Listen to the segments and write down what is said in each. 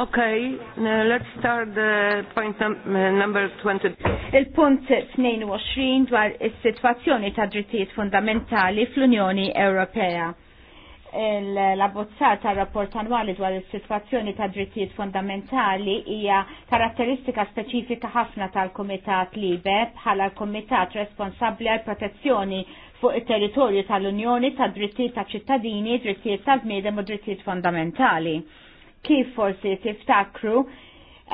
Okay, now let's start the point num number 20. Il-punt 22 dwar is-sitwazzjoni ta' drittijiet fundamentali fl-Unjoni Ewropea l-abbozzar tal rapport annwali dwar is-sitwazzjoni ta' drittijiet fondamentali hija karatteristika speċifika ħafna tal-Kumitat Libe bħala l-Kumitat responsabbli għal protezzjoni fuq it-territorju tal-Unjoni ta' drittijiet ta' ċittadini, drittijiet tal-bniedem u drittijiet fondamentali. Kif forsi tiftakru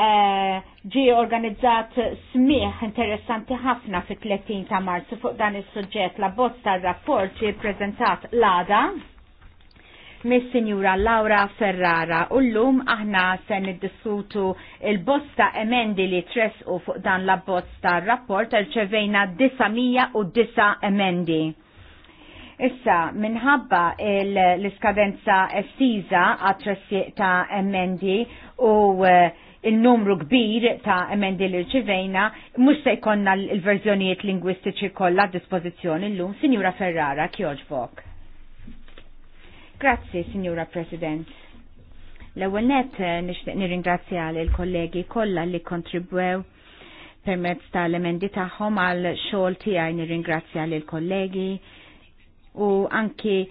eh, ġi organizzat smieħ interessanti ħafna fit-30 ta' Marzu fuq dan is-suġġett la bozza tar-rapport ġi ppreżentat l ada mis-Sinjura Laura Ferrara u llum aħna se niddiskutu il-bosta emendi li u fuq dan la bosta rapport rċevejna 909 emendi. Issa, minħabba l-iskadenza estiza għat ta' emendi u eh, il-numru kbir ta' emendi li rċivejna, mux se jkonna l-verżjonijiet lingwistiċi kollha a dispożizzjoni l-lum. Sinjura Ferrara, kjoġbok. Grazzi, Signora President. L-ewwel net eh, nixtieq nirringrazzja lill kollegi kollha li kontribwew permezz tal-emendi tagħhom għal xogħol tiegħi nirringrazzja lill kollegi u anki eh,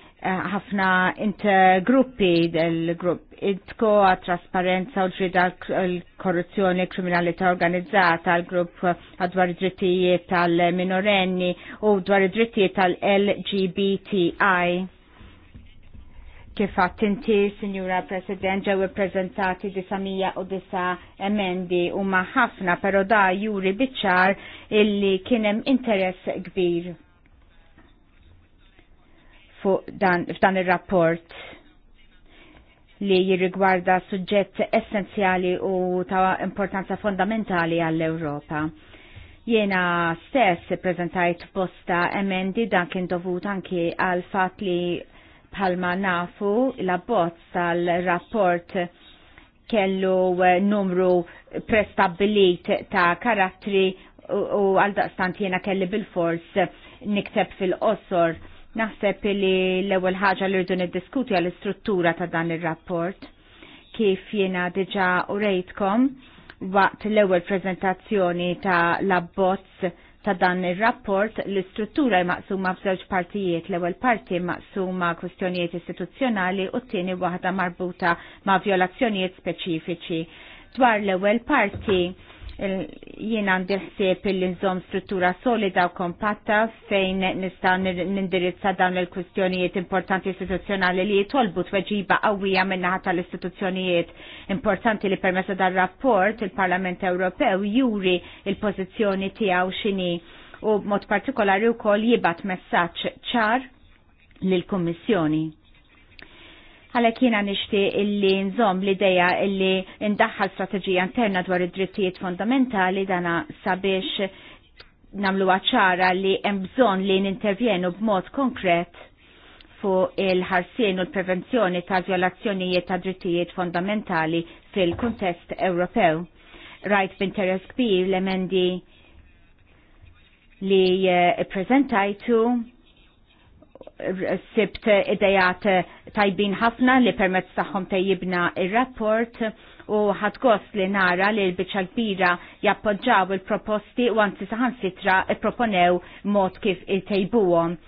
ħafna uh, intergruppi del-grupp idko għat trasparenza u ġrida l-korruzzjoni e kriminalità organizzata għal-grupp għadwar drittijiet tal-minorenni u dwar id drittijiet tal-LGBTI Kif għat inti, Signora President, ġew ippreżentati disamija u disa emendi u ħafna, pero da juri biċar illi kienem interess kbir fuq dan, f'dan il-rapport li jirrigwarda suġġett essenzjali u ta' importanza fondamentali għall-Europa. Jena stess prezentajt bosta emendi dan kien dovut anki għal fat li Palma nafu la bozza tal-rapport kellu eh, numru prestabilit ta' karattri u għaldaqstant jena kelli bil-fors nikteb fil-qosor. Naħseb li l-ewel ħaġa li rridu niddiskuti għal istruttura ta' dan il-rapport kif jena diġa u rejtkom waqt l-ewel prezentazzjoni ta' labbozz ta' dan ir-rapport l-istruttura maqsuma f'żewġ partijiet. L-ewwel parti maqsuma kwistjonijiet istituzzjonali u t-tieni waħda marbuta ma' violazzjonijiet speċifiċi. Dwar l-ewwel parti jien għandi ħsieb li nżomm struttura solida u kompatta fejn nista' nindirizza dawn il-kwistjonijiet importanti istituzzjonali li jitolbu tweġiba qawwija minnaħa tal-istituzzjonijiet importanti li permessa dar-rapport il-Parlament Ewropew juri il-pożizzjoni tiegħu x'inhi u mod partikolari wkoll jibgħat messaġġ ċar lill-Kummissjoni għalek kiena nishti illi nżom l-ideja illi ndaħħal strategija interna dwar id-drittijiet fondamentali dana sabiex namlu ċara li mbżon li nintervjenu b'mod konkret fuq il-ħarsien u l-prevenzjoni ta' violazzjonijiet ta' drittijiet fondamentali fil-kontest Ewropew. Rajt b'interess kbir l-emendi li eh, prezentajtu sibt idejat tajbin ħafna li permezz tagħhom tejjibna ir-rapport u ħadgost li nara li l biċa kbira jappoġġaw il-proposti u anzi saħansitra proponew mod kif tejbuhom.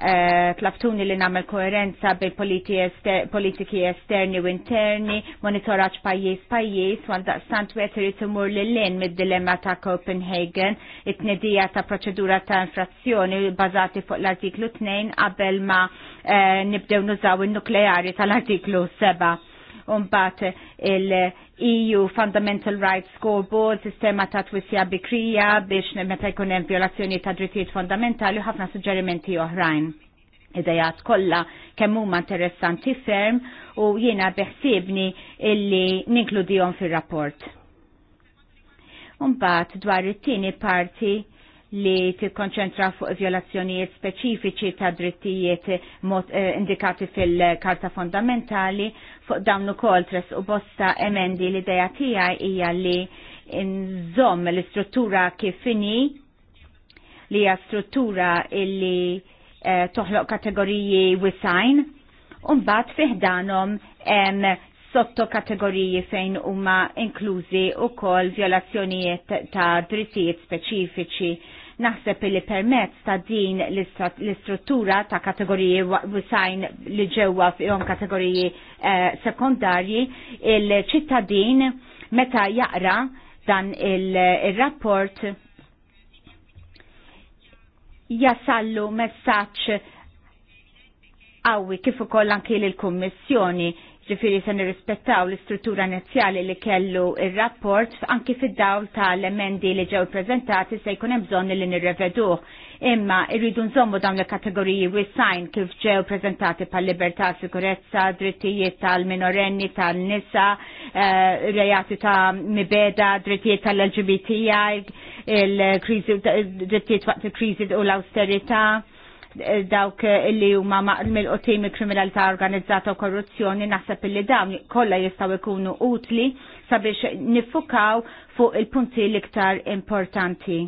Eh, tlaftuni li namel koerenza bil-politiki esterni u interni, monitoraċ pajis pajis, għanda sant t-mur li l-in mid-dilemma ta' Copenhagen, it-nedija ta' proċedura ta' infrazzjoni bazati fuq l-artiklu 2 qabel ma' eh, nibdew nużaw il-nukleari tal-artiklu 7 Umbat il-EU Fundamental Rights Scoreboard, sistema ta' twissija bikrija biex meta jkun hemm violazzjoni ta' drittijiet fondamentali u ħafna suġġerimenti oħrajn idejat kolla kemm huma interessanti ferm u jiena beħsibni illi ninkludihom fir-rapport. Umbat dwar it-tieni parti li tikkonċentra fuq violazzjonijiet speċifiċi ta' drittijiet mod eh, indikati fil-Karta Fondamentali fuq dawn ukoll tres u bosta emendi li dejja tiegħi hija li nżomm l-istruttura kif inhi li hija struttura illi eh, toħloq kategoriji wisajn u mbagħad fiħdanhom hemm sotto kategoriji fejn huma inklużi u kol violazzjonijiet ta' drittijiet speċifiċi Naħseb li permezz ta' din l-istruttura ta' kategoriji wisajn li ġewwa fihom kategoriji eh, sekondarji, il-ċittadin meta jaqra dan il-rapport jasallu messaċ għawi kif ukoll anki l-Kummissjoni ġifiri se nirrispettaw l-istruttura inizjali li kellu il-rapport anki fid-dawl tal-emendi li ġew prezentati se jkun hemm bżonn li nirreveduh. Imma irridu nżommu dawn il-kategoriji wisajn kif ġew prezentati pal libertà sikurezza, drittijiet tal-minorenni, tal-nisa, eh, rejati ta' mibeda, drittijiet tal-LGBTI, il-krizi, drittijiet waqt il-krizi u l-austerita dawk li huma mill-qotim kriminalità organizzata u korruzzjoni naħseb li dawn kollha jistgħu jkunu utli sabiex nifukaw fuq il-punti l-iktar importanti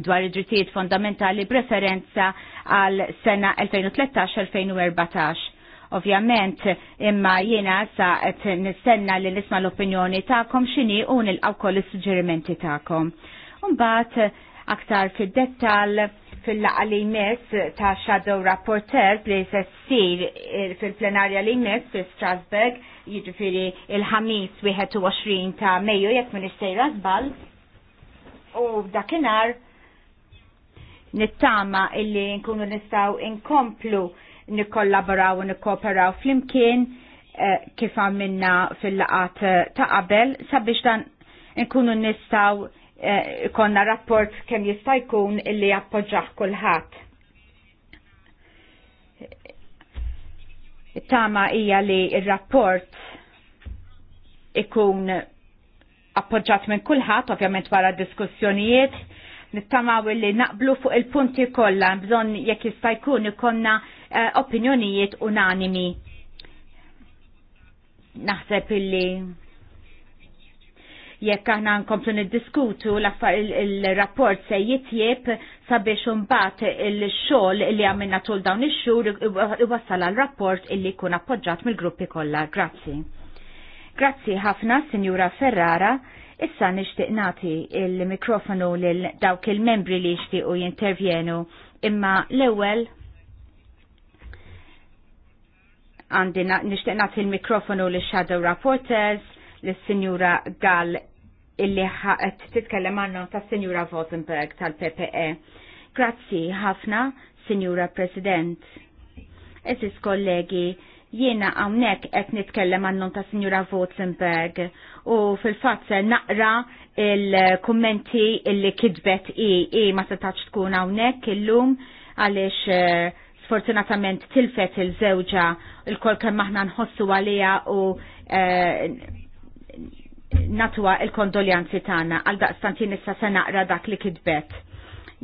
dwar id-drittijiet fondamentali preferenza għal sena 2013-2014 ovvjament imma jiena sa qed nistenna li nisma l-opinjoni tagħkom x'inhi u nilqgħu koll is-suġġerimenti tagħkom. Imbagħad aktar fid-dettall fil-laqa li jmess ta' Shadow Rapporteur li se ssir fil-plenarja li jmess fi Strasbourg, jiġifieri il-ħamis 21 ta' Mejju jekk minn sejra żball. U dakinhar nittama illi nkunu nistgħu inkomplu nikollaboraw u nikkooperaw flimkien eh, kif għamilna fil-laqat ta' qabel sabiex dan nkunu nistaw Eh, konna rapport kemm jista' jkun illi appoġġaħ kulħadd. Tama hija li r-rapport ikun appoġġat minn kulħadd, ovvjament wara diskussjonijiet, nittamaw li naqblu fuq il-punti kollha bżonn jekk jista' jkun ikonna eh, opinjonijiet unanimi. Naħseb illi jekk aħna nkomplu niddiskutu il-rapport se jitjieb sabiex imbagħad il-xogħol li għamilna tul dawn ix-xhur iwassal għal rapport illi jkun appoġġat mill-gruppi kollha. Grazzi. Grazzi ħafna, Sinjura Ferrara. Issa nixtieq nagħti il-mikrofonu lil dawk il-membri li jixtiequ jintervjenu imma l-ewwel għandi nishtiq nagħti il-mikrofonu li Shadow Rapporters, lis sinjura Gall illi ħaqet titkellem għannu ta' senjura Vosenberg tal-PPE. Grazzi ħafna, Senjura President. Eżis kollegi, jiena għawnek qed nitkellem għannu ta' Senjura Vosenberg u fil-fatt se naqra il-kommenti illi kidbet i, i ma setax tkun għawnek illum għalix eh, sfortunatament tilfet il-żewġa il-kol kemm aħna nħossu għalija u eh, natwa il-kondoljanzi tagħna għal daqstantin issa se naqra dak li kitbet.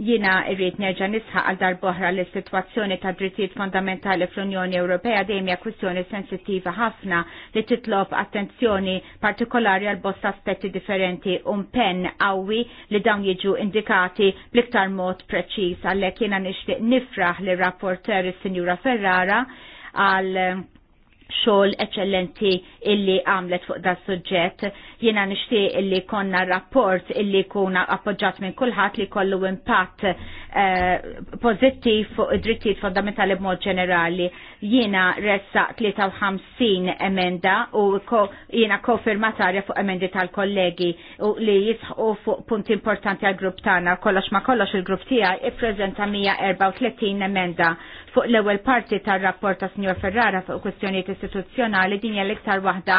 Jina irrid nerġa' nisħaq għal darbohra li situazzjoni sitwazzjoni ta' drittijiet fondamentali fl-Unjoni Ewropea dejjem hija kwistjoni sensittiva ħafna li titlob attenzjoni partikolari għal bosta aspetti differenti u pen qawwi li dawn jiġu indikati bliktar mod preċiż għalhekk jiena nixtieq nifraħ li rapporter is-Sinjura Ferrara għal xogħol eċċellenti illi għamlet fuq da suġġett. Jiena nixtieq illi konna rapport illi kuna appoġġat minn kulħadd li kollu impatt eh, pożittiv fuq id-drittijiet fondamentali b'mod ġenerali. Jiena ressa 53 emenda u ko, jiena kofirmatarja fuq emendi tal-kollegi u li jisħu fuq punti importanti għal-grupp tagħna kollox ma kollox il-grupp tiegħi ippreżenta 134 emenda fuq l-ewwel parti tar-rapport ta' Sinjor Ferrara fuq kwestjonijiet istituzzjonali din hija l-iktar waħda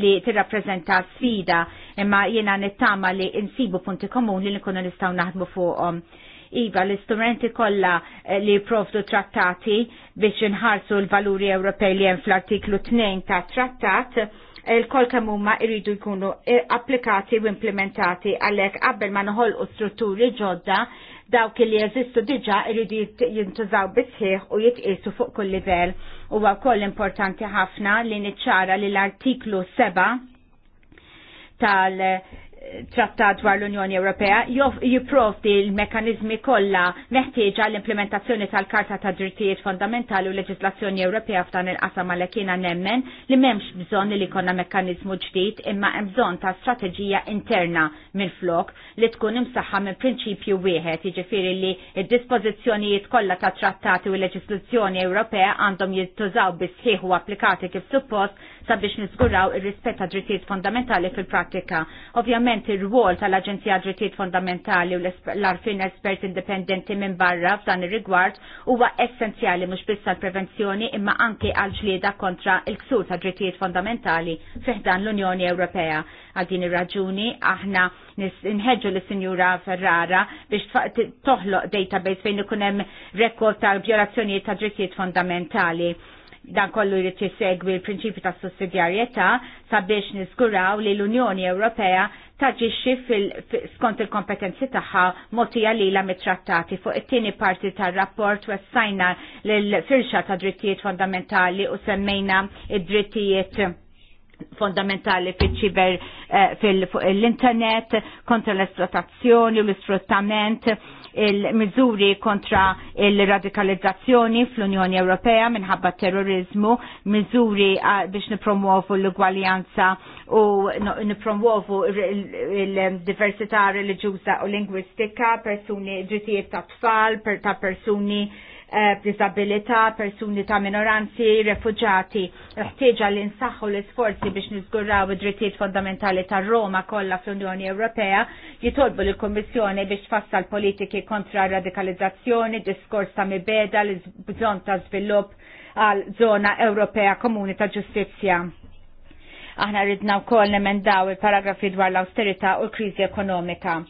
li tirrappreżenta sfida imma jena nittama li insibu punti komuni li nkunu nistgħu naħdmu fuqhom. Iva, l-istrumenti kollha eh, li provdu trattati biex inħarsu l-valuri Ewropej li hemm fl-artiklu 2 ta' trattat il-kol kemm huma jridu jkunu eh, applikati u implementati għalhekk qabel ma u strutturi ġodda dawk li jeżistu diġà irridu jintużaw bisħiħ u jitqisu fuq kull livell. Huwa wkoll importanti ħafna li niċċara li l-artiklu 7 tal- trattat dwar l-Unjoni Ewropea jipprovdi l-mekanizmi kollha meħtieġa l-implementazzjoni tal-Karta ta' Drittijiet Fondamentali u leġislazzjoni Ewropea f'dan il-qasam għal kiena nemmen li m'hemmx bżonn li jkollna mekkaniżmu ġdid imma hemm bżonn ta' strateġija interna minn flok li tkun imsaħħa minn prinċipju wieħed, jiġifieri li d-dispożizzjonijiet kollha ta' trattati u leġislazzjoni Ewropea għandhom jittużaw bis-sieħ u applikati kif suppost sabiex nisguraw ir-rispett drittijiet fondamentali fil-prattika. Ovvjament ir-rwol tal-Aġenzija drittijiet fondamentali u l-arfin espert indipendenti minn barra f'dan ir-rigward huwa essenzjali mhux biss għall-prevenzjoni imma anke għal ġlieda kontra il-ksur ta' drittijiet fondamentali fiħdan l-Unjoni Ewropea. Għal din ir-raġuni aħna nħeġġu lis-Sinjura Ferrara biex toħloq database fejn ikun hemm rekord ta' vjolazzjonijiet ta' drittijiet fondamentali dan kollu jrid jissegwi l-prinċipju ta' sussidjarjetà sabiex niżguraw li l-Unjoni Ewropea taġixxi skont il-kompetenzi tagħha motija lila mit-trattati fuq it-tieni parti tar-rapport wessajna l-firxa ta' drittijiet fondamentali u semmejna id-drittijiet fondamentali fil-ċiber eh, fil-internet kontra l-esplotazzjoni u l-isfruttament il-mizuri kontra il-radikalizzazzjoni fl-Unjoni Ewropea minħabba terrorizmu, mizuri biex nipromuovu l-ugwaljanza u nipromuovu il-diversità religjuza u lingwistika, persuni ġitijiet ta' tfal, ta' persuni Eh, disabilità, persuni ta' minoranzi, refugjati. Ħtieġa li nsaħħu l-isforzi biex niżguraw id-drittijiet fondamentali ta' Roma kollha fl-Unjoni Ewropea jitolbu l kummissjoni biex tfassal politiki kontra radikalizzazzjoni, diskors ta' mibeda, l-bżonn ta' żvilupp għal zona Ewropea Komuni ta' Ġustizzja. Aħna ridna wkoll nemendaw il-paragrafi dwar l-austerità u l-kriżi ekonomika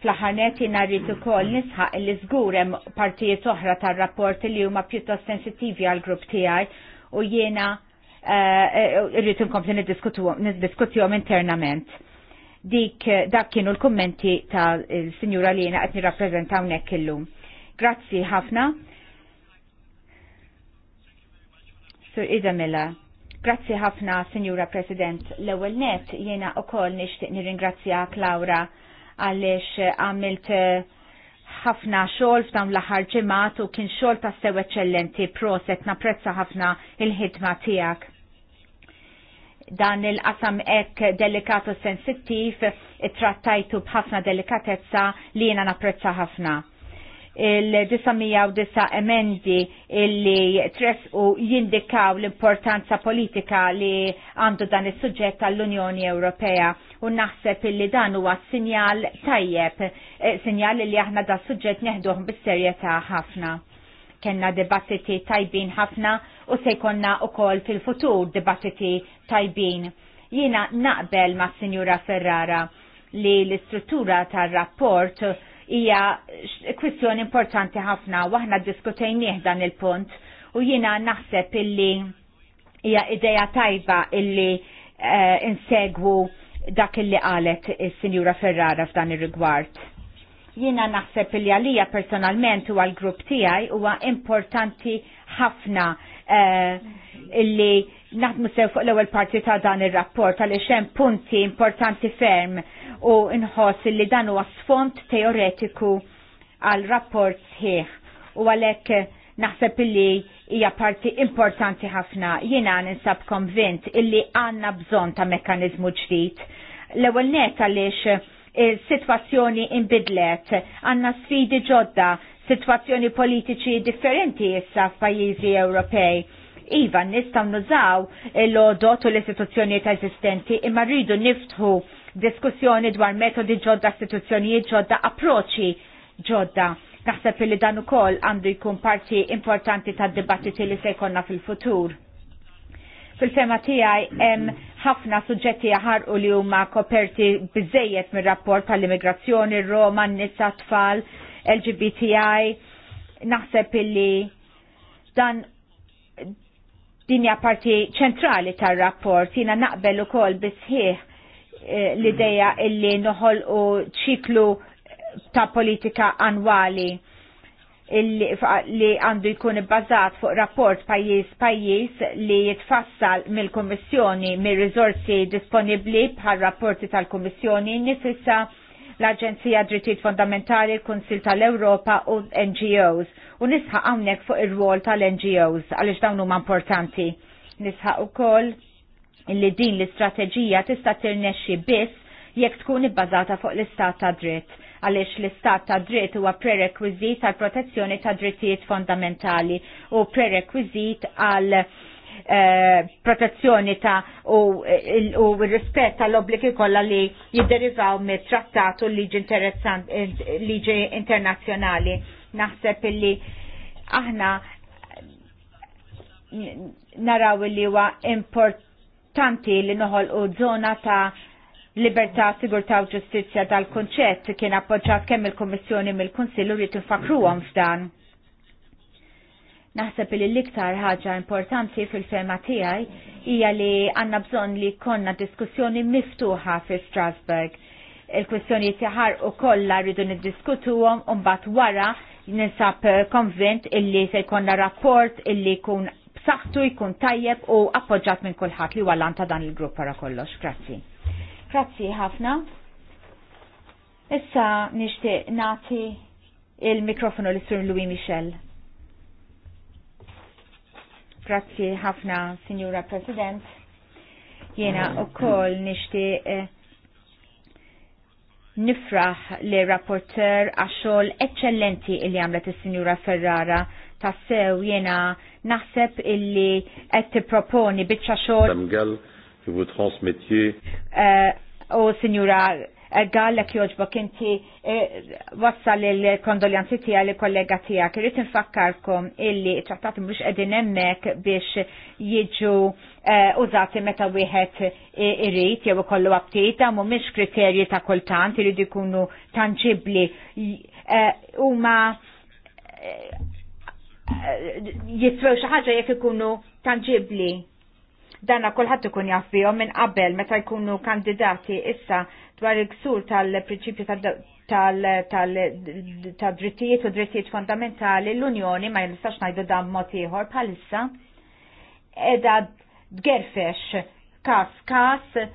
Fl-ħarnet narrit ukoll nisħaq li żgur hemm partijiet oħra tar-rapport li huma pjuttost sensittivi għall grupp tiegħi u jiena eh, eh, irrid inkompli niddiskutihom internament. Dik eh, dak kienu l-kummenti tal-Sinjura li jiena qed nirrappreżenta hawnhekk illum. Grazzi ħafna. Sur Ida Mela. Grazzi ħafna, Sinjura President. L-ewwel net jiena ukoll nixtieq nirringrazzja Klaura għaliex eh, għamilt eh, ħafna xogħol f'dawn l-aħħar ġimgħat u kien xogħol ta' sew eċċellenti proset napprezza ħafna il-ħidma tiegħek. Dan il-qasam hekk delikatu sensittiv trattajtu b'ħafna delikatezza li jiena napprezza ħafna il-909 emendi illi u jindikaw l-importanza politika li għandu dan is suġġett tal-Unjoni Ewropea u naħseb illi dan huwa sinjal tajjeb, e, sinjal li aħna da suġġett neħduh bis-serjetà ħafna. Kenna dibattiti tajbin ħafna u se jkollna wkoll fil-futur dibattiti tajbin. Jiena naqbel ma' Sinjura Ferrara li l-istruttura tar-rapport hija kwistjoni importanti ħafna u aħna diskutejnieh dan il-punt u jiena naħseb illi hija ideja tajba illi uh, insegwu dak illi qalet is-Sinjura Ferrara f'dan ir-rigward. Jiena naħseb illi għalija personalment u għal-grupp tiegħi huwa importanti ħafna uh, illi naħdmu sew fuq l-ewwel parti ta' dan ir-rapport għaliex hemm punti importanti ferm u nħoss li dan huwa sfond teoretiku għal rapport sħiħ u għalhekk naħseb illi hija parti importanti ħafna. Jiena ninsab konvint illi għandna bżonn ta' mekkaniżmu ġdid. L-ewwel net għaliex is eh, sitwazzjoni inbidlet, għandna sfidi ġodda, sitwazzjoni politiċi differenti issa f'pajjiżi Ewropej Iva, nistaw nużaw l-odot u l-istituzzjonijiet eżistenti imma rridu niftħu diskussjoni dwar metodi ġodda, istituzzjonijiet ġodda, approċċi ġodda. Naħseb li dan ukoll għandu jkun parti importanti tad dibattiti li se jkollna fil-futur. Fil-fema tiegħi hemm ħafna suġġetti u li huma koperti biżejjed mir-rapport tal-immigrazzjoni, Roma, nisa, tfal, LGBTI. Naħseb illi dan Din hija parti ċentrali tar-rapport, Jiena naqbel ukoll bisħieħ eh, l idea illi noħol u ċiklu ta' politika annwali li għandu jkun bbażat fuq rapport pajjiż pajjiż li jitfassal mill-Kummissjoni mir-riżorsi disponibbli bħal rapporti tal-Kummissjoni nifissa l-Aġenzija Drittijiet Fondamentali, l-Kunsil tal-Ewropa u NGOs u nisħaq hawnhekk fuq ir-rwol tal-NGOs għaliex dawn huma importanti. Nisħaq ukoll li din l-istrateġija tista' tirnexxi biss jekk tkun ibbażata fuq l-istat ta' dritt għaliex l-istat ta' dritt huwa prerequisit għal protezzjoni ta' drittijiet fondamentali u prerequisit għal Eh, protezzjoni ta' u rispett tal-obbligi kollha li jidderivaw mit-trattat u liġi liġi internazzjonali. Naħseb illi aħna naraw li huwa importanti li noħolqu żona ta' libertà, sigurtà u ġustizzja dal-konċett kien appoġġat kemm il-Kommissjoni mill-Kunsill u rrid infakruhom f'dan. Naħseb li l-iktar ħaġa importanti fil ferma tiegħi hija li għandna bżonn li konna diskussjoni miftuħa fi Strasbourg. Il-kwestjoni tiħar u kollha rridu niddiskutuhom un bat wara ninsab eh, konvent illi se jkollna rapport illi jkun b'saħħtu jkun tajjeb u appoġġat minn kulħadd li wallan ta' dan il-grupp wara kollox. Grazzi. Grazzi ħafna. Issa nixtieq nagħti il-mikrofonu l-Sur Louis Michel. Grazzi ħafna, Signora President. Jena u koll nishti eh, nifraħ li rapporter għaxol eccellenti illi għamlet il-Signora Ferrara tassew jena naħseb illi għetti proponi bitċa xol. Damgal, fu votre métier. Uh, u Signora Eh, għallek joġbok inti eh, wassal il-kondoljanzi tija li kollega tija. Irrit nfakkarkom illi ċattat mux edin emmek biex jiġu eh, użati meta wieħed irrit jew kollu għabtita, mu mux kriterji ta' kultant irridu ikunu tangibli. Uma jitfew xi ħaġa jekk ikunu tangibli. Danna kulħadd ikun jaf minn qabel meta jkunu kandidati issa dwar il-ksur tal-prinċipju tal-drittijiet u drittijiet fondamentali l-Unjoni ma jistax najdu dan mod ieħor bħalissa d gerfex, kas kas eh,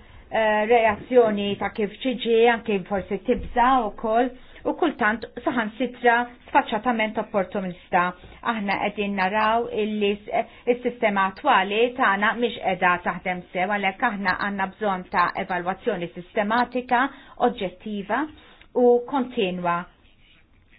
reazzjoni ta' kif ċiġi anke forsi tibza u koll u kultant saħan sitra sfaċċatament opportunista. Aħna qegħdin naraw illi s-sistema attwali tagħna mhix qiegħda taħdem sew għalhekk aħna għandna bżonn ta' evalwazzjoni sistematika, oġġettiva u kontinwa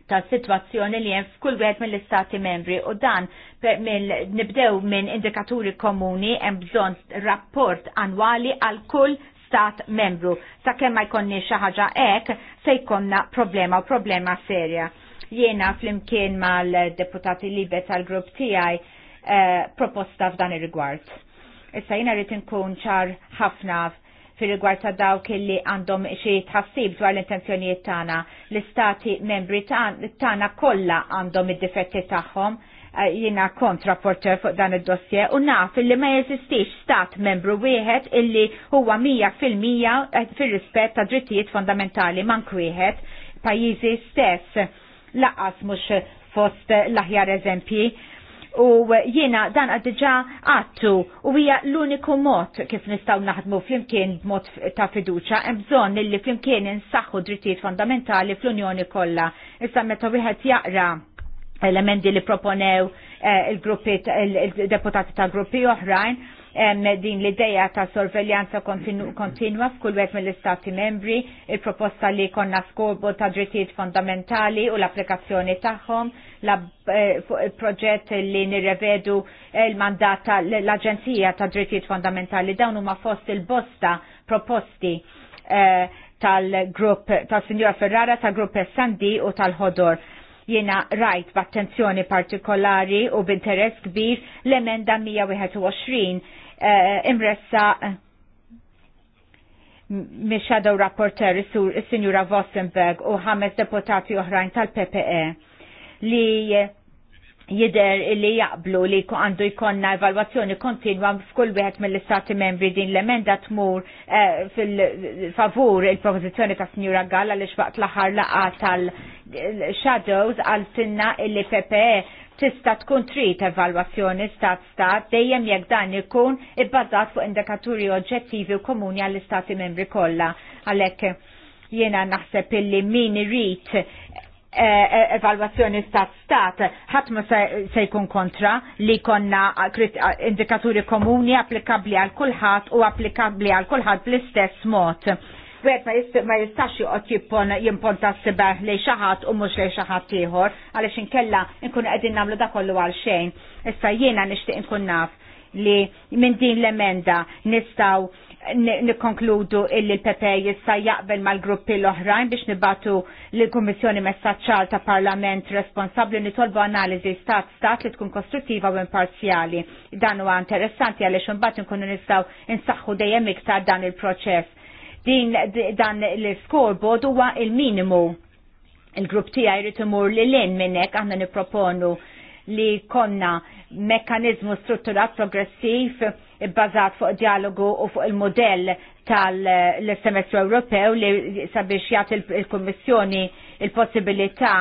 ta' situazzjoni li hemm f'kull wieħed mill-istati membri u dan nibdew minn indikaturi komuni hemm bżonn rapport annwali għal kull stat membru. Sakemm ma jkonni xaħġa ħaġa hekk se jkollna problema u problema serja. Jiena flimkien mal-deputati libe tal-grupp tiegħi eh, proposta f'dan ir-rigward. Issa jiena rrid inkun ċar ħafna fil rigward ta' dawk li għandhom xi tħassib dwar l-intenzjonijiet tagħna. L-istati membri tagħna kollha għandhom id-difetti tagħhom Eh, jina kontraporter fuq dan id-dossier u naf illi ma jeżistix stat membru wieħed illi huwa mija fil-mija eh, fil-rispett ta' drittijiet fondamentali man wieħed pajjiżi stess laqas mhux fost l-aħjar eżempji u jiena dan għaddiġa għattu u hija l-uniku mod kif nistaw naħdmu flimkien mod ta' fiduċa hemm bżonn illi flimkien insaħħu drittijiet fondamentali fl-Unjoni kollha. Issa meta wieħed jaqra elementi li proponew eh, il-gruppi deputati ta' gruppi oħrajn din l-ideja ta' sorveljanza kontinua f'kull wieħed mill-istati membri, il-proposta li konna skobu ta' drittijiet fondamentali u l-applikazzjoni tagħhom, eh, il-proġett li nirrevedu eh, il-mandat l-Aġenzija ta' drittijiet fondamentali dawn huma fost il-bosta proposti tal-grupp tal-Sinjora Ferrara, tal-grupp Sandi u tal-Ħodor Jena rajt b'attenzjoni partikolari u b'interess kbir l-emenda 121 eh, imressa eh, mis-shadow rapporter is-Sinjura Vossenberg u ħames deputati oħrajn tal-PPE li jider li jaqblu li għandu jkonna evalwazzjoni kontinwa f'kull wieħed mill-istati membri din l-emenda tmur eh, fil-favur il-propozizjoni ta' Sinjura Galla li xbaqt l-aħħar laqa tal-Shadows għal sinna illi PPE tista' tkun trid evalwazzjoni stat stat dejjem jekk dan ikun ibbażat fuq indikaturi oġġettivi u komuni għall-istati membri kollha għalhekk jiena naħseb illi min irid Eh, eh, evalwazzjoni stat stat, ħadd ma se jkun kontra li konna eh, indikaturi komuni applikabbli għal kulħadd u applikabbli għal kulħadd bl-istess mod. Wet ma jistax joqgħod jippon jimponta s-sibaħ lejn xi ħadd u mhux lejn xi ħadd ieħor għaliex inkella nkunu qegħdin nagħmlu dakollu kollu għal xejn. Issa jiena nixtieq inkun naf li minn din l-emenda nistaw nikkonkludu illi l-PP e jissa jaqbel mal-gruppi l-oħrajn biex nibatu l komissjoni messaċċal ta' Parlament responsabli nitolbu analiżi stat stat li tkun kostruttiva u imparzjali. Dan huwa interessanti għaliex imbagħad inkunu nistgħu insaħħu dejjem iktar dan il-proċess. Din dan l-scoreboard huwa il-minimu. Il-grupp tiegħi jrid imur lil lin minnek aħna nipproponu li konna mekkanizmu strutturat progressiv bbażat fuq dialogu u fuq il-modell tal-semestru Ewropew li sabiex jagħti il-Kummissjoni il-possibilità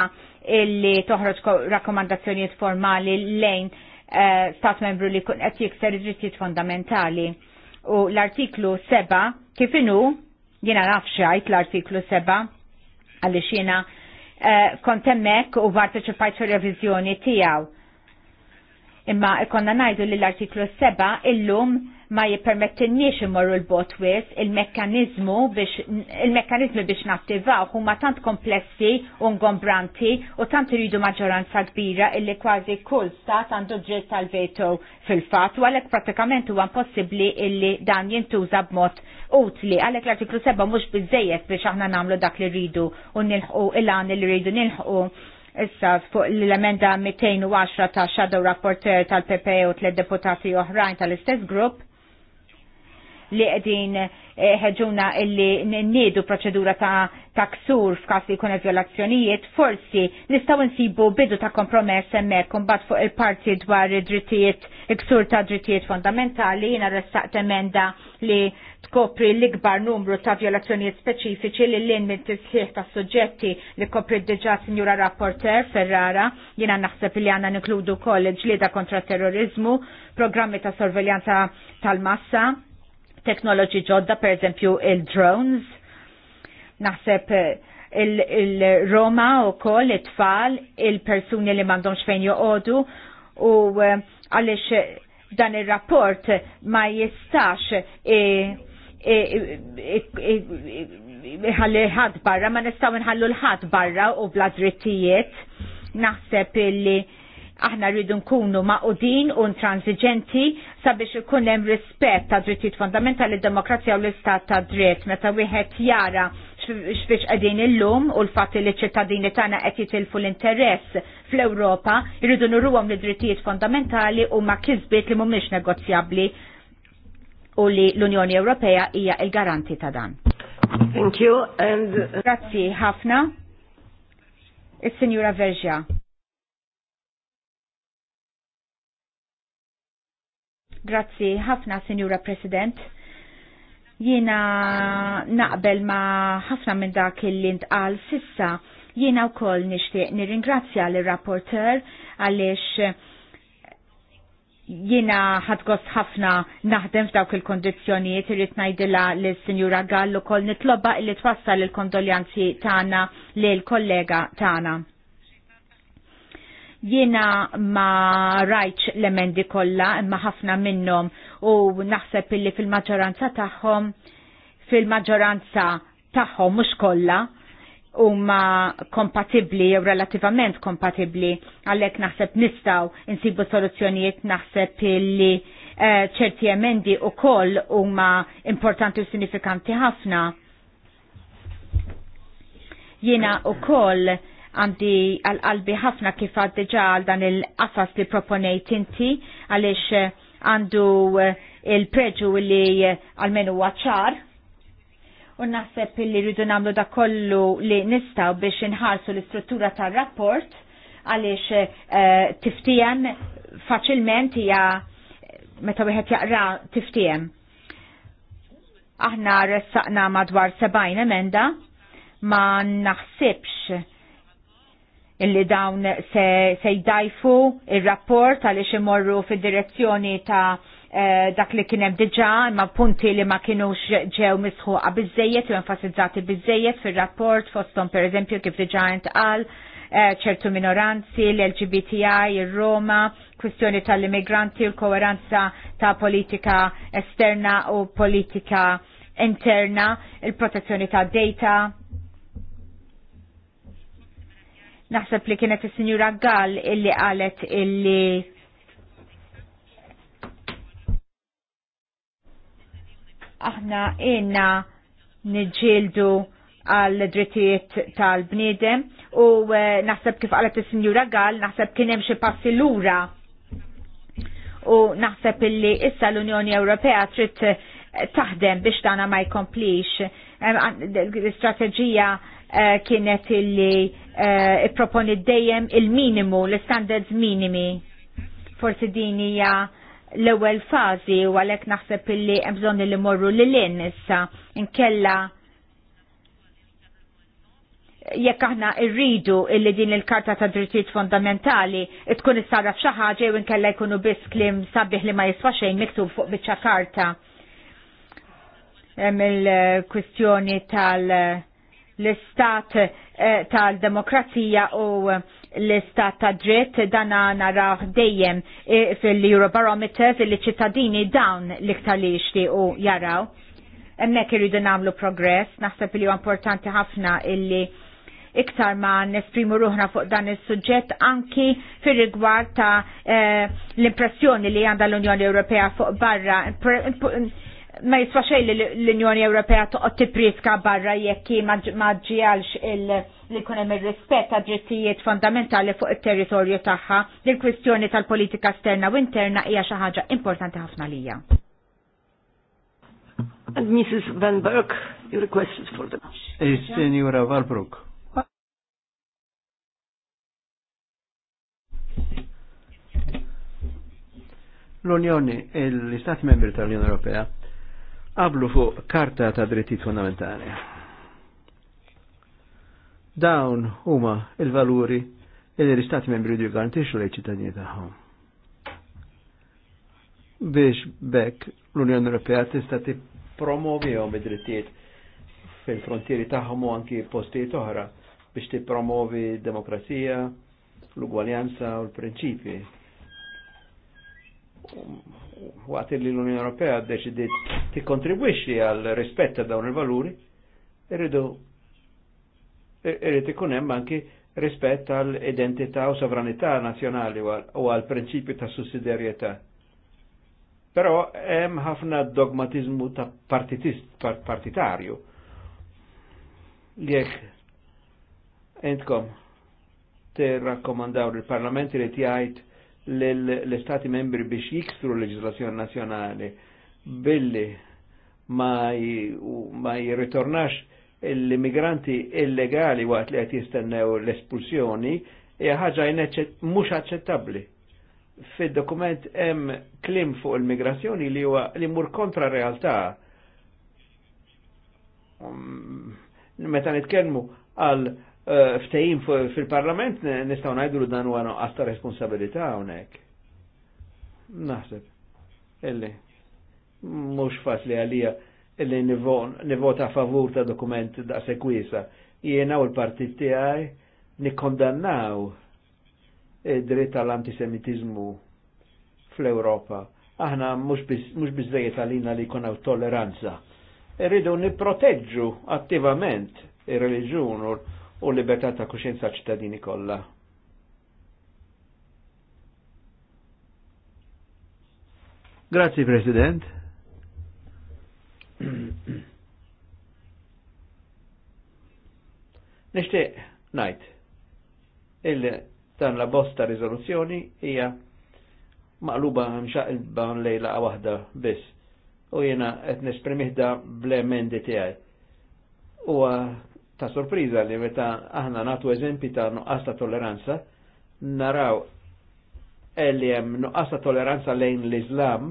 illi toħroġ rakkomandazzjonijiet formali lejn eh, stat membru li kun qed jikser id-drittijiet fondamentali. U l-artiklu 7 kif inhu jiena nafx l-artiklu 7 għaliex jiena Eh, kont hemmhekk u parteċipajt fir-reviżjoni tiegħu. Imma ikonna ngħidu li l-artiklu 7 illum ma jippermettinniex imorru l-bot wis il-mekkanizmu biex il-mekkanizmi biex nattivaw huma tant komplessi u ngombranti u tant iridu maġġoranza kbira illi kważi kull stat għandu ġiet tal-veto fil-fatt u għalhekk pratikament huwa impossibbli illi dan jintuża b'mod utli għalhekk l-artiklu 7 mhux bizzejet biex aħna nagħmlu dak li rridu u nilħqu il-għan li rridu nilħqu issa fuq l-emenda 210 ta' Shadow Rapporteur tal-PPE u tle deputati oħrajn tal-istess grupp li qegħdin eh, ħedġuna illi n-nidu proċedura ta' taksur f'każ li jkun violazzjonijiet, forsi nistgħu nsibu bidu ta' kompromess hemmhekk imbagħad fuq il-parti dwar id-drittijiet iksur ta' drittijiet fondamentali jiena ressaqt emenda li tkopri l-ikbar numru ta' violazzjonijiet speċifiċi li l-in minn tisħiħ ta' suġġetti li kopri diġa Signora Rapporter Ferrara, jina naħseb li għanna nikludu li da' kontra terrorizmu, programmi ta' sorveljanza tal-massa, teknoloġi ġodda, per eżempju il-drones. Naħseb eh, il-Roma u koll, it-tfal, il-persuni li mandomx fejn joqodu u eh, għalix eh, dan il-rapport ma jistax ħalli ħad barra, ma nistaw nħallu l-ħad barra u bla drittijiet. Naħseb il-li aħna rridu nkunu maqudin u intransiġenti sabiex ikun hemm rispett ta' drittijiet fundamentali demokrazija u l-istat ta' dritt meta wieħed jara x'fiex qegħdin illum u l-fatt li ċ-ċittadini tagħna qed jitilfu l-interess fl-Ewropa jridu nurruhom li drittijiet fundamentali u ma kisbiet li mhumiex negozjabbli u li l-Unjoni Ewropea hija il-garanti ta' dan. Thank you and uh, Grazzi ħafna. Is-Sinjura Verġja. Grazzi ħafna, Sinjura President. Jiena naqbel ma ħafna minn dak li ntqal sissa. Jiena wkoll nixtieq nirringrazzja l-rapporter għaliex jiena ħadgost ħafna naħdem f'dawk il-kondizzjonijiet irrid ngħidilha lis-Sinjura Gallu kol nitlobba li twassal il-kondoljanzi tagħna lil kollega tagħna. Jiena ma rajċ l-emendi kollha imma ħafna minnhom u naħseb illi fil-maġġoranza tagħhom fil-maġġoranza tagħhom mhux kollha huma kompatibbli jew relativament kompatibbli għalhekk naħseb nistgħu insibu soluzzjonijiet naħseb illi eh, ċerti u emendi wkoll huma importanti u sinifikanti ħafna. Jiena wkoll għandi għal-qalbi ħafna kif għaddi għal dan il-qafas li proponejt inti għalix eh, għandu eh, il-preġu li eh, għal-menu għacċar. U naħseb li rridu namlu da kollu li nistaw biex inħarsu l-istruttura tal-rapport għalix tiftijem faċilment hija meta wieħed jaqra tiftijem. Aħna ressaqna madwar 70 emenda ma naħsibx illi dawn se, se jdajfu il-rapport għaliex imorru fid-direzzjoni ta' eh, dak li kienem diġa imma punti li ma kienu ġew misħu għabizzejiet, u enfasizzati bizzejiet fil-rapport fostom per eżempju kif diġa għal eh, ċertu eh, minoranzi, l-LGBTI, il-Roma, kwistjoni tal-immigranti, l-koherenza ta' politika esterna u politika interna, il-protezzjoni ta' data, Naħseb li kienet is-Sinjura Gall illi qalet illi aħna inna nġildu għal drittijiet tal-bniedem u eh, naħseb kif għalet il-Sinjura Gall, naħseb kien hemm xi passi lura. U naħseb illi issa l-Unjoni Ewropea trid eh, taħdem biex tagħna ma jkomplix. L-istrateġija eh, kienet illi Eh, proponi dejjem il-minimu, l-standards minimi. Forsi din hija l-ewwel fażi u għalhekk naħseb illi hemm bżonn li morru lil in issa inkella jekk aħna rridu illi din il-Karta ta' Drittijiet Fondamentali tkun issara f'xi ħaġa jew inkella jkunu biss klim sabiħ li ma jiswa xejn miktub fuq biċċa karta. Hemm il-kwistjoni tal- l-istat eh, tal-demokrazija u eh, l-istat ta' dritt dana naraħ dejjem eh, fil-Eurobarometer fil-ċittadini dawn l-iktar li u jaraw. Emmek irridu namlu progress, naħseb li importanti ħafna illi iktar ma nesprimu ruħna fuq dan il sujġet anki fir rigward ta' l-impressjoni li għanda l-Unjoni Ewropea fuq barra ma jiswa xej li l-Unjoni Ewropea toqgħod tippriska barra jekk ma ġialx li jkun hemm ir-rispett ta' drittijiet fondamentali fuq it-territorju tagħha. Il-kwistjoni tal-politika esterna u interna hija xi ħaġa importanti ħafna lija. And Mrs. Van Burg, your request is for the... Eh, Signora Valbrook. L-Unjoni, e l-Istat Membri tal-Unjoni Ewropea, qablu fuq karta ta' drittijiet fundamentali. Dawn huma il-valuri li l-istati membri jridu jgarantixxu lejn ċittadini tagħhom. Biex bekk l-Unjoni Ewropea tista' tippromovihom id-drittijiet fil-frontieri tagħhom u anki postijiet oħra biex tippromovi d demokrazija, l-ugwaljanza u l-prinċipji waqt li l-Unjoni Ewropea ddeċidiet tikkontribwixxi għal rispett ta' dawn il-valuri, irridu irrid ikun hemm anki rispett għal identità u sovranità nazzjonali u għal prinċipju ta' sussidjarjetà. Però hemm ħafna dogmatizmu ta' partitist partitarju. Jekk entkom tirrakkomandaw il-Parlament li jgħid l-Stati membri biex jikstru l-leġislazzjoni nazjonali billi ma, ma jirritornax l-immigranti illegali waqt li qed jistennew l-espulsjoni hija ħaġa mhux aċċettabbli. Fid-dokument hemm klim fuq il-migrazzjoni li huwa li mur kontra realtà. Mm, meta nitkellmu għal Eh, ftejim fil-parlament nistaw najdu dan u għana għasta responsabilità għonek. Naħseb. Illi. Mux li għalija illi nivota favur ta' dokument da' sekwisa. Jiena u l-partit għaj nikondannaw id-dritt tal-antisemitizmu fl-Europa. Aħna mux bizzejiet għalina li jkun tolleranza. Rridu niproteġġu attivament ir-reliġun u u libertà ta' kuxjenza ċittadini kollha. Grazzi President. Nishti najt il dan la bosta rizoluzzjoni hija maqluba mxaqilba lejla waħda biss u jena qed nesprimihda da blemendi tiegħi. Huwa ta' sorpriza li meta aħna natu eżempi ta' nuqqas ta' tolleranza, naraw li hemm nuqqas ta' tolleranza lejn l-Islam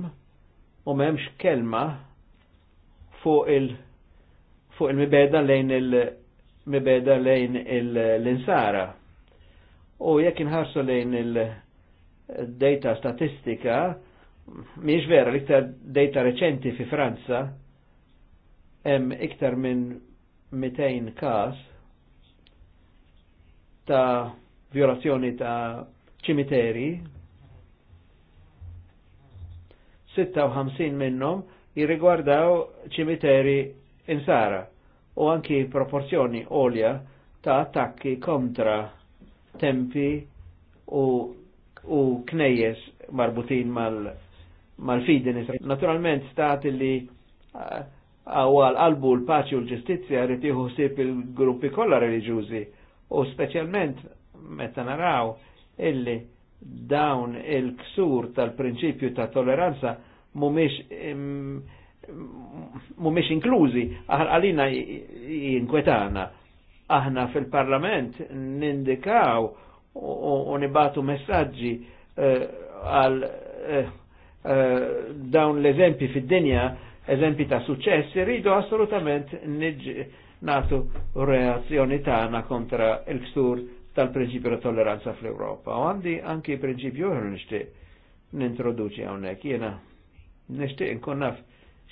u m'hemmx kelma fuq il- fuq il-mibeda lejn il-mibeda lejn l-insara. U jekk inħarsu lejn il-data statistika, miex vera l-iktar data reċenti fi Franza, hemm iktar minn 200 kas ta' violazzjoni ta' ċimiteri, 56 minnhom jirrigwardaw ċimiteri insara u anki proporzjoni olja ta' attakki kontra tempi u, u knejjes marbutin mal-fidin. Mal Naturalment, stat li eh, għal qalbu l-paċi u l-ġustizja rrit jieħu sib il-gruppi kollha reliġjużi u speċjalment meta naraw illi dawn il-ksur tal-prinċipju ta' tolleranza mumiex mumiex inklużi għalina jinkwetana aħna fil-parlament nindikaw u nibatu messaġġi eh, għal eh, eh, dawn l-eżempi fid-dinja eżempi ta' suċess, rridu assolutament natu reazzjoni tana kontra il-ksur tal-prinċipju ta' tolleranza fl europa U għandi anki prinċipju oħra nixtieq nintroduċi hawnhekk. jena nishti nkunnaf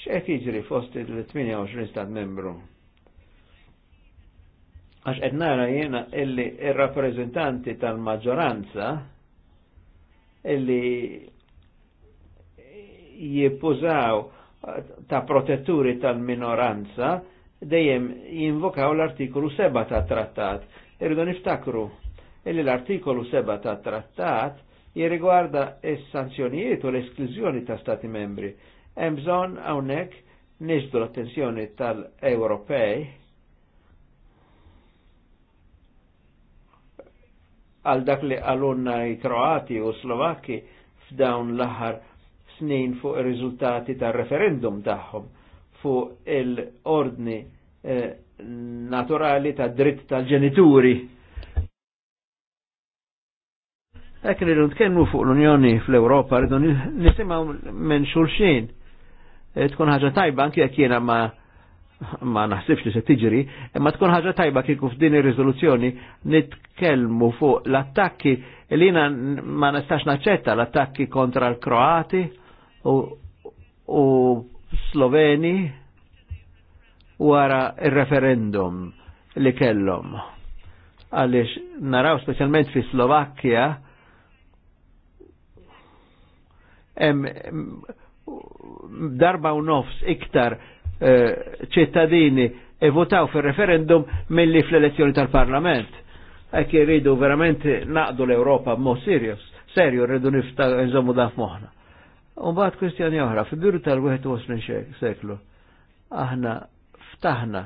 naf iġri fost il-28 stat membru. Għax ednara nara illi ir-rappreżentanti tal-maġġoranza illi jippużaw ta' protetturi tal-minoranza dejjem jinvokaw l-artikolu 7 ta' trattat. Irridu niftakru li l-artikolu 7 ta' trattat jirrigwarda s-sanzjonijiet u l-esklużjoni ta' stati membri. Hemm bżonn hawnhekk niġdu l-attenzjoni tal-Ewropej għal dak li għalunna i Kroati u Slovakki f'dawn l-aħħar snin fuq il riżultati tar-referendum tagħhom fuq il-ordni eh, naturali ta' dritt tal-ġenituri. Ek rridu nitkellmu fuq l-Unjoni fl-Ewropa, rridu nisimgħu minn xulxin. Eh, tkun ħaġa tajba anke jekk jiena ma ma naħsibx li se tiġri, imma eh, tkun ħaġa tajba kieku f'din ir-riżoluzzjoni nitkellmu fuq l-attakki li jiena ma nistax naċċetta l-attakki kontra l-Kroati, u, u Sloveni wara il-referendum li kellhom. Għalix naraw specialment fi Slovakkja darba u nofs iktar eh, ċittadini e votaw fil referendum mill-li fl-elezzjoni tal-parlament. Ek jiridu verament naqdu l-Europa mo serjus, serju rridu niftaw nżommu daf moħna. Un bat kristjani oħra, fi biru tal-21 seklu, aħna ftaħna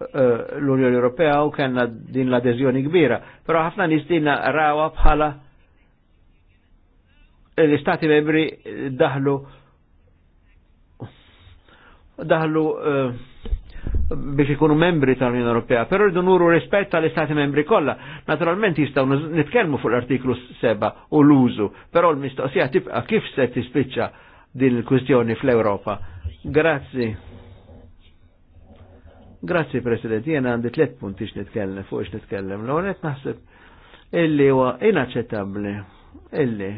eh, l-Unjoni Ewropea u kena din l adezjoni kbira, pero ħafna nistina rawa bħala l-Istati membri daħlu daħlu uh, biex ikunu membri tal-Unjoni Ewropea, però rridu nuru rispett tal-Istati membri kollha. Naturalment jistgħu nitkellmu fuq l-artiklu 7 u l-użu, però l-mistoqsija tibqa' kif se tispiċċa din il-kwistjoni fl-Ewropa. Grazzi. Grazzi President, jena għandi tliet punti x nitkellem fuq x'nitkellem. L-ewwel qed naħseb illi huwa inaċċettabbli illi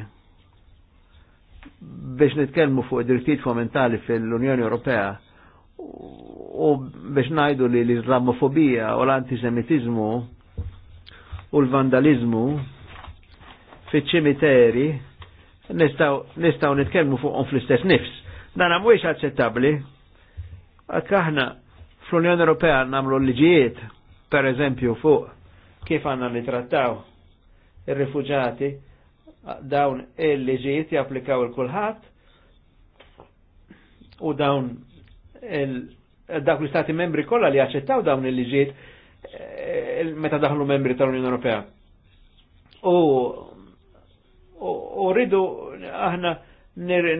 biex nitkellmu fuq id-drittijiet fondamentali fil-Unjoni Ewropea u biex najdu li l-Islamofobija u l-antisemitizmu u l-vandalizmu fit ċimiteri nistaw, nistaw nitkelmu fuqhom fl-istess nifs. Dan mhuwiex aċċettabbli. Għak aħna fl-Unjoni Ewropea nagħmlu liġijiet, per eżempju, fuq kif għandna nitrattaw ir-rifuġati dawn il-liġijiet japplikaw il-kulħadd u dawn dak l-istati membri kollha li jaċċettaw dawn il-liġiet eh, meta daħlu membri tal-Unjoni Ewropea. U rridu aħna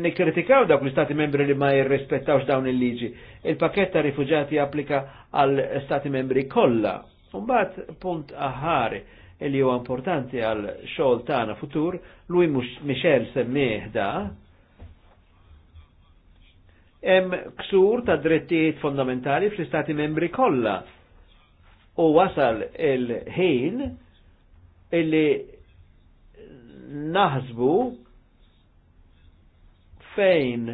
nikkritikaw dak l-istati membri li ma jirrispettawx dawn il-liġi. Il-pakket ta' rifugjati applika għal stati membri kollha. Mbagħad punt aħari li huwa importanti għal xogħol tagħna futur, lui mhux Michel semmieh da, hemm ksur ta' drittijiet fondamentali fl-istati membri kollha. U wasal il-ħin illi naħsbu fejn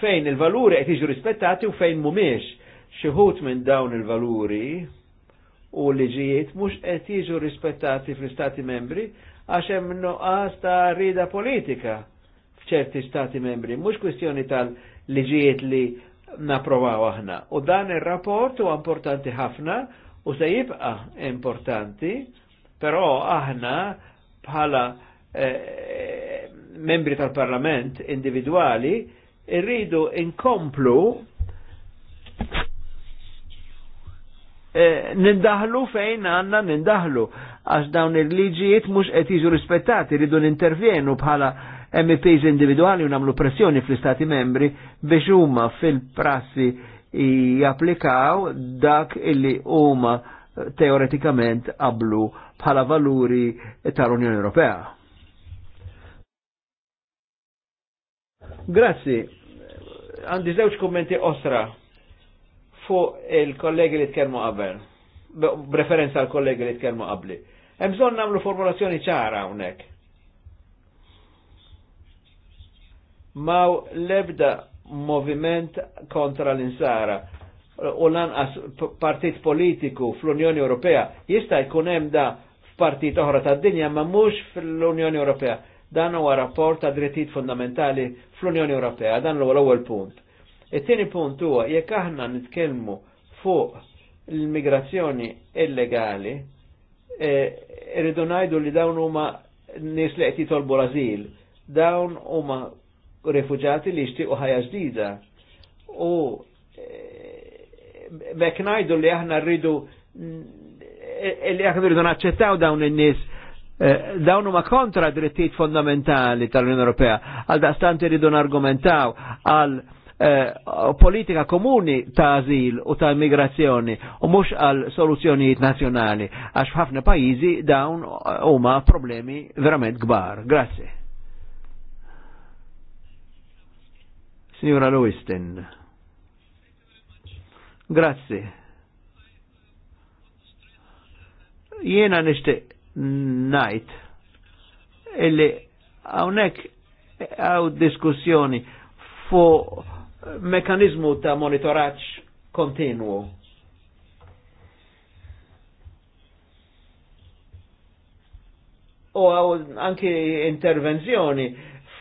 fejn il-valuri qed jiġu rispettati u fejn mhumiex. Xi minn dawn il-valuri u liġijiet mhux qed jiġu rispettati fl-istati membri għax hemm nuqqas ta' rida politika ċerti stati membri, mhux kwistjoni tal-liġijiet li naprovaw aħna. U dan ir-rapport huwa importanti ħafna u se jibqa importanti, però aħna bħala eh, membri tal-Parlament individuali irridu inkomplu nindahlu eh, nindaħlu fejn għanna nindaħlu għax dawn il-liġijiet mhux qed jiġu rispettati, rridu nintervjenu bħala MEPs individuali u namlu pressjoni fl-Istati membri biex huma fil-prassi japplikaw dak illi huma eh, teoretikament qablu bħala valuri tal-Unjoni Ewropea. Grazzi. Għandi żewġ kommenti osra fuq il-kollegi li tkellmu qabel, b'referenza għal kollegi li tkellmu qabli. Hemm bżonn nagħmlu formulazzjoni ċara hawnhekk. maw lebda moviment kontra l-insara u lanqas partit politiku fl-Unjoni Ewropea jista' jkun hemm da f'partit oħra tad-dinja ma mhux fl-Unjoni Ewropea. Dan huwa rapport ta' drittijiet fundamentali fl-Unjoni Ewropea, dan huwa l-ewwel punt. It-tieni punt huwa jekk aħna nitkellmu fuq l-migrazzjoni illegali, e, irridu e, ngħidu li dawn huma nies li qed jitolbu l-azil, dawn huma Refuġati li jixtiequ ħajja ġdida. U e, bekk li aħna rridu e, li aħna rridu naċċettaw dawn in-nies e, dawn huma kontra drittijiet fondamentali tal-Unjoni Ewropea. Għal daqstant irridu nargumentaw għal politika komuni ta' azil u ta' immigrazzjoni u mhux għal soluzzjonijiet nazzjonali għax f'ħafna pajjiżi dawn huma problemi verament kbar. Grazie. Signora Lewiston. Grazie. Jiena nishti najt illi għawnek għaw diskussjoni fu mekanizmu ta' monitoraċ kontinuo. U għaw anki intervenzjoni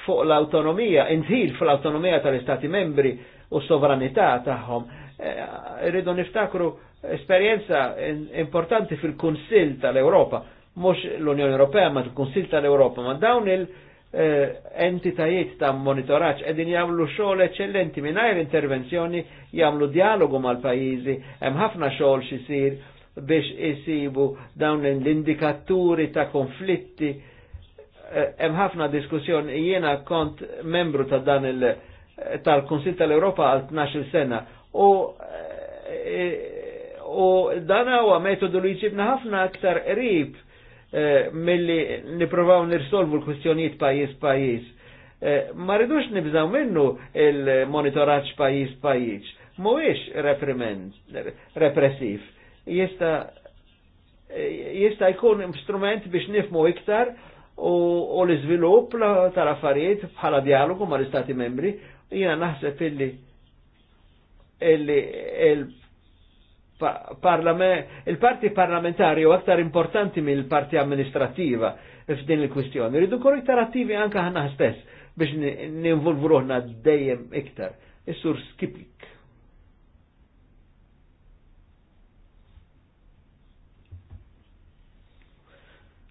fuq l-autonomija, inżil fuq l-autonomija tal-Istati membri u sovranità tagħhom. Eh, irridu niftakru esperjenza importanti fil-Kunsil tal-Ewropa, mhux l-Unjoni Ewropea, ma l-Kunsil tal-Ewropa, ma dawn il- eh, entitajiet ta' monitoraċ edin jamlu xogħol eccellenti mingħajr intervenzjoni jamlu dialogu mal-pajjiżi, hemm ħafna xogħol xisir biex isibu dawn l-indikaturi ta' konflitti Eh, hemm ħafna diskussjoni jiena kont membru ta' dan il eh, tal-Kunsil tal-Europa għal 12 sena u eh, u dan huwa metodu li jġibna ħafna aktar qrib milli niprovaw nirsolvu l-kwistjonijiet pajjiż pajjiż. Ma rridux nibżaw minnu il-monitoraġġ pajjiż pajjiż. Mhuwiex reprimend repressiv. Jista' jista' jkun strument biex nifmu iktar u l-izvilup tal-affarijiet bħala dialogu ma l-Istati membri, jina naħseb illi il-parti parlamentari u aktar importanti mill parti amministrativa f'din il-kwistjoni. Rridu kunu iktar attivi anka ħana stess biex ninvolvu ruħna dejjem iktar. Is-sur skipik.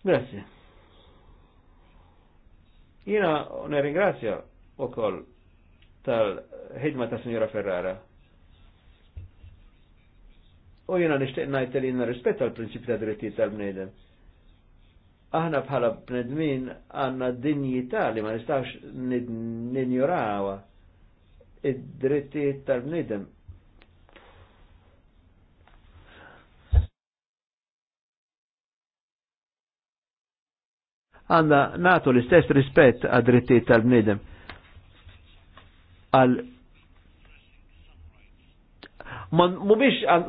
Grazie. Jina neringrazzja u koll tal-ħidma ta' Signora Ferrara. U jina nishtiq najt li jina rispetta l-prinċipi ta' drittijiet tal-bnedem. Aħna bħala bnedmin għanna dinjità li ma nistax ninjorawa id-drittijiet tal-bnedem għanna natu l-istess rispett għad drittijiet tal-bnidem għal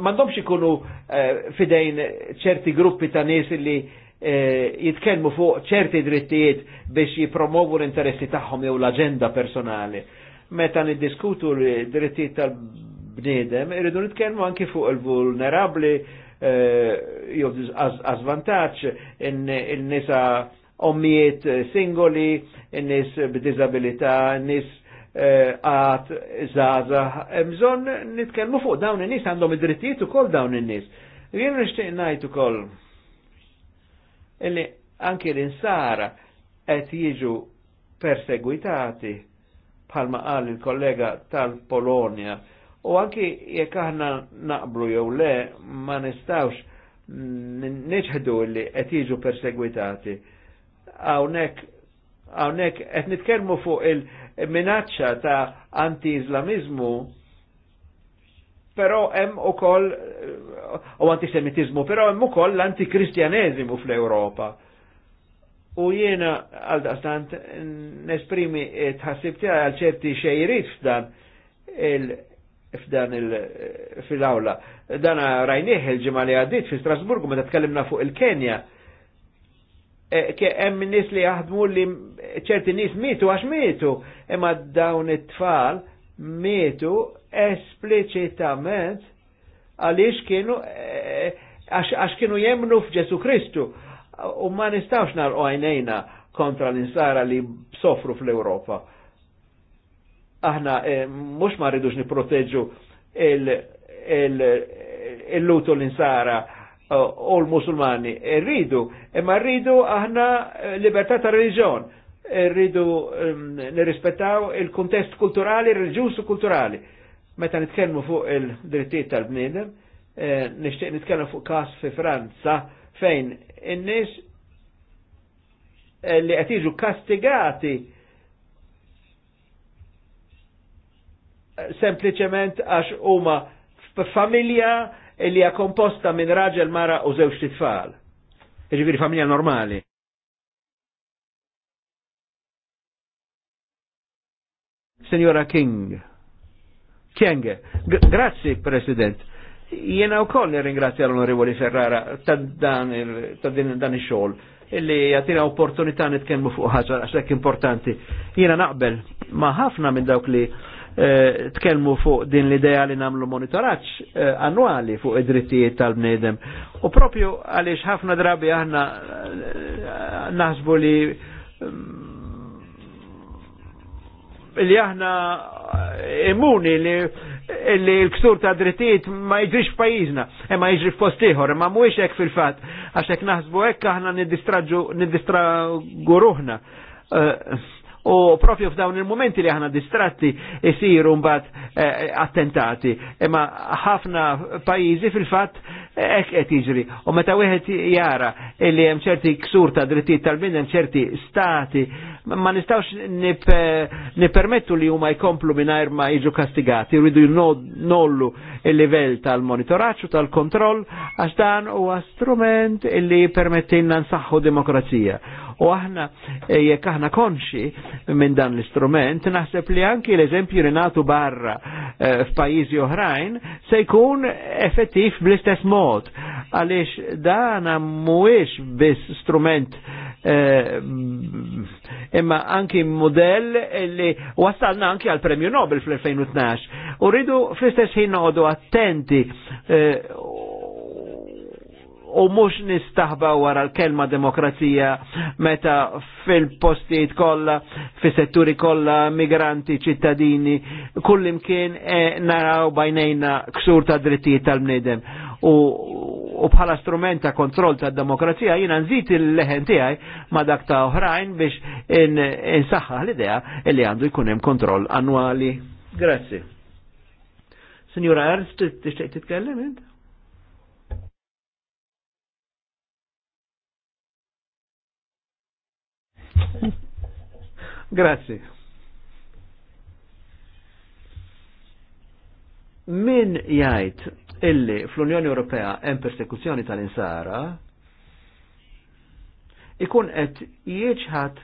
mandomx ikunu eh, fidejn ċerti gruppi ta' nies li jitkelmu eh, jitkellmu fuq ċerti drittijiet biex jipromovu l-interessi tagħhom jew l-aġenda personali. Meta niddiskutu l-drittijiet tal-bniedem, irridu nitkellmu anki fuq il-vulnerabli, eh, jew għazvantaċ in-nisa ommijiet eh, singoli, nis b'dizabilità, nis eh, għat, zaza, mżon nitkelmu fuq dawn in-nis għandhom id-drittijiet ukoll dawn in-nis. Jien nixtieq ngħid ukoll illi anke l-insara qed jiġu perseguitati bħalma qal il-kollega tal-Polonja u anki jekk aħna naqblu jew le ma nistawx neċħdu li qed jiġu perseguitati hawnhekk hawnhekk qed nitkellmu fuq il-minaċċa ta' anti-Islamizmu però hemm ukoll u antisemitiżmu, però hemm ukoll l-antikristjaneżimu fl europa U jiena għal daqstant nesprimi tħassibti tiegħi għal ċerti xejrit f'dan il f'dan il fil-awla. Dana rajniħ il-ġimgħa li għaddit fi Strasburgu meta tkellimna fuq il-Kenja. Eh, hemm nis li jaħdmu li ċerti nies mitu għax mitu, imma dawn it-tfal mitu espliċitament għaliex kienu eh, għax kienu jemnu f'Ġesu Kristu u ma nistawx nar għajnejna kontra l-insara li sofru fl-Europa. Aħna eh, mhux ma rridux niproteġu il-lutu l-insara u l-Musulmani. Rridu, imma rridu aħna eh, libertà ta' religjon, rridu ehm, nirrispettaw il-kuntest kulturali, reġjusu kulturali. Meta nitkellmu fuq il-drittijiet tal-bniedem, eh, nixtieq nitkellmu fuq każ fi Franza fejn in-nies eh, li qed jiġu kastigati sempliċement għax huma f'familja li hija komposta minn raġel mara u żewġ titfal. Jiġifieri familja normali. Signora King. Kieng. Grazzi, President. Jena u koll ringrazzja l-Onorevoli Ferrara ta' dan il-xol illi jatina opportunità nitkellmu fuq ħaġa għax importanti. Jena naqbel ma' ħafna minn dawk li Eh, tkellmu fuq din l-idea li namlu monitoraċ eh, annuali fuq id-drittijiet tal-bnedem. U propju għaliex ħafna drabi aħna eh, naħsbu li mm, li aħna immuni li li l-ksur ta' drittijiet ma jġrix f'pajjiżna, e ma jġri f'post ieħor, e ma mhuwiex hekk fil-fatt, għax hekk naħsbu hekk aħna nid-distraġu ruħna. Uh, u propju f'dawn il-momenti li ħana distratti jisiru mbagħad eh, attentati. Imma ħafna pajjiżi fil-fatt eh, hekk et iġri. U meta wieħed jara illi hemm ċerti ksur ta' drittijiet tal hemm ċerti stati ma nistawx nipermettu eh, li huma jkomplu mingħajr ma jiġu kastigati, jridu nollu il-livell tal monitoraċu tal-kontroll għax dan huwa strument illi permettilna nsaħħu demokrazija. U aħna e, jekk aħna konxi minn dan l-istrument, naħseb li anki l-eżempju rinatu barra e, f'pajjiżi oħrajn se jkun effettiv bl-istess mod. Għaliex dan mhuwiex biss strument e, imma anki modell li wasalna anki għal premju Nobel fl-2012. Uridu fl-istess ħin noqogħdu attenti u mux nistaħba wara l-kelma demokrazija meta fil-postijiet kolla, fi setturi kolla, migranti, ċittadini, kullimkien e, naraw bajnejna ksur ta' drittijiet tal-bnedem. U, u bħala strument ta' kontroll ta' demokrazija jina nżid il-leħen tiegħi ma' dak ta' oħrajn biex insaħħa l-idea li għandu jkun hemm kontroll annwali. Grazzi. Signora Ernst, tixtieq titkellem int? Grazie. Min jgħid illi fl-Unjoni Ewropea hemm persekuzzjoni tal-insara, ikun qed jieġħad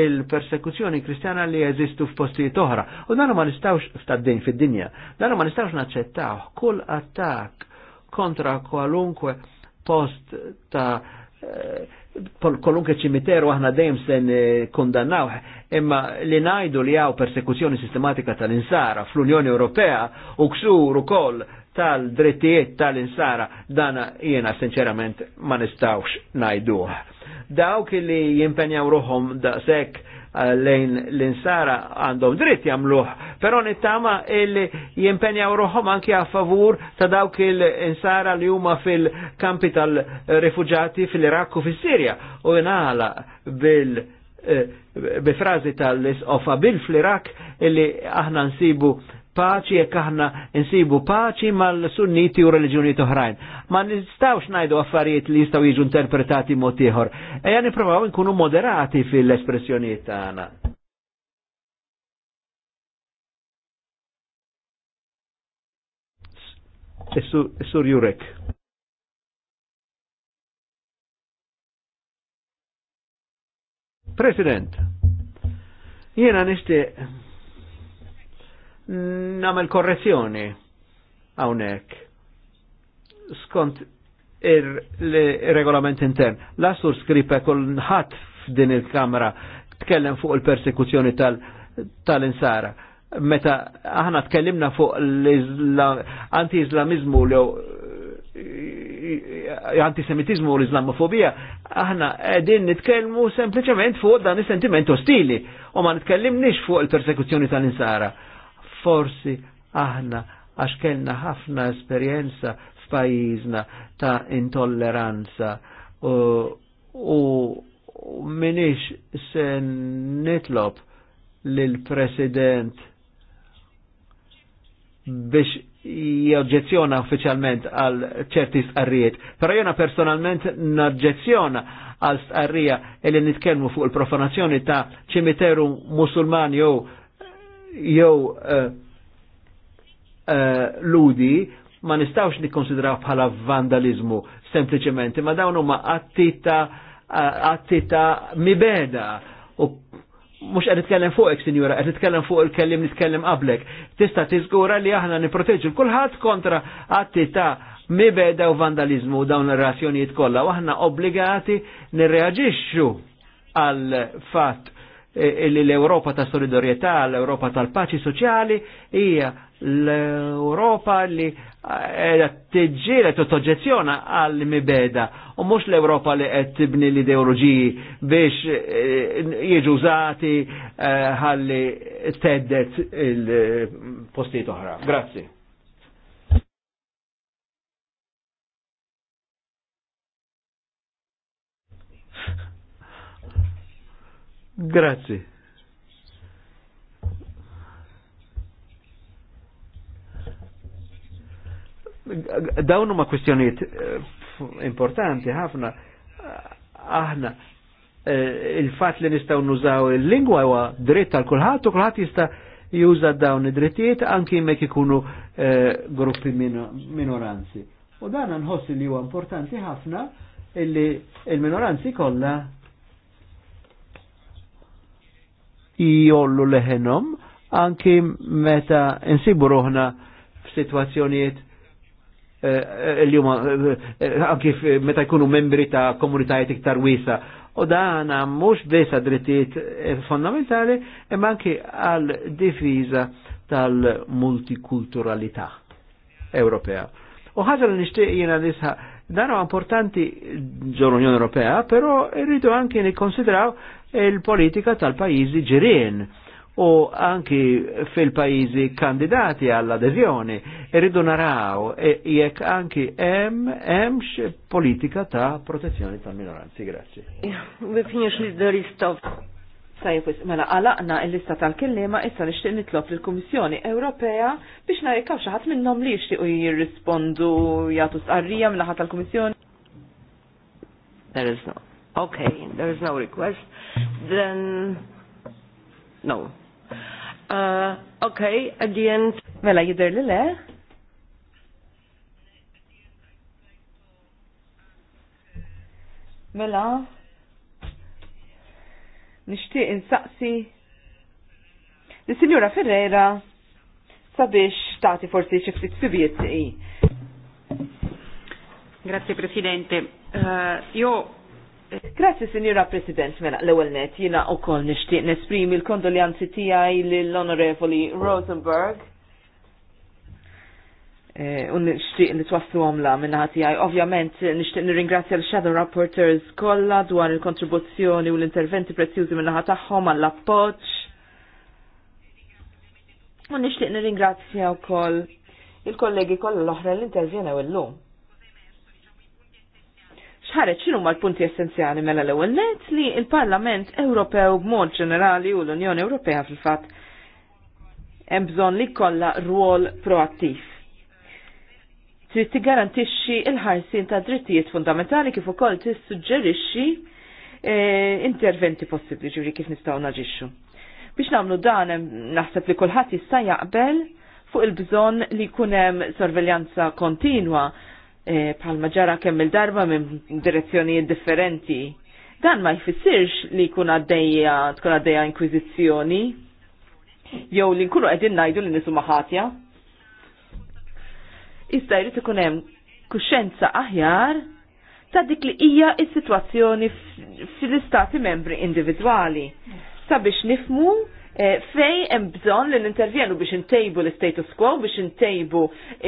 il-persekuzzjoni kristjana li jeżistu f'postijiet oħra. U dan ma f'tad-din fid-dinja, dan ma nistgħux naċċettaw kull attak kontra kwalunkwe post ta' eh, kolunke ċimiteru aħna dejjem sen kondannaw, imma li najdu li għaw persekuzjoni sistematika tal-insara fl-Unjoni Ewropea u ksur ukoll tal-drittijiet tal-insara dana jiena sinċerament ma nistawx najduh. Dawk li jimpenjaw ruħom da sekk lejn l-insara għandhom dritt jamluħ, pero nittama illi jimpenjaw ruħom anki a favur ta' dawk il-insara li huma fil-kampi tal-refugġati fil-Iraq u fil-Sirja. U jnaħla bil- eh, bifrazi tal-isqofa bil fil irak illi aħna nsibu paċi jekk aħna insibu paċi mal-sunniti u reliġjoni oħrajn. Ma nistawx najdu affarijiet li jistaw jiġu interpretati mod ieħor. Ejja nippruvaw nkunu moderati fil-espressjonijiet tagħna. Sur Jurek. President, jiena nishtiq namel korrezzjoni hawnhekk. Skont il-regolament intern. L-assur skripe kol nħat f'din il-kamra tkellem fuq il-persekuzzjoni tal-insara. Meta aħna tkellimna fuq l-anti-islamizmu antisemitizmu u l-islamofobija, aħna edin nitkellmu sempliciment fuq dan is-sentiment ostili u ma nitkellimniex fuq il-persekuzzjoni tal-insara forsi aħna għax kellna ħafna esperjenza f'pajjiżna ta' intolleranza u, u minix se nitlob lil president biex joġġezzjona uffiċjalment għal ċerti stqarrijiet. Però jena personalment naġġezzjona għal stqarrija li nitkellmu fuq il-profanazzjoni ta' ċimiteru Musulmani jew jew eh, eh, ludi ma nistawx nikkonsidraw bħala vandalizmu sempliċement, ma dawn huma attita eh, attita mibeda u mux għed nitkellem fuqek, sinjura, għed itkellem fuq il-kellim nitkellem qablek. Tista tiżgura li aħna niproteġu kulħadd kontra attita mibeda u vandalizmu dawn ir-razzjonijiet kollha u aħna obbligati nirreaġixxu għal fatt Eh, l-Europa ta' solidarietà, l-Europa tal-paċi soċjali, hija l-Europa li eh, tiġġiela t-oġġezzjona għall-mibeda u mux l-Europa li qed tibni l-ideologiji biex eh, jiġu użati ħalli teddet il-postijiet oħra. Grazie. Grazzi. Dawn huma kwestjonijiet eh, importanti ħafna aħna eh, il-fat li nistaw nużaw il-lingwa huwa dritt għal kulħadd u kulħadd jista' juża dawn id-drittijiet anki jekk ikunu eh, gruppi minoranzi. U dan nħossi li huwa importanti ħafna illi il-minoranzi kollha jollu leħenom anki meta insibu ruħna f-situazzjoniet eh, eh, l huma eh, anki meta jkunu membri ta' komunitajiet iktar wisa. U dan mux biss drittijiet fondamentali imma anki għal difiża tal-multikulturalità Ewropea. U ħaġa li nixtieq jiena nisħa dan importanti ġol-Unjoni Ewropea, pero rridu anki nikkonsidraw il-politika tal-pajizi ġirien u anki fil-pajizi kandidati għall-adezjoni irridu naraw e, jekk anki hemm hemmx politika ta' protezzjoni tal-minoranzi. Grazzi. mela għalaqna il-lista tal-kellima issa nixtieq nitlob lill-Kummissjoni Ewropea biex narikaw xi ħadd minnhom li jixtiequ jirrispondu jagħtu sqarrija mill-aħħar tal-Kummissjoni. There is no. Okay, there is no request then no. Uh, okay, at the end. Mela jider li le? Mela, nishtiq insaqsi l-Sinjura Ferreira sabiex tati forsi xiftit subiet i. Grazie Presidente. Uh, io Grazie, Signora President, mela l-ewel net, jina u kol nishtiq nesprimi l-kondoljanzi tijaj l-Onorevoli Rosenberg. Eh, u nishtiq li twaslu għomla minna għatijaj. Ovvjament, nishtiq nirringrazzja l-Shadow Rapporteurs kolla dwar il-kontribuzzjoni u l-interventi prezzjużi minna għatahom għall-appoċ. U nishtiq nirringrazzja u kol il-kollegi kolla l-oħra l-intervjena u l-lum xħareċ xinu ma l-punti essenzjali mela l ewwel net li il-Parlament Ewropew b'mod ġenerali u l-Unjoni Ewropea fil-fat hemm bżonn li kollha rwol proattiv. Trid tigarantixxi il-ħarsin ta' drittijiet fundamentali kif ukoll tissuġġerixxi e, interventi possibbli ġuri kif nistgħu naġixxu. Biex nagħmlu dan naħseb li kulħadd jista' jaqbel fuq il-bżonn li jkun hemm sorveljanza kontinwa bħalma e, ġara kemm il-darba minn direzzjonijiet differenti. Dan ma jfissirx li kun għaddejja tkun għaddejja inkwizizjoni, jew li nkunu qegħdin ngħidu li nisu maħatja. Issa jrid ikun hemm kuxenza aħjar ta' dik li hija s-sitwazzjoni fil-istati membri individwali sabiex nifmu Eh, fej hemm bżonn li nintervjenu biex intejbu l-status quo, biex intejbu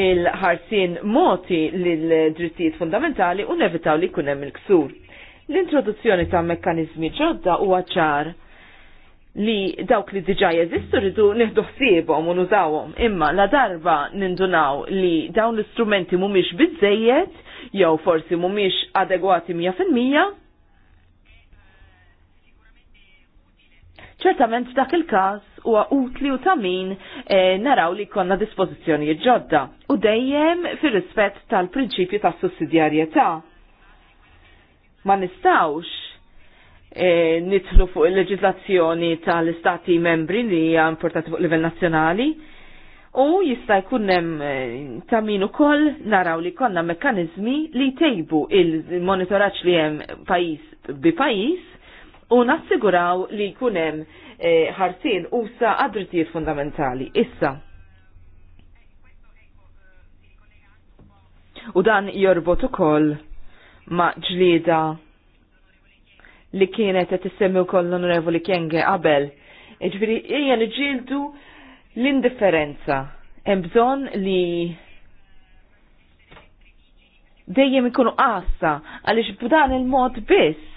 il-ħarsien moti l-drittijiet fundamentali u nevitaw li jkun hemm il-ksur. L-introduzzjoni ta' mekkanizmi ġodda huwa ċar li dawk li diġa jeżistu rridu neħdu ħsiebhom u nużawhom, imma la darba nindunaw li dawn l-istrumenti mhumiex biżejjed jew forsi mhumiex adegwati 100 ċertament f'dak il-każ huwa utli u tamin e, eh, naraw li konna dispożizzjonijiet ġodda u dejjem fir-rispett tal-prinċipju tas-sussidjarjetà. Ma nistawx E, nitlu fuq il-leġizlazzjoni tal-istati membri li hija importanti fuq livell nazzjonali. U jista' jkun hemm eh, ta' min ukoll naraw li konna mekkaniżmi li jtejbu il-monitoraġġ li hemm pajjiż bi pajjiż u nassiguraw li kunem eh, ħarsin u sa għadritijiet fundamentali. Issa. U dan jorbot ukoll ma' ġlieda li kienet qed u wkoll l-Onorevoli Kenge qabel. Iġviri, hija niġġieldu l-indifferenza. Hemm bżonn li dejjem ikunu għassa għaliex b'dan il-mod biss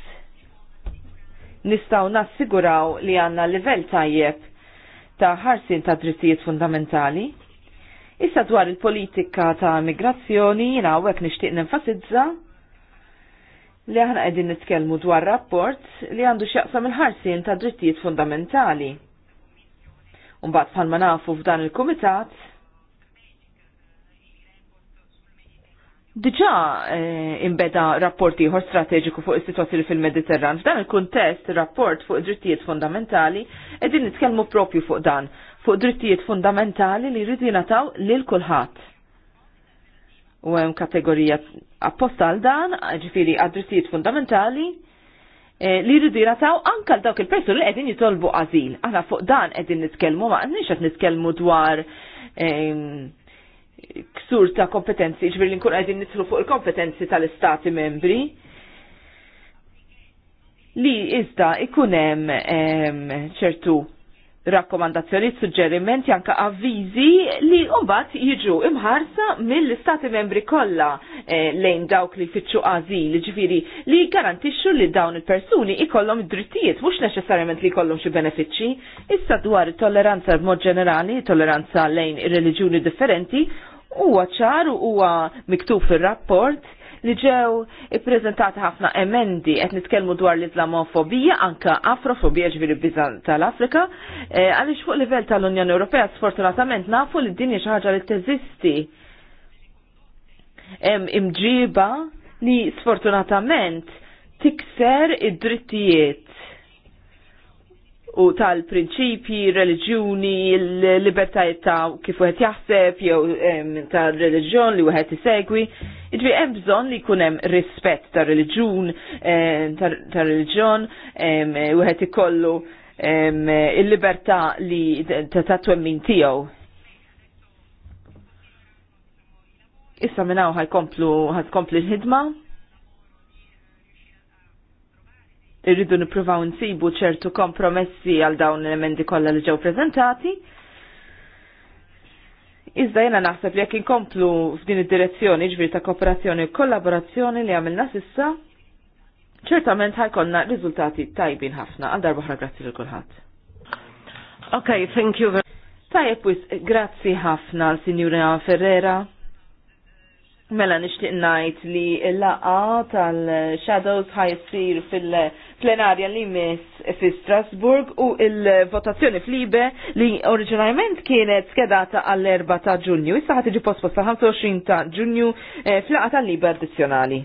nistaw nassiguraw li għanna livell tajjeb ta' ħarsin ta' drittijiet fundamentali. Issa dwar il-politika ta' migrazzjoni jina għawek nishtiq nenfasizza li aħna qegħdin nitkellmu dwar rapport li għandu x'jaqsam il-ħarsin ta' drittijiet fundamentali. Umbagħad bħalma nafu f'dan il-kumitat Diġa eh, imbeda rapport ieħor strateġiku fuq is-sitwazzjoni fil-Mediterran. F'dan il-kuntest, rapport fuq drittijiet fundamentali, qegħdin nitkellmu propju fuq dan, fuq drittijiet fundamentali li jridu jingħataw lil kulħadd. U hemm kategorija apposta għal dan, ġifieri għad-drittijiet fundamentali eh, li jridu jingħataw anke għal dawk il-persuni li qegħdin jitolbu għażil. Aħna fuq dan qegħdin nitkellmu ma qegħdniex qed nitkellmu dwar eh, ksur ta' kompetenzi, ġbir li nkun għajdin nitru fuq il-kompetenzi tal-istati membri, li iżda ikunem ċertu rakkomandazzjoni, suġġerimenti, anka avvizi li umbat jiġu imħarsa mill-istati membri kollha eh, lejn dawk li fitxu għazil, ġviri li garantixxu li dawn il-persuni ikollom drittijiet, mhux neċessarjament li jkollhom xi benefiċċji, issa dwar it-tolleranza b'mod ġenerali, tolleranza lejn il reliġjuni differenti, huwa ċar u huwa miktub fir-rapport li ġew ippreżentati ħafna emendi qed nitkellmu dwar l-Islamofobija anka Afrofobija ġifieri biża tal-Afrika, eh, għaliex fuq livell tal-Unjoni Ewropea sfortunatament nafu li d-dinja xi ħaġa li teżisti imġiba li sfortunatament tikser id-drittijiet u tal-prinċipji, reliġjuni, l-libertajiet ta' kif wieħed jaħseb jew tal-reliġjon li wieħed isegwi. Jiġri hemm bżonn li jkun hemm rispett tar reliġjun tar-reliġjon, wieħed ikollu il-libertà li ta' twemmin tiegħu. Issa minnaw ħaj komplu l-ħidma irridu nippruvaw nsibu ċertu kompromessi għal dawn l-emendi kollha li ġew preżentati. Iżda jena naħseb li jekk inkomplu f'din id-direzzjoni ġbir ta' kooperazzjoni u kollaborazzjoni li għamilna sissa, ċertament ħajkonna riżultati tajbin ħafna għal darba ħra grazzi lil kulħadd. Okej, thank you very much. Tajjeb, grazzi ħafna l-Sinjura Ferrera. Mela nixtieq ngħid li l-laqa tal-Shadows ħajsir fil-plenarja li mis fi Strasburg u il-votazzjoni fl-Ibe li oriġinarjament kienet skedata għall-4 ta' Ġunju, issa ħad tiġi posposta 25 ta' Ġunju eh, fl-laqa tal-Libe addizzjonali.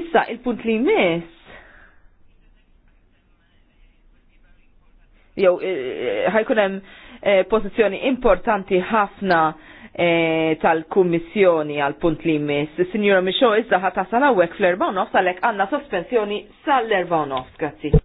Issa il-punt li mis jew eh, ħajkun hemm eh, pożizzjoni importanti ħafna E, tal-Kummissjoni għal punt li jmiss. Signora Michaud, issa ħata salawek fl erbonos għalek għalhekk għandna sospensjoni sal-erba' nofs,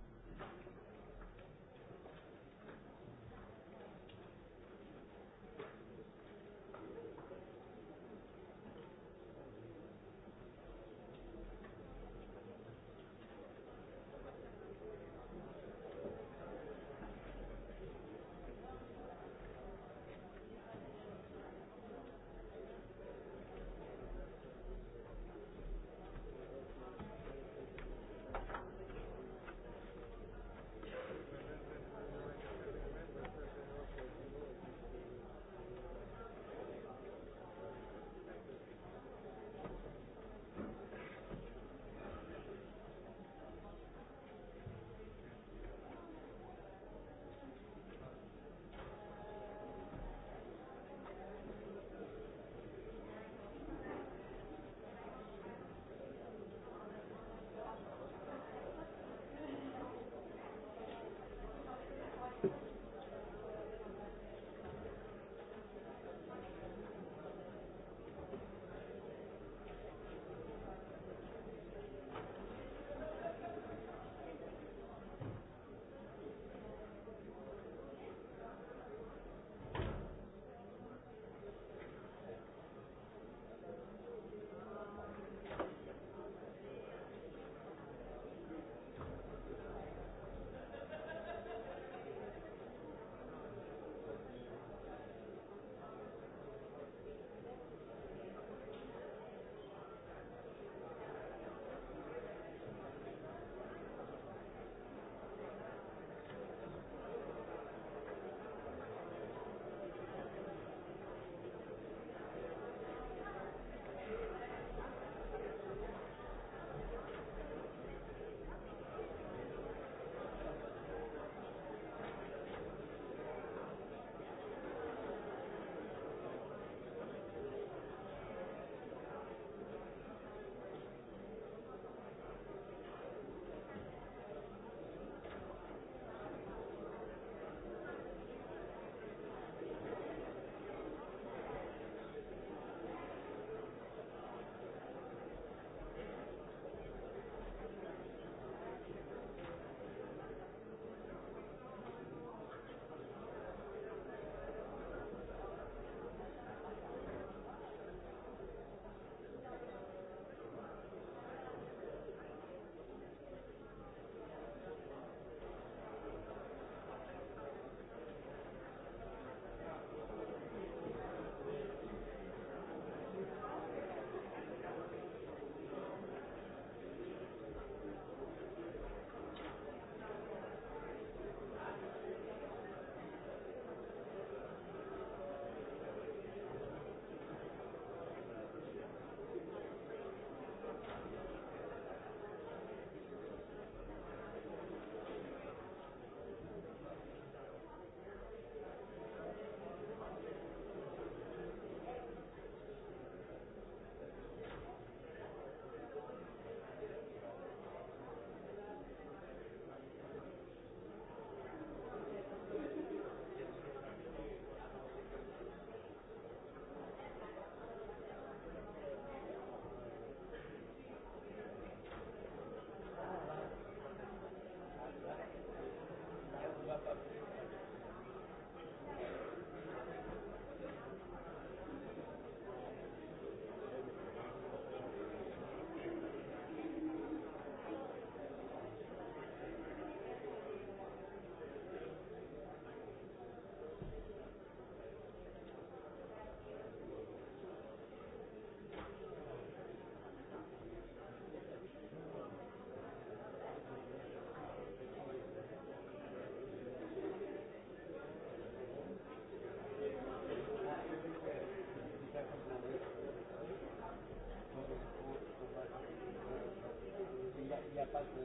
Thank you.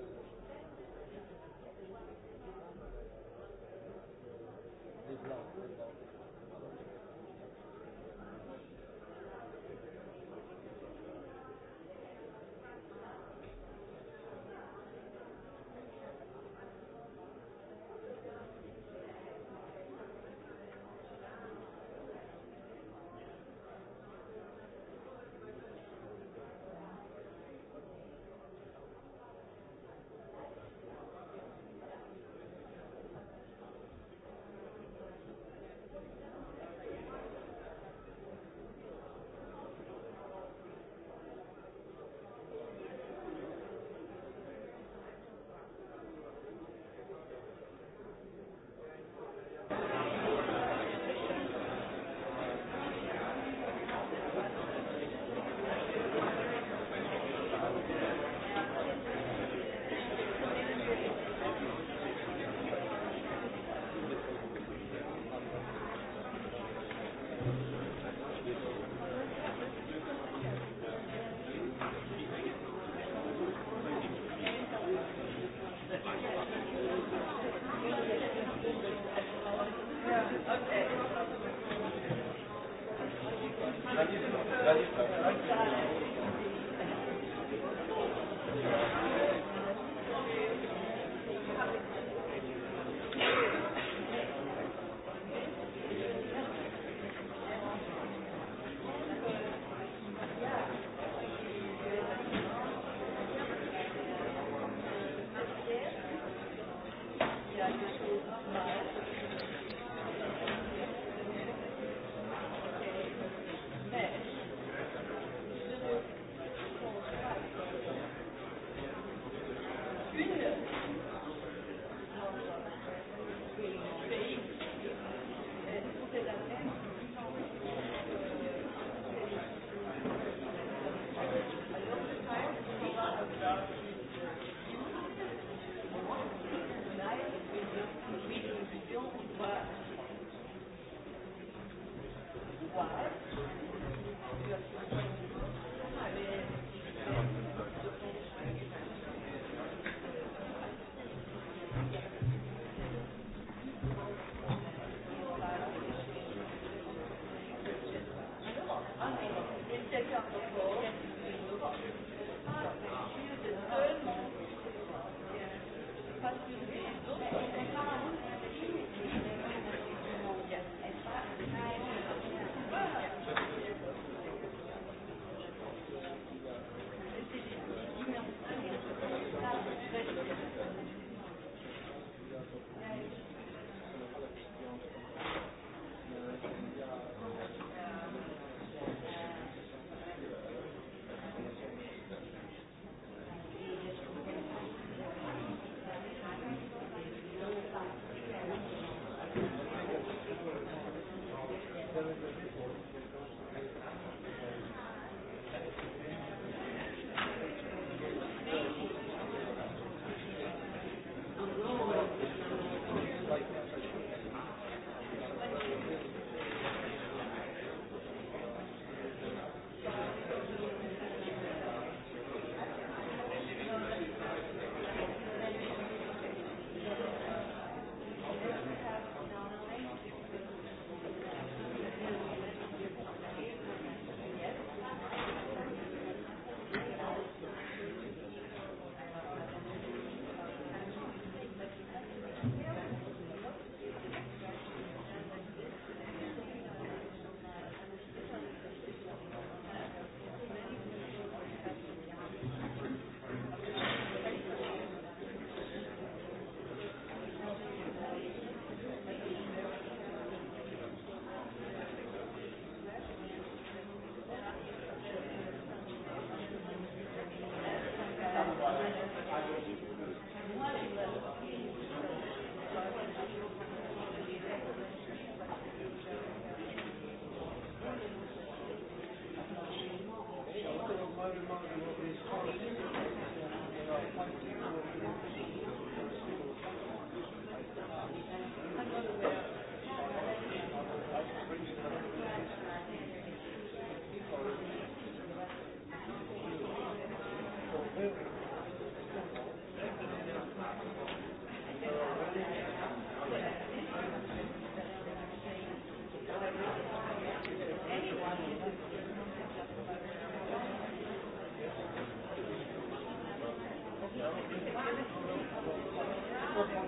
Okay.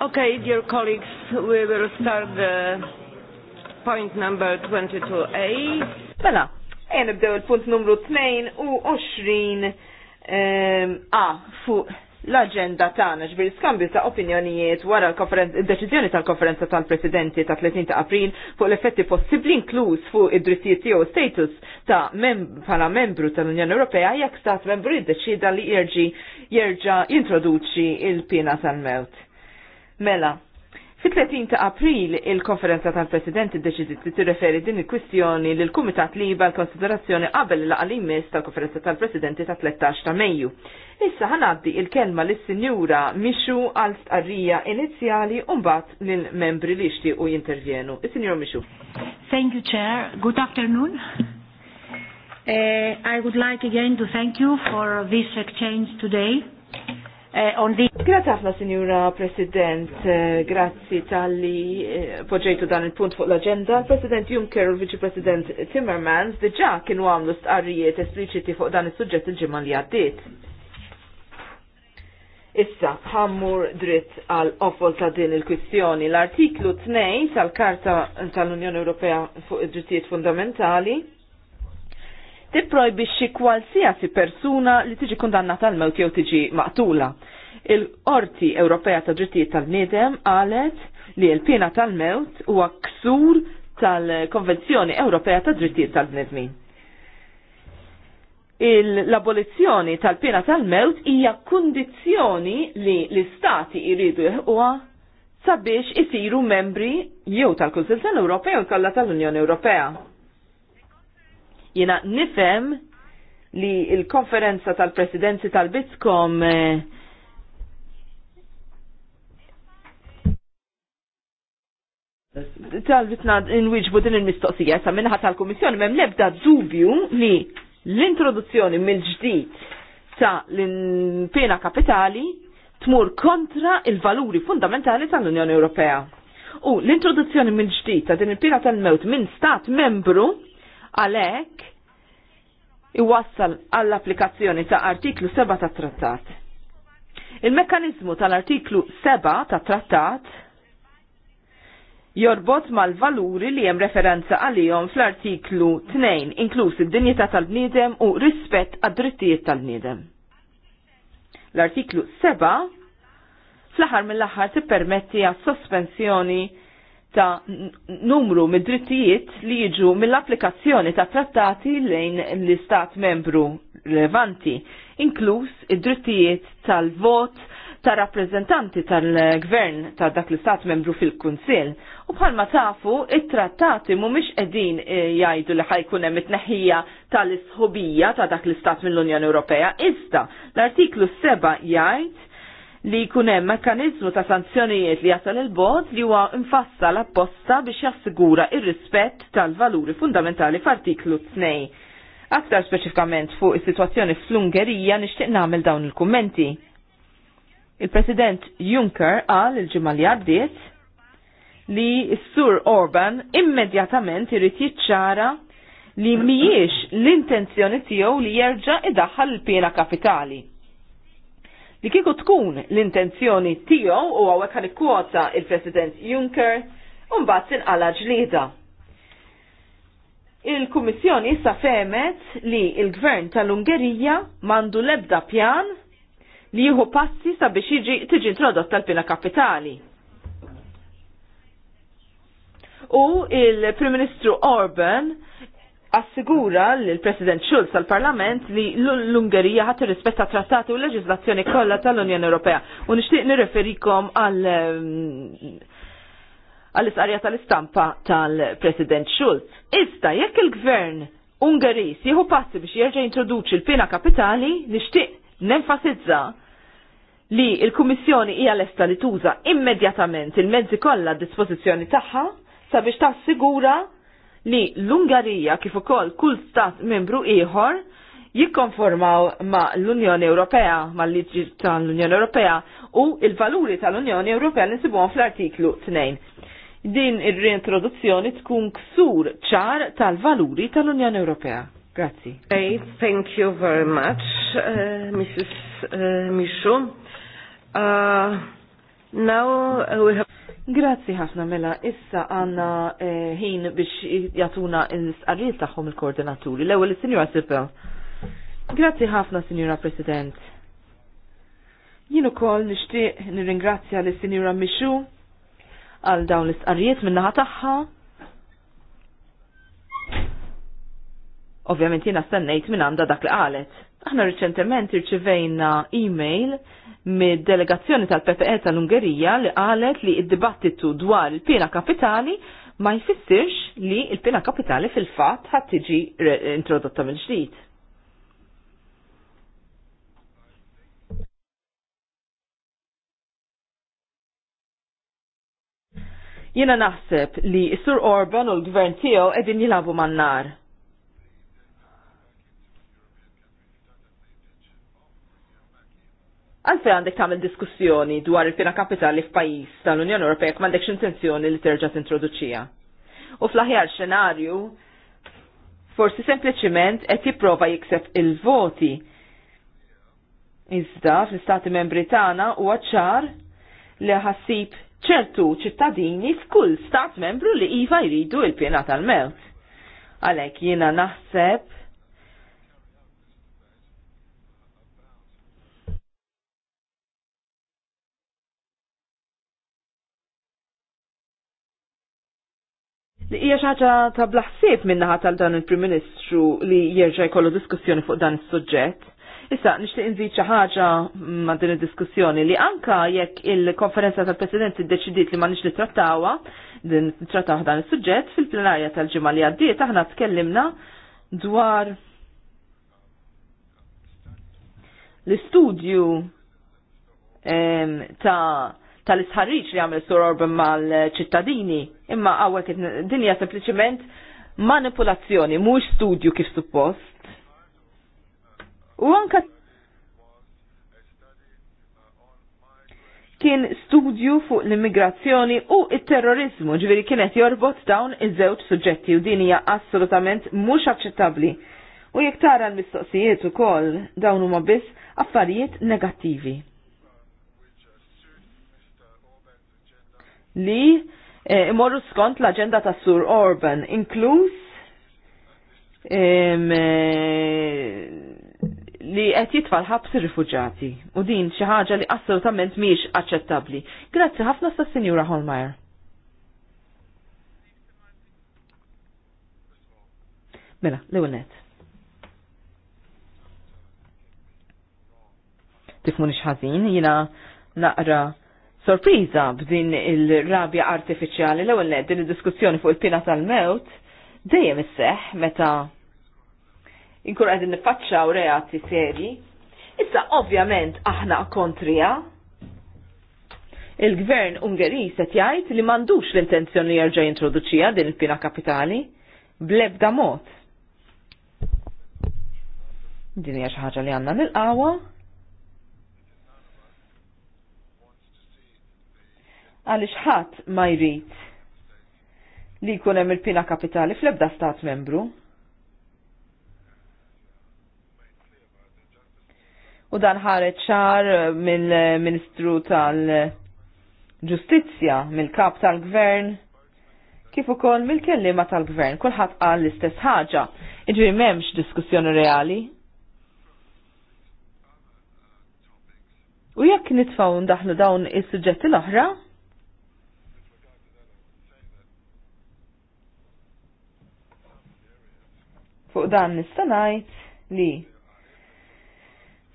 Okay, dear colleagues, we will start the point number 22A. Mela, e nibdew il-punt numru 2 u 20 ehm, a fu l-agenda tagħna ġbir skambju ta' opinjonijiet wara l-deċiżjoni tal-konferenza tal-Presidenti ta' 30 ta' April fuq l-effetti possibbli inkluż fuq id-drittijiet tiegħu status ta' bħala membru tal-Unjoni Ewropea jekk stat membru jiddeċida li jerġa' jintroduċi il-pina tal-mewt Mela, fi 30 ta' april il-konferenza tal-President iddeċidiet li tirreferi din il-kwistjoni l kumitat Liba l-konsiderazzjoni qabel l-qalimis tal-konferenza tal-Presidenti ta' 13 ta' Mejju. Issa ħanaddi il-kelma lis sinjura Mishu għal stqarrija inizjali u mbagħad lil membri li jixtiequ jintervjenu. Il-Sinjur Mishu. Thank you, Chair. Good afternoon. Uh, I would like again to thank you for this exchange today. Eh, grazie ħafna, Signora President, eh, grazzi tal-li eh, poġġejtu dan il-punt fuq l-agenda. Il-President Juncker u l-Vice President Timmermans diġa kienu għamlu stqarrijiet espliċiti fuq dan il-sujġet il-ġimma li għaddit. Issa, ħammur dritt għal offol ta' din il-kwistjoni. L-artiklu 2 tal-Karta tal-Unjoni Ewropea fuq id-drittijiet fundamentali tipprojbixxi kwalsiasi persuna li tiġi kundannata għal mewt jew tiġi maqtula. Il-Qorti Ewropea ta' Drittijiet tal-Niedem qalet li l-pjena tal-mewt huwa ksur tal-Konvenzjoni Ewropea ta' Drittijiet tal-Bnedmin. L-abolizzjoni tal-pjena tal-mewt hija kundizzjoni li l-istati jridu jħuha sabiex isiru membri jew tal-Kunsil tal-Ewropea jew tal-Unjoni Ewropea. Jena nifem li il-konferenza tal-presidenzi tal-Bitkom eh, tal-vitna inwiġbu din il-mistoqsija sa minnaħa tal-Komissjoni mem lebda dubju li l-introduzzjoni mill-ġdid ta' l-pena kapitali tmur kontra il-valuri fundamentali tal-Unjoni Ewropea. U l-introduzzjoni mill-ġdid ta' din il-pena tal-mewt minn stat membru għalhekk iwassal għall-applikazzjoni ta' artiklu 7 ta' trattat. Il-mekkanizmu tal-artiklu 7 ta' trattat jorbot mal-valuri li jem referenza għalihom fl-artiklu 2, inkluż id-dinjità tal-bniedem u rispett għad-drittijiet tal-bniedem. L-artiklu 7 fl-aħħar mill-aħħar tippermetti għas-sospensjoni ta' numru mid-drittijiet li jiġu mill-applikazzjoni ta' trattati lejn l-istat membru rilevanti, inkluż id-drittijiet tal-vot ta' rappresentanti tal-gvern ta' dak l-istat membru fil-Kunsil. U bħalma tafu, it-trattati mumiex edin eh, jajdu li ħajkun hemm it-neħija tal-isħobija ta' dak l-istat mill-Unjoni Ewropea. Iżda, l-artiklu 7 jgħid li jkun hemm mekkaniżmu ta' sanzjonijiet li jasal il-bod li huwa mfassal apposta biex jassigura il rispett tal-valuri fundamentali f'artiklu 2. Aktar speċifikament fuq is-sitwazzjoni fl-Ungerija nixtieq nagħmel dawn il-kummenti. Il-President Juncker qal il-ġimgħa li għaddiet li s-Sur Orban immedjatament irid jiċċara li mhijiex l-intenzjoni tiegħu li jerġa' idaħħal il piena kapitali li kieku tkun l-intenzjoni tiegħu u għawek għan ikkwota il-President Juncker u mbagħad tinqala ġlieda. Il-Kummissjoni issa femet li il-Gvern tal-Ungerija mandu lebda pjan li jieħu passi sabiex jiġi tiġi introdott tal-pina kapitali. U il-Prim Ministru Orban assigura l-President Schulz tal-Parlament li l-Ungerija ħat rispetta trattati u leġislazzjoni kollha tal-Unjoni Ewropea. U nixtieq nirreferikom għal ehm, għall-isqarja tal-istampa tal-President Schulz. Issa jekk il-Gvern Ungeris jieħu passi biex jerġa' introduċi l-pena kapitali, nixtieq nenfasizza li l kummissjoni hija lesta li tuża immedjatament il-mezzi kollha d-dispożizzjoni tagħha sabiex tassigura li l-Ungarija kif ukoll kull stat membru ieħor jikkonformaw ma' l-Unjoni Ewropea, ma' l-liġi tal-Unjoni Ewropea u il-valuri tal-Unjoni Ewropea li fl-artiklu 2. Din ir-reintroduzzjoni tkun ksur ċar tal-valuri tal-Unjoni Ewropea. Grazzi. Hey, thank you very much, uh, Mrs. Uh, Mishu. Uh, now uh, we have Grazzi ħafna mela, issa għanna eh, ħin biex jatuna l-istqarriet tagħhom il-koordinaturi. L-ewwel is-Sinjura Sipel. Grazzi ħafna, Signora President. Jien ukoll nixtieq nirringrazzja lis sinjora Mishu għal dawn l-istqarriet min-naħa tagħha. Ovvjament jiena stennejt minn għandha dak li qalet. Aħna riċentement irċivejna email mid-delegazzjoni tal-PPE tal-Ungerija li qalet li id-dibattitu dwar il-pena kapitali ma jfissirx li il-pena kapitali fil-fat ħad tiġi introdotta mill-ġdid. Jena naħseb li Sur Orban u l-gvern tiegħu qegħdin jilabu man-nar Għalfej għandek tagħmel diskussjoni dwar il-pina kapitali f'pajjiż tal-Unjoni Ewropea jekk m'għandekx intenzjoni li terġa' tintroduċija. U fl-aħjar xenarju, forsi sempliciment qed jipprova jikseb il-voti. Iżda fl-Istati Membri tagħna huwa ċar li ħassib ċertu ċittadini f'kull stat membru li iva jridu il-pjena tal-mewt. Għalek jiena naħseb Hija xi ħaġa ta' blaħsieb minnaħa tal dan il-Prim Ministru li jerġa' jkollu diskussjoni fuq dan is-suġġett. Issa nixtieq inżid xi ħaġa ma' din id-diskussjoni li anka jekk il-konferenza tal-Presidenti ddeċidiet li ma nix nittrattawha din nittrattaw dan is-suġġett fil-plenarja tal-ġimgħa li għaddiet aħna tkellimna dwar l-istudju ta' tal-isħarriċ li għamil Sur Orban mal-ċittadini. Imma għawek dinja sempliciment manipulazzjoni, mux studju kif suppost. U anka kien studju fuq l-immigrazzjoni u il-terrorizmu, ġviri kienet jorbot dawn iż-żewġ suġġetti u din hija assolutament mhux aċċettabbli. U jekk tara l-mistoqsijiet ukoll dawn huma biss affarijiet negattivi. li eh, imorru skont l-agenda ta' Sur Orban, inkluz eh, li qed jitfal ħabs ir-rifuġati u din xi ħaġa li assolutament mhix aċċettabbli. Grazzi ħafna sas Sinjura Holmeyer. Mela, l net. Tifmu nix ħażin, jiena naqra Sorpriza b'din il-rabja artifiċjali l ewwel din id-diskussjoni fuq il-pina tal-mewt dejjem isseħ meta inkun qegħdin niffaċċaw reati serji. Issa ovvjament aħna kontrija il-gvern Ungerijs qed jgħid li m'għandux l-intenzjoni jerġa' jintroduċija din il-pina kapitali bl-ebda mod. Din hija xi ħaġa li għandna nilqawha għaliex ħadd ma jrid li jkun hemm il-pina kapitali fl-ebda stat membru. U dan ħareġ ċar mill-Ministru tal-Ġustizzja, mill-Kap tal-Gvern, kif ukoll mill-kellima tal-Gvern, kulħadd qal l-istess ħaġa. Iġri m'hemmx diskussjoni reali, U jekk nitfaw ndaħlu dawn is-suġġetti l-oħra, Fuq dan nistanajt li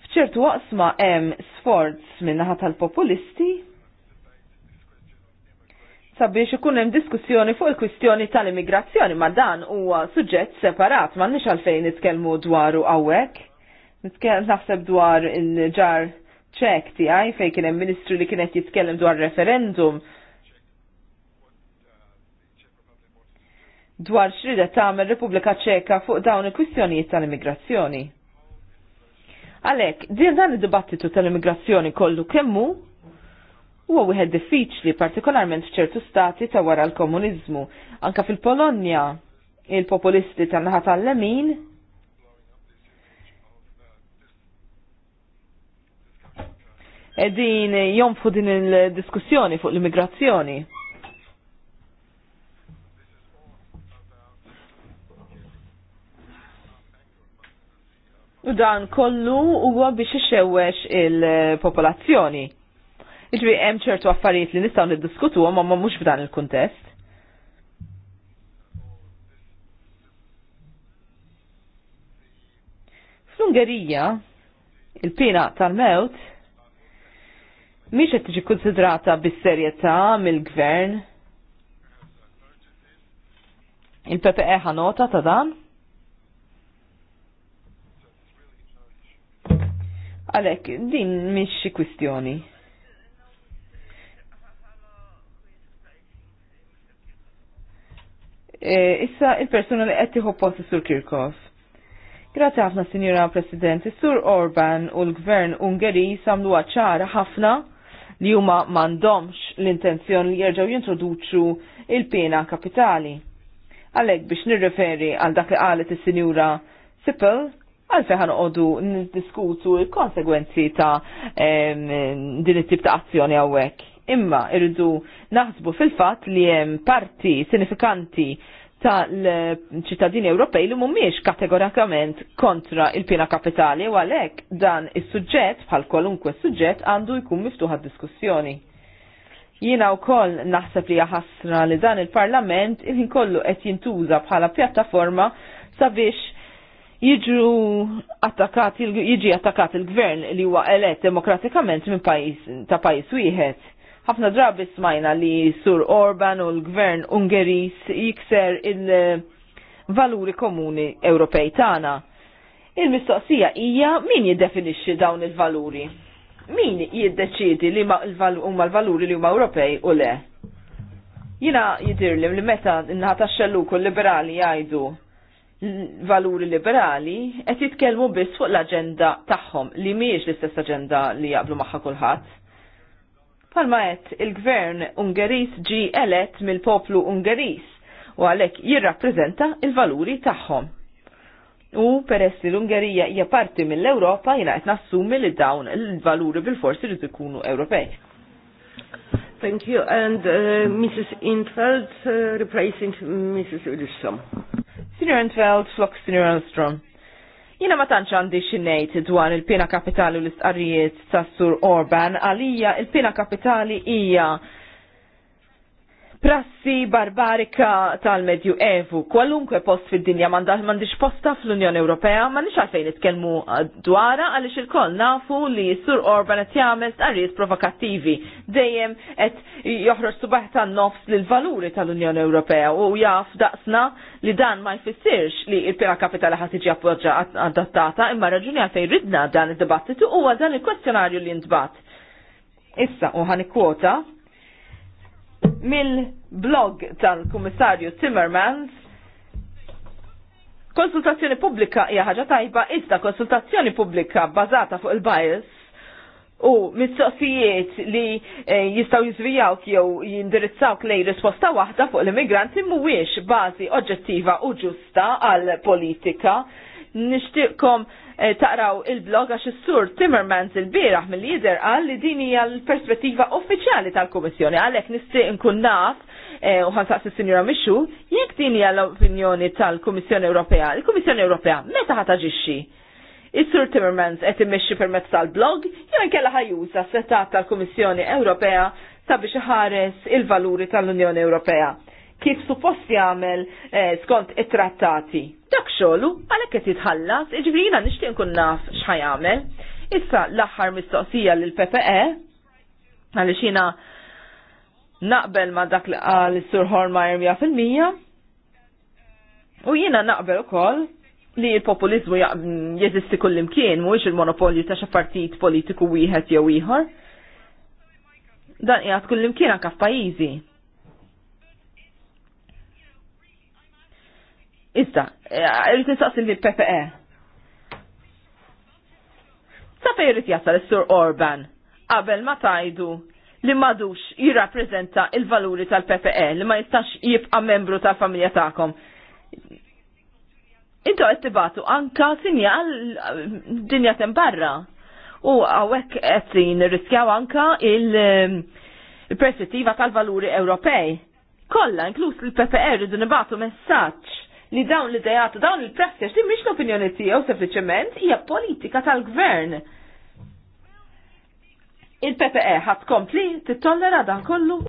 f'ċertu waqsma hemm sforz min-naħa tal-populisti sabiex ikun hemm diskussjoni fuq il-kwistjoni tal-immigrazzjoni, ma dan huwa suġġett separat, m'għandniex għalfejn nitkellmu dwaru hawnhekk. Naħseb dwar il-ġar ċek tiegħi fejn kien hemm ministru li kien qed jitkellem dwar referendum dwar ta' tagħmel Repubblika Ċeka fuq dawn il-kwistjonijiet tal-immigrazzjoni. Għalek, din dan id-dibattitu tal-immigrazzjoni kollu kemmu huwa wieħed diffiċli partikolarment f'ċertu stati ta' wara l-komuniżmu. Anka fil-Polonja il-populisti tan-naħa tal-lemin edin jomfu din il-diskussjoni fuq l-immigrazzjoni. U dan kollu huwa biex ixewwex il-popolazzjoni. Iġbi hemm ċertu affarijiet li nistgħu niddiskutu ma mhux f'dan il-kuntest. Fl-Ungerija, il-pina tal-mewt miex qed tiġi konsidrata bis-serjetà mill-gvern. Il-PPE ħanota ta' dan? Għalek, din miex kwistjoni. E, issa il-persuna li qed tieħu post sur Kirkov. Grazie ħafna, Sinjora President. Sur Orban u l-Gvern Ungeri samlu ċara ħafna li huma m'għandhomx l-intenzjon li jerġgħu jintroduċu il-pena kapitali. Għalhekk biex nirreferi għal dak li qalet is-Sinjura Sippel, għalfej ħan n diskutu il-konsegwenzi ta' din it-tip ta' azzjoni għawek. Imma irridu naħsbu fil-fat li jem parti sinifikanti tal-ċittadini Ewropej li mumiex kategorikament kontra il-pina kapitali u għalek dan is-suġġett bħal kwalunkwe suġġett għandu jkun miftuħ diskussjoni. Jina u naħseb li jaħasra li dan il-parlament il-ħin kollu qed jintuża bħala pjattaforma sabiex jiġu attakat, jiġi attakat il-gvern li huwa elett demokratikament minn pajis, ta' pajis wieħed. Ħafna drabi smajna li Sur Orban u l-gvern Ungeris jikser il-valuri komuni Ewropej tagħna. Il-mistoqsija hija min jiddefinixxi dawn il-valuri? Min jiddeċidi li huma l-valuri li huma Ewropej u le? Jina jidirlim li meta n-ħata kol liberali jgħidu valuri liberali qed jitkellmu biss fuq l-aġenda tagħhom li mhijiex l-istess aġenda li jaqblu magħha kulħadd. Palma qed il-gvern Ungeris ġi elett mill-poplu Ungeris u għalhekk jirrappreżenta il-valuri tagħhom. U peress li l-Ungerija hija parti mill-Ewropa jiena qed nassumi li dawn il-valuri bil-forsi li ikunu Ewropej. Thank you. And uh, Mrs. Infeld uh, replacing Mrs. Ulissom. Sinjor Entfeld, flok Sinjor Jina ma tantx għandi xinnejt dwar il-pina kapitali u l istqarijiet tas Sur Orban, għalija il-pina kapitali hija prassi barbarika tal-Medju Evu. Kwalunkwe post fid-dinja mandiġ posta fl-Unjoni Ewropea, ma nix għalfejn nitkellmu eh, dwara għaliex il-koll nafu li Sur Orban qed jagħmel stqarrijiet provokattivi. Dejjem qed joħroġ subaħ tan-nofs lill-valuri tal-Unjoni Ewropea u jaf daqsna li dan ma jfissirx li il-pena kapitali ħad tiġi appoġġa adattata imma raġuni għalfejn ridna dan id-dibattitu huwa dan il-kwestjonarju li jindbat. Issa, u ħani kwota, mill-blog tal-Kummissarju Timmermans Konsultazzjoni pubblika hija ħaġa tajba, iżda konsultazzjoni pubblika bażata fuq il-bias u mistoqsijiet li eh, jistaw jizvijawk jew jindirizzawk lej risposta waħda fuq l-immigranti mhuwiex bażi oġġettiva u ġusta għal politika. Nixtieqkom Eh, taqraw il-blog għax is-sur Timmermans il-bieraħ mill-lider qal li din hija l-perspettiva uffiċjali tal-Kummissjoni għalhekk nistieq nkun naf eh, u ħansaqs s sinjura Mixxu jekk din hija l-opinjoni tal-Kummissjoni Ewropea. Il-Kummissjoni Ewropea meta ħa taġixxi? Is-Sur Timmermans qed immexxi permezz tal-blog jew inkella ħajuża setat tal-Kummissjoni Ewropea sabiex iħares il-valuri tal-Unjoni Ewropea kif suppost jagħmel eh, skont it-trattati. Dak xogħlu għalhekk qed jitħallas, iġifieri jiena nixtieq nkun naf x'ħajamel. Issa l-aħħar mistoqsija lil PPE għaliex jiena naqbel ma dak li qal is-Sur Hormajer fil-mija, U jiena naqbel ukoll li l populizmu jeżisti kullimkien, mhuwiex il-monopolju ta' xi partit politiku wieħed jew ieħor. Dan qiegħed kullimkien anke f'pajjiżi. Issa, eh, irrit nistaqsi li PPE. Sa fej jasal is-Sur Orban qabel ma tajdu li madux jirrappreżenta il-valuri tal-PPE li ma jistax jibqa' membru tal-familja tagħkom. Intu qed tibatu anka sinjal dinja barra. U għawek qed riskjaw anka ehm, il-perspettiva tal-valuri Ewropej. Kolla, inkluż il-PPR, e, id nibatu messaġġ li dawn li dejatu dawn il-practice din mhix l-opinjoni tiegħu sempliċement hija politika tal-gvern. Il-PPE ħadd kompli tittollera dan kollu.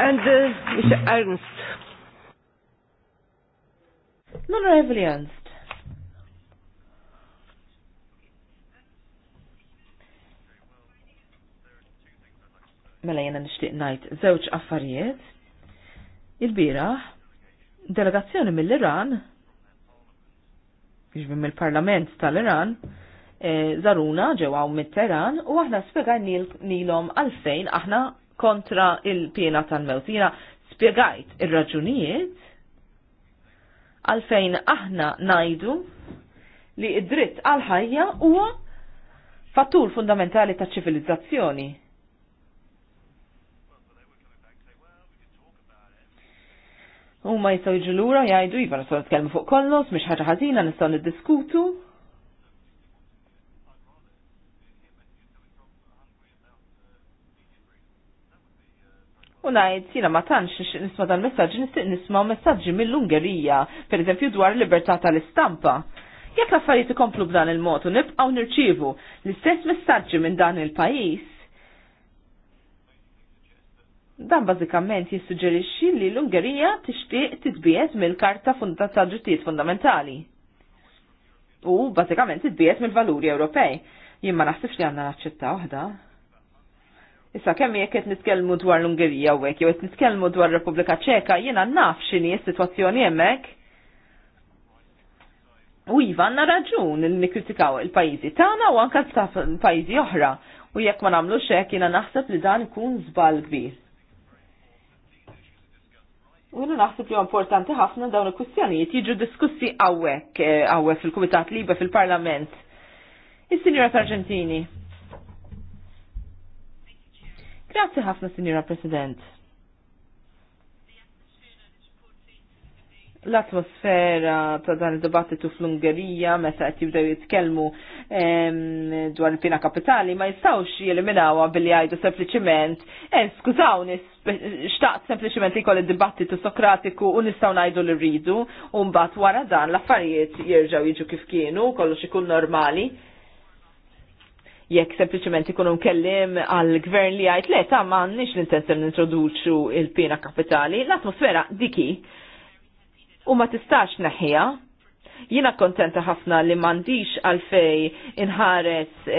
And uh, Mr. Ernst. L-Onorevoli Ernst. Mela jena nishtiq najt zewċ affarijiet il bira delegazzjoni mill-Iran, ġbim mill-Parlament tal-Iran, e, zaruna ġewaw mit-Teran u aħna nilom għalfejn aħna kontra il-pjena tal-mewt. spiegajt ir-raġunijiet għalfejn aħna najdu li id-dritt għal-ħajja huwa fattur fundamentali ta' ċivilizzazzjoni U ma jistaw jiġu lura jgħidu iva nistgħu nitkellmu fuq kollox, mhix ħaġa ħazina, nistgħu niddiskutu. U ngħid jiena ma tantx nisma' dan messaġġi nistiq nisma' messaġġi mill-Ungerija, pereżempju dwar libertà tal-istampa. Jekk l-affarijiet ikomplu b'dan il-mod u nibqgħu nirċievu l-istess messaġġi minn dan il-pajjiż, Dan bażikament jissuġġerixxi li l-Ungerija tixtieq titbiet mill-Karta ta' Ġittijiet Fundamentali. U bażikament titbiet mill-valuri Ewropej. Jien ma naħsibx li għandna naċċetta waħda. Issa kemm jekk qed nitkellmu dwar l-Ungerija u hekk jew qed nitkellmu dwar Repubblika Ċeka, jiena naf x'inhi s-sitwazzjoni hemmhekk. U iva għandna raġun li nikkritikaw il-pajjiżi tagħna u anke ta' pajjiżi oħra. U jekk ma nagħmlux hekk jiena naħseb li dan ikun żball kbir U jena naħseb li importanti ħafna dawn il-kwistjonijiet jiġu diskussi għawek, għawek eh, fil-Kumitat Liba fil-Parlament. Is-Sinjora Sargentini. Grazie ħafna, Sinjora President. L-atmosfera ta' dan il-dibattitu fl-Ungerija meta qed jibdew jitkellmu dwar il-pina kapitali ma jistgħux jeliminawha billi jgħidu sempliċiment "Eh, skużawni, xtaqt sempliciment li kolli dibattitu sokratiku u nistaw najdu li rridu, u mbagħad wara dan l-affarijiet jirġaw jiġu kif kienu, kollu ikun normali. Jekk sempliciment ikunu mkellim għal-gvern li għajt le ta' m'għandniex l-intenzjon nintroduċu il-pina kapitali, l-atmosfera diki u ma tistax naħija, Jina kontenta ħafna li mandiċ għalfej inħares e,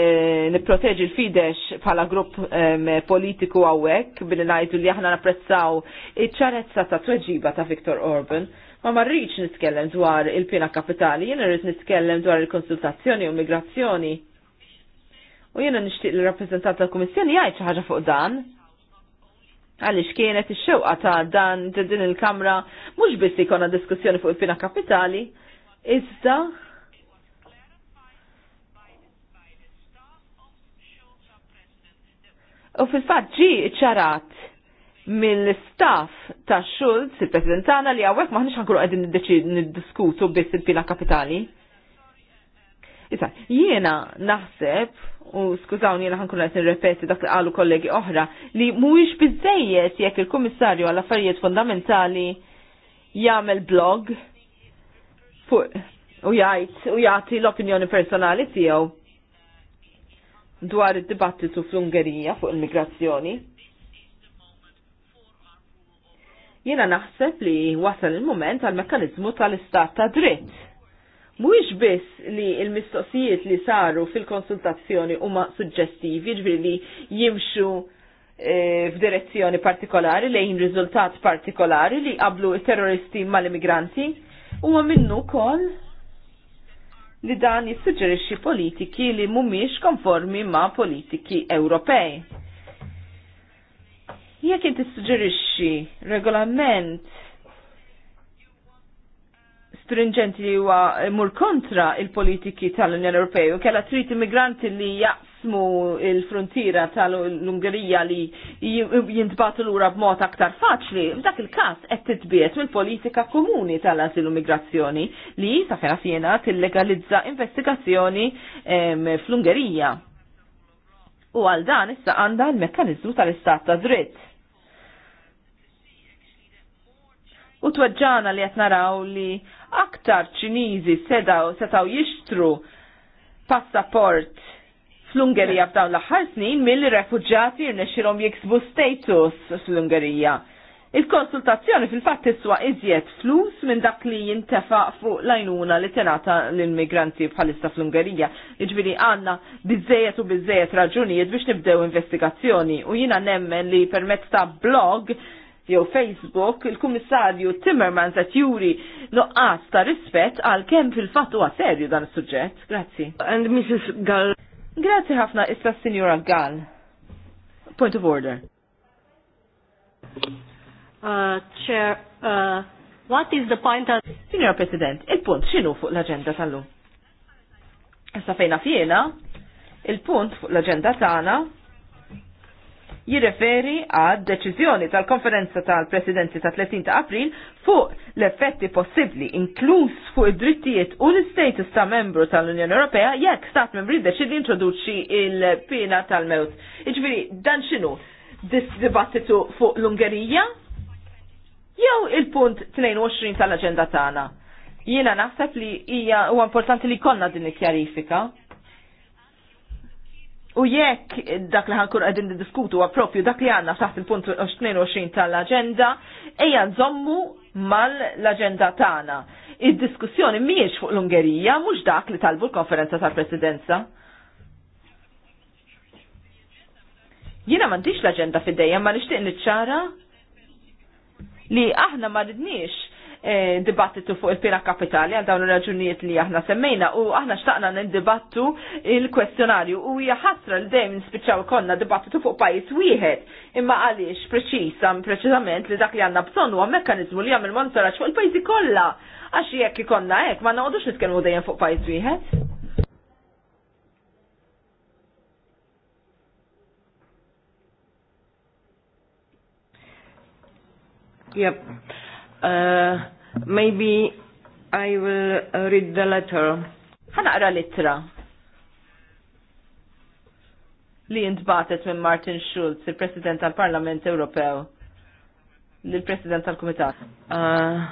niproteġi l-fidex bħala grupp e, politiku għawek billi najdu li aħna napprezzaw iċ-ċarezza ta' tweġiba ta' Viktor Orban. Ma marriċ nitkellem dwar il-pina kapitali, jina rrit nitkellem dwar il-konsultazzjoni u migrazzjoni. U jina nishtiq l-rappresentant tal-Komissjoni jgħid xi ħaġa fuq dan għalix kienet ix-xewqa ta' dan din il-kamra mhux biss ikona diskussjoni fuq il-pina kapitali, Iżda U fil-fatt ġi ċarat mill-staff ta' Schulz, il-President tagħna li hawnhekk maħniex ħankru qegħdin niddiskutu biss il-pila kapitali. Issa, jiena naħseb, u skużawni jiena ħankun qed nirrepeti dak li qalu kollegi oħra, li mhuwiex biżejjed jekk il-Kummissarju għall affarijiet fundamentali jagħmel blog u jgħid u jagħti l-opinjoni personali tiegħu dwar id-dibattitu fl-Ungerija fuq il-migrazzjoni. Jiena naħseb li wasal il-moment għal mekkaniżmu tal-istat ta' dritt. Mhuwiex biss li l-mistoqsijiet li saru fil-konsultazzjoni huma suġġestivi, ġifieri li jimxu e, f'direzzjoni partikolari lejn riżultat partikolari li qablu terroristi mal-immigranti, Huwa minnu wkoll li dan jissuġġerixxi politiki li mhumiex konformi ma' politiki Ewropej. Jekk inti suġġerixxi regolament stringenti li huwa mur kontra il-politiki tal-Unjoni Ewropej u kella trid immigranti li jaqf jaqsmu il frontira tal-Ungerija li jintbatu lura b'mod aktar faċli, f'dak il-każ qed titbiet mill-politika komuni tal-azil migrazzjoni li sa fera fjena tillegalizza investigazzjoni fl-Ungerija. U għal dan issa għandha l-mekkanizmu tal-istat ta' dritt. U tweġġana li qed naraw li aktar Ċiniżi setaw jixtru passaport fl-Ungerija f'dawn l-aħħar snin mill-refuġġati rnexxilhom jiksbu status fl-Ungerija. Il-konsultazzjoni fil-fatt iswa iżjed flus minn dak li jintefa fuq lajnuna li tenata l-immigranti bħalissa fl-Ungerija. Iġbiri għanna bizzejet u bizzejet raġunijiet biex nibdew investigazzjoni u jina nemmen li permezz ta' blog jew Facebook, il-Kummissarju Timmerman qed juri noqqas ta' rispett għal kemm fil-fatt huwa serju dan is-suġġett. Grazzi. And Mrs. Gall. Grazie ħafna issa Signora Gall. Point of order. Uh, chair, uh, what is the point of... Signora President, il-punt xinu fuq l-agenda tal-lum? Issa fejna fjena, il-punt fuq l-agenda tagħna jirreferi għad deċiżjoni tal-konferenza tal-Presidenti ta' 30 ta' April fuq l-effetti possibli inkluż fuq id-drittijiet u l status ta' membru tal-Unjoni Ewropea jekk stat membri deċidi introduċi il-pina tal-mewt. Iġviri, dan xinu? Dis dibattitu fuq l-Ungerija? Jew il-punt 22 tal-agenda tagħna? Jiena naħseb li hija huwa importanti li konna din il-kjarifika U jekk dak li ħankur għedin diskutu għapropju dak li għanna taħt il-punt 22 tal-agenda, eja nżommu mal-agenda tagħna. Id-diskussjoni miex fuq l-Ungerija, mhux dak li talbu l-konferenza tal-presidenza. Jiena m'għandix l-agenda fidejja ma nixtieq niċċara li aħna ma ridniex E, dibattitu fuq il-pina kapitali għal dawn il-raġunijiet li aħna semmejna u aħna xtaqna nindibattu il-kwestjonarju u hija ħasra li dejjem nispiċċaw konna dibattitu fuq pajjiż wieħed imma għaliex preċisa preċiżament li dak li għandna bżonn huwa mekkaniżmu li jagħmel monitoraġġ fuq il-pajjiżi kollha għax jekk ikonna hekk ma noqgħodux nitkellmu dejjem fuq pajjiż wieħed. Yep. Uh, maybe I will read the letter. Ħanaqra litra li jintbatet minn Martin Schulz, il-President tal-Parlament Ewropew, l-President tal-Kumitat. Uh,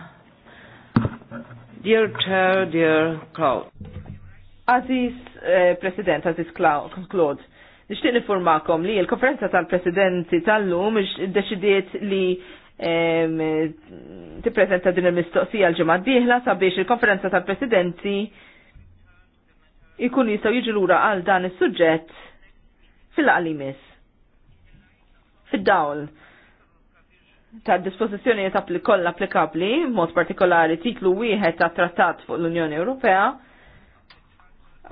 dear Chair, dear Claude. Aziz eh, President, Aziz Claude, nishtiq informakom li l-konferenza tal-presidenti tal-lum deċidiet li tippreżenta din il-mistoqsija l-ġimgħa d sabiex il-konferenza tal-presidenti ikun jistgħu l lura għal dan is-suġġett fil għalimis miss. Fid-dawl ta' dispożizzjonijiet kollha applikabbli, mod partikolari titlu wieħed ta' Trattat fuq l-Unjoni Ewropea,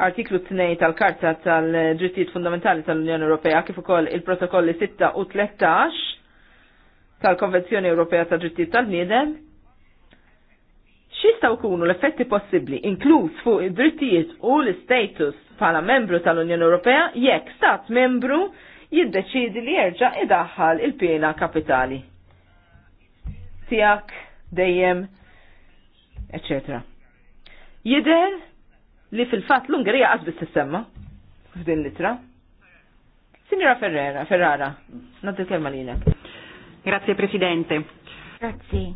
artiklu 2 tal-Karta tal-Drittijiet Fundamentali tal-Unjoni Ewropea kif ukoll il-protokolli 6 u 13 tal-Konvenzjoni Ewropea ta' Drittijiet tal-Bniedem, xistaw kunu l-effetti possibli inkluż fuq id-drittijiet u l-status bħala membru tal-Unjoni Ewropea jekk stat membru jiddeċidi li jerġa' idaħħal il-pena kapitali. Tijak, dejjem, etc. Jider li fil-fat l-Ungerija biss tissemma f'din litra. Signora Ferrera, Ferrara, nadil kelma lilek. Grazie Presidente. Grazie.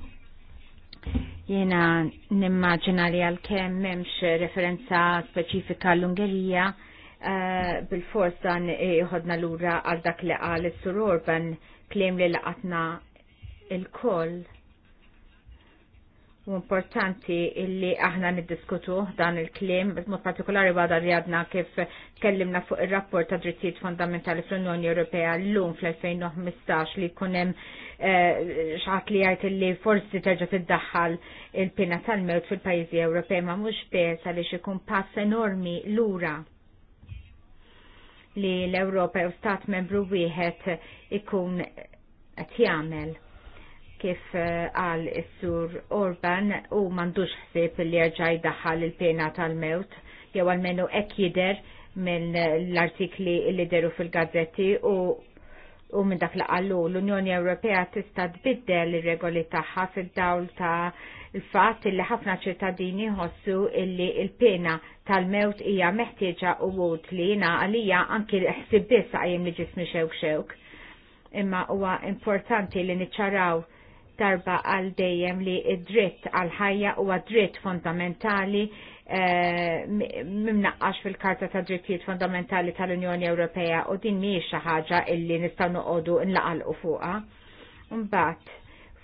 Jena nimmaġina li għal-kem memx referenza specifika l-Ungerija uh, bil-fors dan iħodna l-ura għal dak li għal sur Orban klem li laqatna il-koll U importanti illi aħna niddiskutu dan il-klim, mod partikolari għada li għadna kif kellimna fuq il-rapport ta' drittijiet fondamentali fl-Unjoni Ewropea l-lum fl-2015 li kunem eh, xaħat li għajt illi forsi terġa tiddaħħal il-pina tal-mewt fil-pajizi Ewropej ma' mux bes li xikun pass enormi l-ura li l-Ewropa u stat membru wieħed ikun qed jagħmel kif eh, għal is-sur Orban u mandux ħsib li jerġaj daħal il-pena tal-mewt jew għalmenu ek jider minn l-artikli li deru fil-gazzetti u u minn dak li qallu l-Unjoni Ewropea tista' tbiddel ir-regoli tagħha fid-dawl ta' il-fatt li ħafna ċittadini ħossu illi il-pena tal-mewt hija meħtieġa u wod li jiena għalija anki ħsib biss għajjem li ġismi xewk xewk. Imma huwa importanti li niċċaraw darba għal dejjem li id-dritt għal ħajja huwa dritt fundamentali eh, mimnaqqax fil-Karta ta' Drittijiet Fundamentali tal-Unjoni Ewropea u din mhijiex xi ħaġa illi nistgħu noqogħdu nlaqalqu fuqha. Mbagħad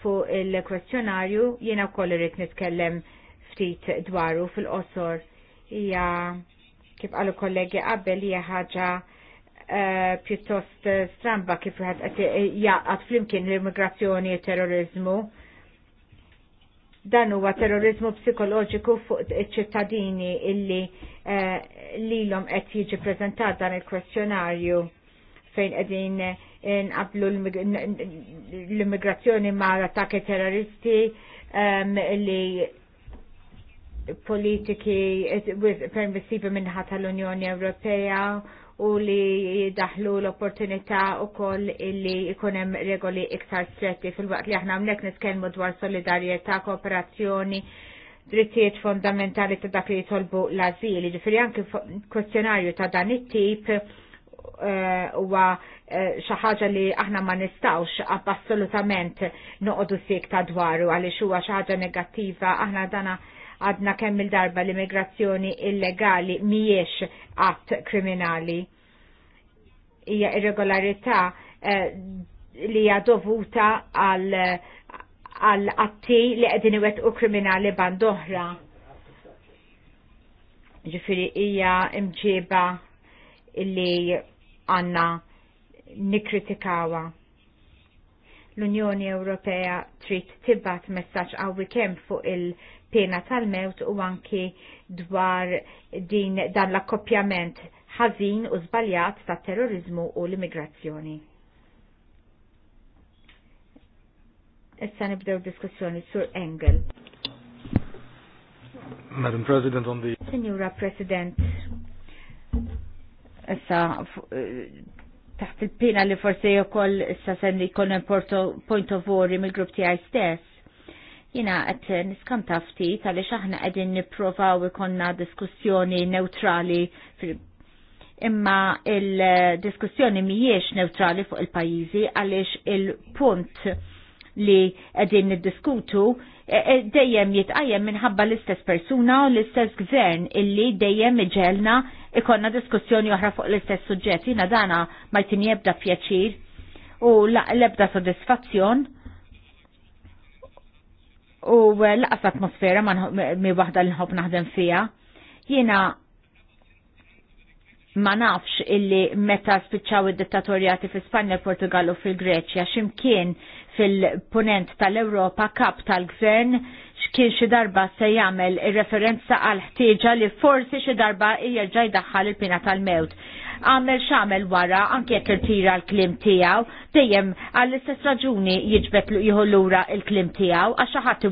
fuq il-kwestjonarju jiena wkoll irid nitkellem ftit dwaru fil-qosor hija kif qalu kollegi qabel hija ħaġa Eh, pjuttost eh, stramba kif għad jaqat flimkien l-immigrazzjoni e terrorizmu. Dan huwa terrorizmu psikoloġiku fuq iċ-ċittadini illi eh, lilhom qed jiġi preżentat dan il-kwestjonarju fejn qegħdin nqablu l-immigrazzjoni ma' attakki terroristi ehm, li politiki permissivi minnħat tal-Unjoni Ewropea u li daħlu l-opportunità u koll illi ikunem regoli iktar stretti fil-waqt li aħna mnek niskelmu dwar solidarieta, kooperazzjoni, drittijiet fondamentali ta' dak li jitolbu l-azil. Ġifiri anki kwestjonarju ta' dan it-tip eh, huwa eh, xi ħaġa li aħna ma nistawx assolutament noqogħdu sik ta' dwaru għaliex huwa xi ħaġa negattiva aħna dana għadna kemm il-darba l-immigrazzjoni illegali miex att kriminali. Hija irregolarità eh, li hija dovuta għal atti li qegħdin iwettqu kriminali band oħra. Ġifieri hija imġiba li għandna nikkritikawha. l-Unjoni Ewropea trid tibbat messaġġ qawwi kemm fuq il- pena tal-mewt u anki dwar din dan l-akkoppjament ħażin u żbaljat ta' terrorizmu u l-immigrazzjoni. Issa nibdew diskussjoni sur Engel. Madam President on the Signora President issa eh, taħt il-pina li forse jokoll issa senni jkollna point of war mill-grupp tiegħi stess jina għet niskanta ftit għalli xaħna għedin niprofaw ikonna diskussjoni neutrali imma il-diskussjoni miħiex neutrali fuq il-pajizi għalix il-punt li għedin niddiskutu e, e, dejjem jitqajjem minħabba l-istess persuna u l-istess gvern illi dejjem iġelna ikonna diskussjoni oħra fuq l-istess suġġett. Jina dana ma jtini jibda pjaċir u l-ebda soddisfazzjon u eh, laqas atmosfera mi waħda li nħob naħdem fija. Jiena ma nafx illi meta spiċċaw id-dittatorjati fi Spanja, Portugal u fil-Greċja, ximkien fil-ponent tal-Europa kap tal-gvern xkien xi darba se jagħmel referenza għal ħtieġa li forsi xi darba jerġa' jdaħħal il-pina tal-mewt għamel xamel wara anke jekk irtira l-klim tiegħu dejjem għall-istess raġuni jiġbet jħollura l-klim tiegħu għax xi ħadd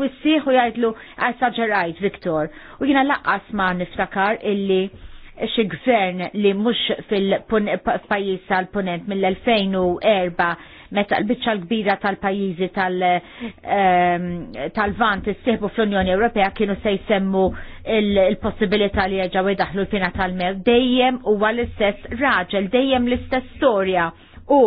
wissieħ u jgħidlu esaġerajt Viktor. U jiena laqqas ma niftakar illi xi gvern li mhux fil-pajjiż tal punent mill-2004 meta l-biċċa l-kbira tal-pajjiżi ehm, tal-Vant issieħbu fl-Unjoni Ewropea kienu se jsemmu il-possibilità li jerġgħu jidaħlu l fina tal mer dejjem huwa l-istess raġel, dejjem l-istess storja u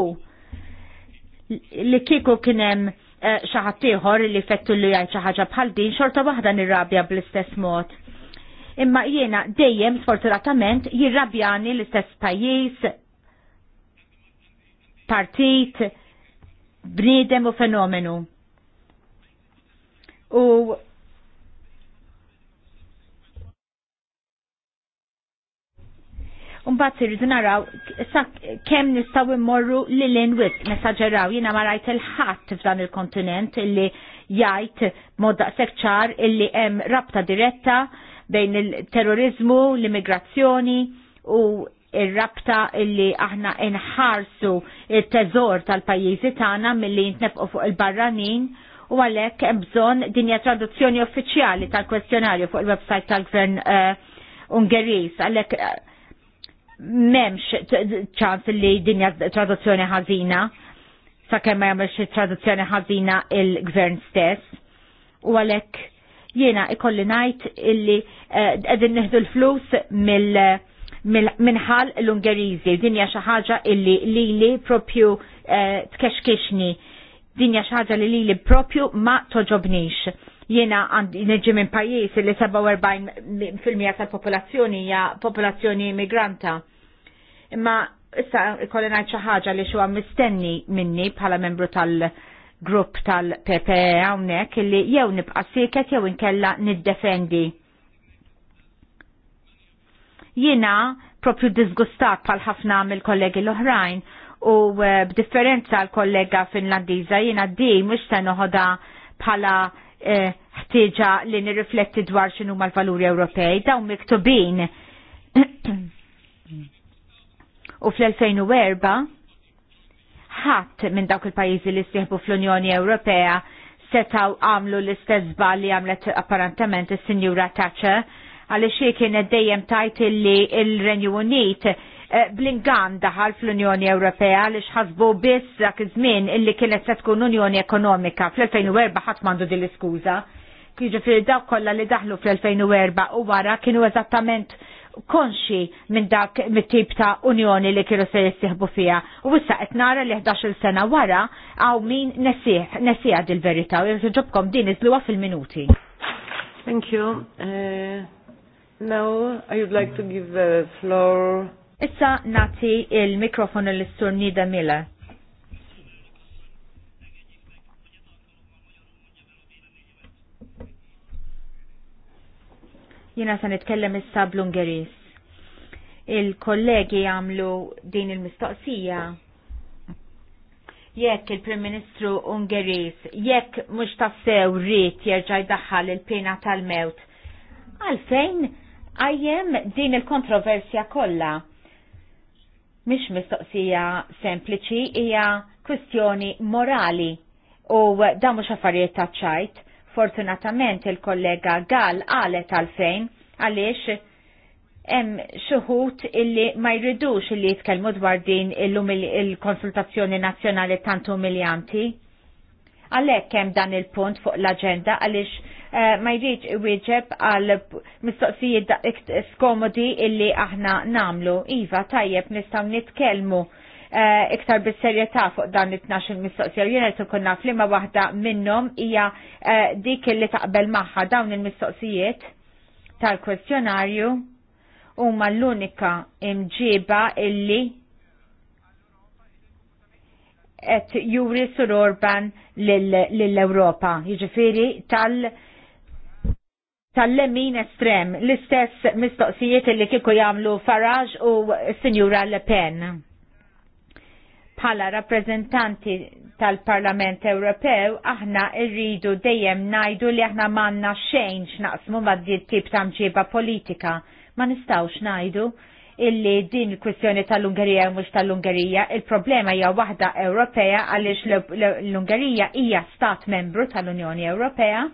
li kieku kienem eh, xaħatiħor li fettu li għaj xaħġa bħal din xorta wahda nirrabja bl-istess mod. Imma jiena dejjem sfortunatament jirrabjani l-istess pajis, partit, bniedem u fenomenu. U Unbat irridu naraw kemm nistgħu immorru lil inwit messaġġeraw jiena ma rajt il-ħadd f'dan il-kontinent illi jgħid mod daqshekk ċar illi hemm rabta diretta bejn il-terrorizmu, l-immigrazzjoni u ir-rabta illi aħna inħarsu il-teżor tal-pajjiżi tagħna milli jintnefqu fuq il-barranin u għalhekk hemm bżonn dinja traduzzjoni uffiċjali tal-kwestjonarju fuq il-website tal-Gvern eh, Ungeris. għalhekk eh, m'hemmx ċans li dinja traduzzjoni ħażina sakemm ma jagħmel xi traduzzjoni ħażina il-Gvern stess u għalhekk jiena ikolli ngħid illi eh, qegħdin nieħdu l-flus mill- uh, minħal l-Ungerizi. Dinja xaħġa illi eh, li li propju tkexkixni. Dinja xaħġa li li li propju ma toġobnix. Jena neġi minn pajis li 47% tal-popolazzjoni hija popolazzjoni immigranta. Imma issa ikolli ngħid xi ħaġa li xuha mistenni minni bħala membru tal- grupp tal-PPE hawnhekk li jew nibqa' siket jew inkella niddefendi Jiena propju disgustat pal ħafna mill-kollegi l-oħrajn u eh, b'differenza l-kollega finlandiza jiena di mux ta' noħoda bħala eh, ħtieġa eh, li nirrifletti dwar x'inhu mal-valuri Ewropej dawn miktubin. u fl-2004 ħadd minn dawk il-pajjiżi li sieħbu fl-Unjoni Ewropea setaw għamlu l-istess li għamlet apparentament is-Sinjura Thatcher għalli xie kienet dejjem tajt illi il-Renju Unit eh, blingan daħal fl-Unjoni Ewropea li xħasbu biss dak iż-żmien illi kienet se tkun Unjoni Ekonomika fl-2004 ħadd m'għandu din l-iskuża. Jiġifieri dawk kollha li daħlu fl-2004 u wara kienu eżattament konxi minn dak mit-tip ta' unjoni li kienu se jissieħbu fiha. U issa qed nara li 11 sena wara għaw min nesieħ nesieħ dil-verità u ġobkom din iżluha fil-minuti. Thank you. Uh... Now I would like to give the floor. Issa nati il mikrofon l-istur Nida Miller. Jina sa nitkellem issa bl-Ungeris. Il-kollegi għamlu din il-mistoqsija jekk il-Prim Ministru Ungeris jekk mhux tassew rrit jerġa' jdaħħal il-pena tal-mewt. Għalfejn għajjem din il-kontroversja kollha. Mhix mistoqsija sempliċi hija kwistjoni morali u damu mhux taċċajt. ta' ċajt. Fortunatament il-kollega Gall qalet għalfejn għaliex hemm xuħut illi ma jridux illi jitkellmu dwar din il-konsultazzjoni nazzjonali tant umiljanti. Għalhekk hemm dan il-punt fuq l-aġenda għaliex Eh, ma jridx iwieġeb għal mistoqsijiet skomodi illi aħna namlu. Iva, tajjeb nistaw nitkellmu eh, iktar bis-serjetà fuq dan it il mistoqsija. Jiena qed ikun naf liema waħda minnhom hija eh, dik illi taqbel magħha dawn il-mistoqsijiet tal-kwestjonarju huma l-unika imġiba illi qed juri sur Orban lill-Ewropa. Jiġifieri tal- tal-lemmin estrem, l-istess mistoqsijiet li kiku jamlu Farage u Signora Le Pen. Pala rappresentanti tal-Parlament Ewropew, aħna irridu dejjem najdu li aħna manna xejn x'naqsmu ma' din tip ta' mġiba politika. Ma nistawx najdu illi din il-kwistjoni tal-Ungerija u mhux tal-Ungerija, il-problema hija waħda Ewropea għaliex l-Ungerija hija stat membru tal-Unjoni Ewropea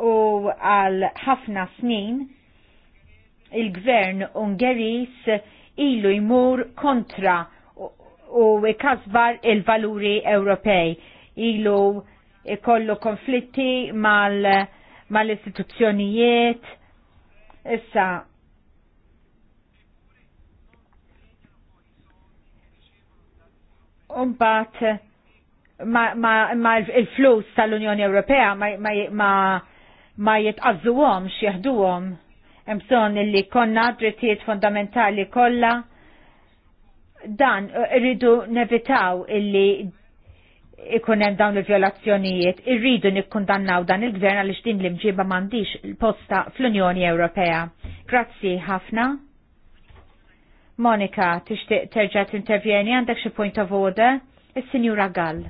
u għal ħafna snin il-gvern Ungeris ilu jmur kontra u ikasbar il-valuri Ewropej. Ilu ikollu konflitti mal-istituzzjonijiet. Mal Issa, Umbat ma, ma, ma il-flus tal-Unjoni Ewropea ma, ma, ma ma għom, xieħdu Hemm bżonn li konna drittijiet fondamentali kollha dan eh, irridu nevitaw illi ikun hemm dawn il violazzjonijiet irridu nikkundannaw dan il-gvern għaliex din l-imġiba m'għandix il-posta fl-Unjoni Ewropea. Grazzi ħafna. Monika, tixtieq terġa' t-intervjeni għandek xi point of order? Is-Sinjura Gall.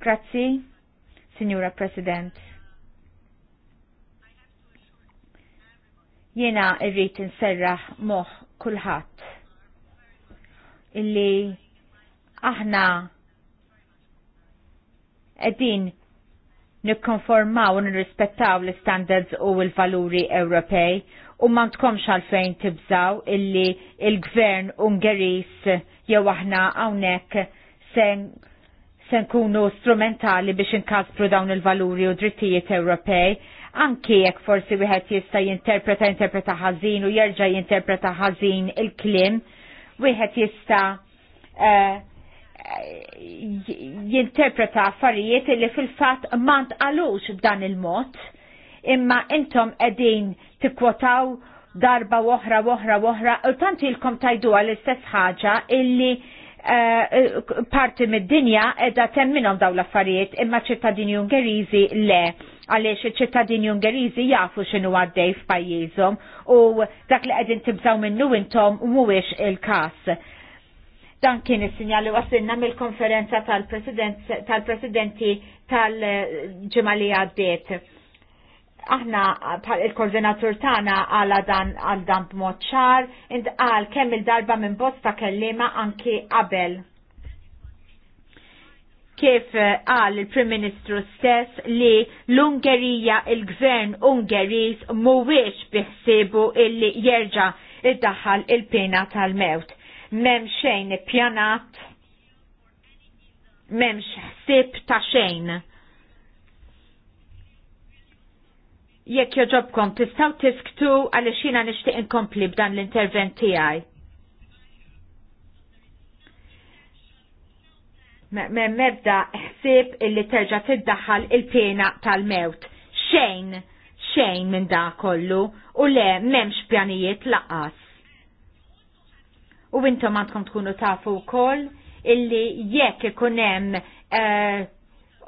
Grazzi. Signora President. Jena irrit inserraħ moħ kulħadd illi aħna qegħdin nikkonformaw u nirrispettaw l-standards u l-valuri Ewropej u ma tkomx għalfejn tibżaw illi il-gvern Ungeris jew aħna hawnhekk se se nkunu strumentali biex inkasbru dawn il-valuri u drittijiet Ewropej, anki jekk forsi wieħed jista' jinterpreta interpreta ħażin u jerġa' jinterpreta ħażin il-klim, wieħed jista' eh, jinterpreta affarijiet li fil-fatt ma ntqalux b'dan il-mod, imma intom qegħdin tikkwotaw darba oħra oħra oħra u tant ilkom tajdu għall-istess ħaġa illi Eh, parti mid-dinja edha temminom daw l-affarijiet imma ċittadini Ungeriżi le għaliex iċ-ċittadini Ungeriżi jafu x'inhu għaddej f'pajjiżhom u dak li qegħdin tibżaw minnu intom mhuwiex il-każ. Dan kien is sinjali li wasilna mill-konferenza tal-presidenti tal-ġimgħa li għaddiet aħna il-koordinatur tagħna għala dan għal dan b'mod ċar intqal kemm il-darba minn bosta kellima anki qabel kif eh, għal il-Prim Ministru stess li l-Ungerija, il-Gvern Ungeris mhuwiex biħsibu illi jerġa' iddaħħal il-pena tal-mewt. Mem xejn ippjanat. memx ħsib ta' xejn jekk joġobkom tistaw tisktu għaliex jiena nixtieq inkompli b'dan l-intervent tiegħi. Mebda ħsieb illi terġa' tiddaħħal il-pena tal-mewt. Xejn, xejn minn da kollu u le m'hemmx pjanijiet laqas. U intom għandkom tkunu tafu wkoll illi jekk ikun hemm eh,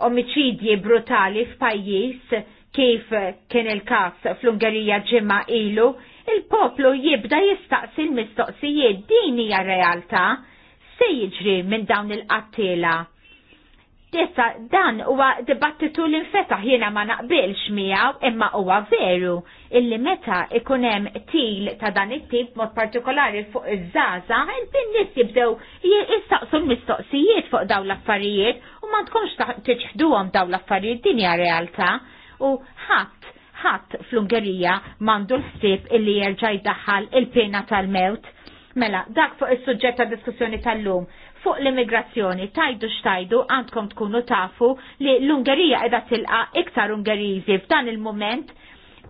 omicidji brutali f'pajjiż kif kien il-kas fl-Ungerija ġimma ilu, il-poplu jibda jistaqsi l-mistoqsijiet din hija realtà se jiġri minn dawn il-qattila. Dessa dan huwa dibattitu l infetaħ jiena ma naqbilx miegħu imma huwa veru illi meta ikun hemm til ta' dan it-tip mod partikolari fuq iż żaża il il-bin-nies jibdew jistaqsu l-mistoqsijiet fuq dawn l-affarijiet u ma tkunx tiġħduhom dawn l-affarijiet din hija realtà u ħadd ħadd fl-Ungerija mandu l-ħsieb illi jerġa' jdaħħal il-pena tal-mewt. Mela, dak fuq is-suġġett ta' diskussjoni tal-lum fuq l-immigrazzjoni tajdu xtajdu għandkom tkunu tafu li l-Ungerija edha tilqa iktar Ungerizi f'dan il-moment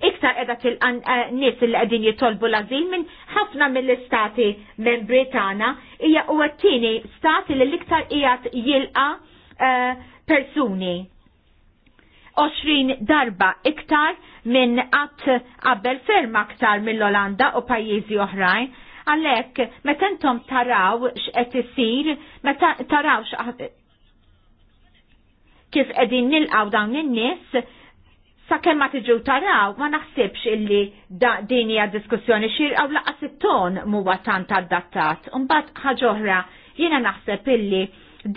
iktar edha tilqa eh, nis li għedin jitolbu l-azil minn ħafna mill-istati membri tagħna hija u għattini tieni stati li l-iktar qiegħed jilqa eh, persuni 20 darba iktar minn qatt qabel ferm aktar mill-Olanda u pajjiżi oħrajn. Għalhekk meta intom taraw x'qed isir, meta taraw kif qegħdin nilqgħu dawn in-nies, sakemm ma tiġu taraw ma naħsibx illi da din hija diskussjoni xir u laqas it-ton huwa tant adattat. Imbagħad ħaġa oħra jiena naħseb illi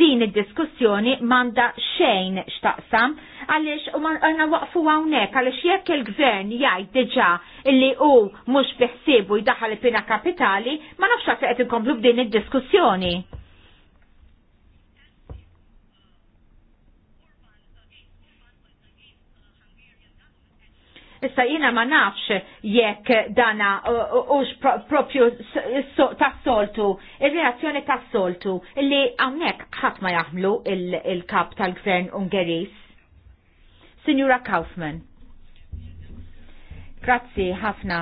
din id-diskussjoni manda xejn xtaqsam għaliex u għanna waqfu għawnek għaliex jekk il-gvern jgħid diġa illi u mux biħsibu jdaħal il-pina kapitali ma nafx għat qed inkomplu b'din id-diskussjoni. Issa jina ma nafx jekk dana ux propju ta' soltu, il-reazzjoni ta' soltu, li għamnek ħat ma jaħmlu il-kap tal-gvern Ungeris. Signora Kaufman. Grazzi ħafna,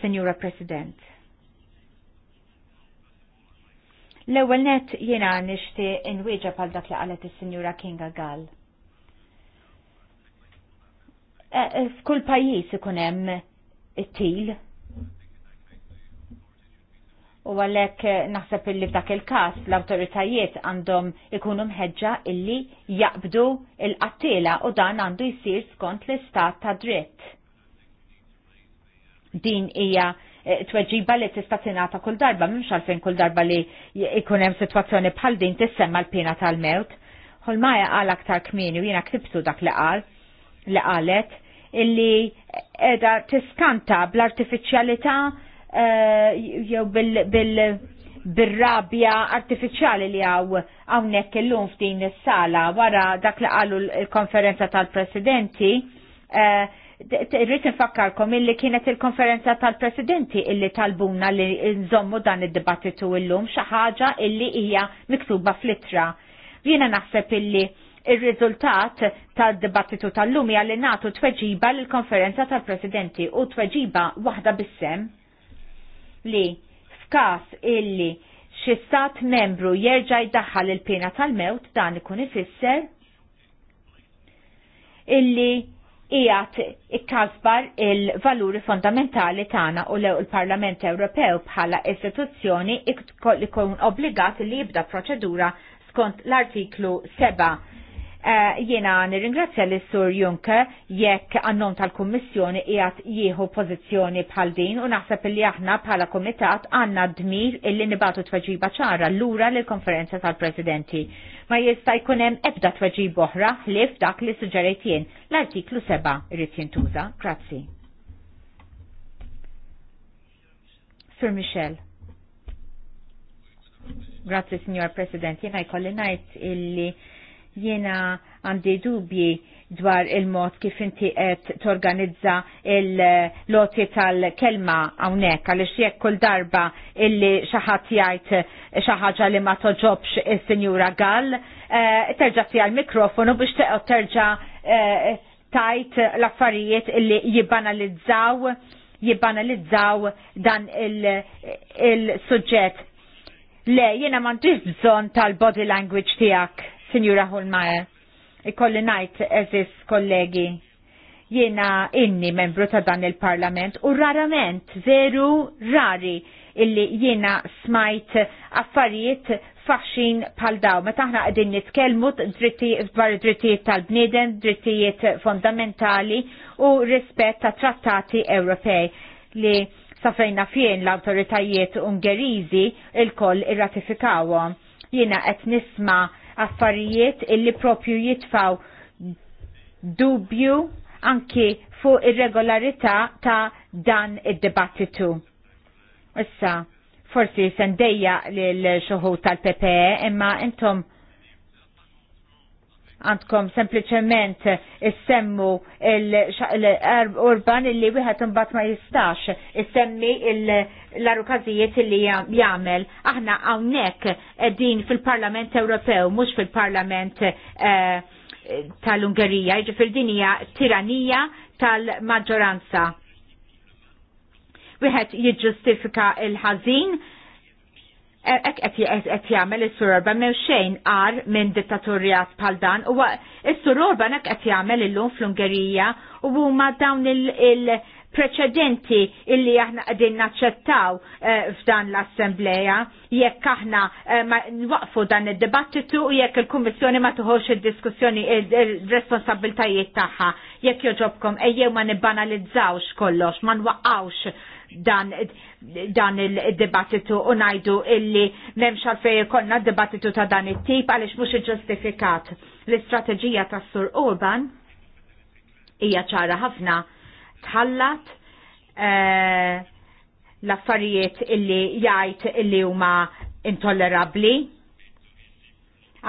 Signora President. L-ewwel net jiena nixtieq inwieġa pal dak li qalet is-Sinjura Kinga Gall. Eh, eh, f'kull pajjiż ikun hemm it-til U għalek eh, naħseb illi f'dak il-kas l-autoritajiet għandhom ikunu mħedġa illi jaqbdu il-qattila u dan għandu jisir skont l-istat ta' dritt. Din hija eh, tweġiba li tista' tingħata kull darba, mhux għalfejn kull darba li ikun hemm sitwazzjoni bħal din tissemma l-pena tal-mewt. Ħolmaja qal aktar kmieni u jiena ktibtu dak li qal li qalet illi edha tiskanta bl-artifiċjalità Eh, jew bil-rabja artifiċjali li għaw għawnek l-lum f'din is-sala wara dak li qalu l-konferenza tal-presidenti eh, rrit nfakkarkom illi kienet il-konferenza tal-presidenti illi talbuna li nżommu dan id-dibattitu illum xi ħaġa illi hija miktuba fl-ittra. Jiena naħseb illi il riżultat tad-dibattitu tal-lum hija li nagħtu tweġiba lill konferenza tal-presidenti u tweġiba waħda bissem li f'każ illi xi stat membru jerġa' jdaħħal il-pena tal-mewt dan ikun ifisser illi qiegħed ikkasbar il-valuri fondamentali tagħna u lew il-Parlament Ewropew bħala istituzzjoni ikun obbligat li jibda proċedura skont l-artiklu 7 Eh, Jena nirringrazzja l sur Junke jekk għannom tal-Kommissjoni jgħat jieħu pozizjoni bħal din u naħseb li aħna bħala komitat għanna dmir illi nibatu tweġiba ċara l-lura l-konferenza tal-Presidenti. Ma jista' jkunem ebda tweġib oħra li f'dak li suġġerejt jien l-artiklu 7 irrid jintuża. Grazzi. Sir Michel. Grazzi, Signor President. Jena jkolli najt illi Jena għandi dubji dwar il-mod kif inti qed torganizza il-loti tal-kelma hawnhekk għaliex jekk kull darba illi xi ħadd jgħid xi ħaġa li ma toġobx is-Sinjura Gall, eh, terġa' fiha l-mikrofonu biex teqgħod terġa' eh, tajt l-affarijiet illi jibbanalizzaw jibbanalizzaw dan il-suġġett. Le, jiena m'għandix bżonn tal-body language tiegħek Sinjura Holmeyer, ikolli najt eżis kollegi jiena inni membru ta' dan il-parlament u rarament, veru rari, illi jiena smajt affarijiet faxxin pal daw. Ma taħna qegħdin nitkelmu dwar drittijiet tal-bniedem, drittijiet fondamentali u rispett ta' trattati Ewropej li safejna fien l-awtoritajiet Ungeriżi il-koll irratifikawhom. Jiena qed nisma' affarijiet illi propju jitfaw dubju anki fuq ir-regolarità ta' dan id-dibattitu. Issa, forsi sendeja l xoħu tal-PPE imma intom għandkom sempliciment issemmu l-urban illi wieħed imbagħad ma jistax issemmi l-arukazijiet illi jagħmel. Aħna hawnhekk din fil-Parlament Ewropew mhux fil-Parlament eh, tal-Ungerija, jiġifier din hija tiranija tal-maġġoranza. Wieħed jiġġustifika il-ħażin qed jagħmel il sur Orban xejn qar minn dittatorjat bħal dan u is-Sur nek hekk qed jagħmel illum fl-Ungerija u huma dawn il-preċedenti illi aħna qegħdin naċċettaw eh, f'dan l-Assembleja jekk aħna eh, nwaqfu dan id-dibattitu u jekk il-Kummissjoni ma tuħux id-diskussjoni il-responsabiltajiet tagħha jekk joġobkom ejjew ma nibbanalizzawx kollox, ma nwaqqawx dan, dan il-dibattitu u najdu illi memx għalfej konna dibattitu ta' dan it-tip għalix mux ġustifikat l-istrateġija ta' Sur Urban hija ċara ħafna tħallat uh, l-affarijiet illi jgħid illi huma intollerabbli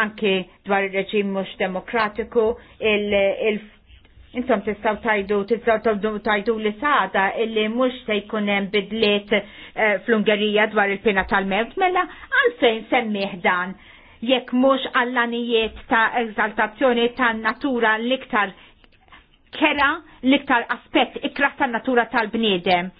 anke dwar ir-reġim mhux demokratiku il-, il intom tistaw tajdu, tistaw tajdu li sada illi mux se jkunem bidliet eh, fl-Ungerija dwar il-pena tal-mewt, mela għalfejn semmiħ dan jekk mux għallanijiet ta' eżaltazzjoni ta' natura l-iktar kera l-iktar aspett ikra ta' natura tal-bniedem.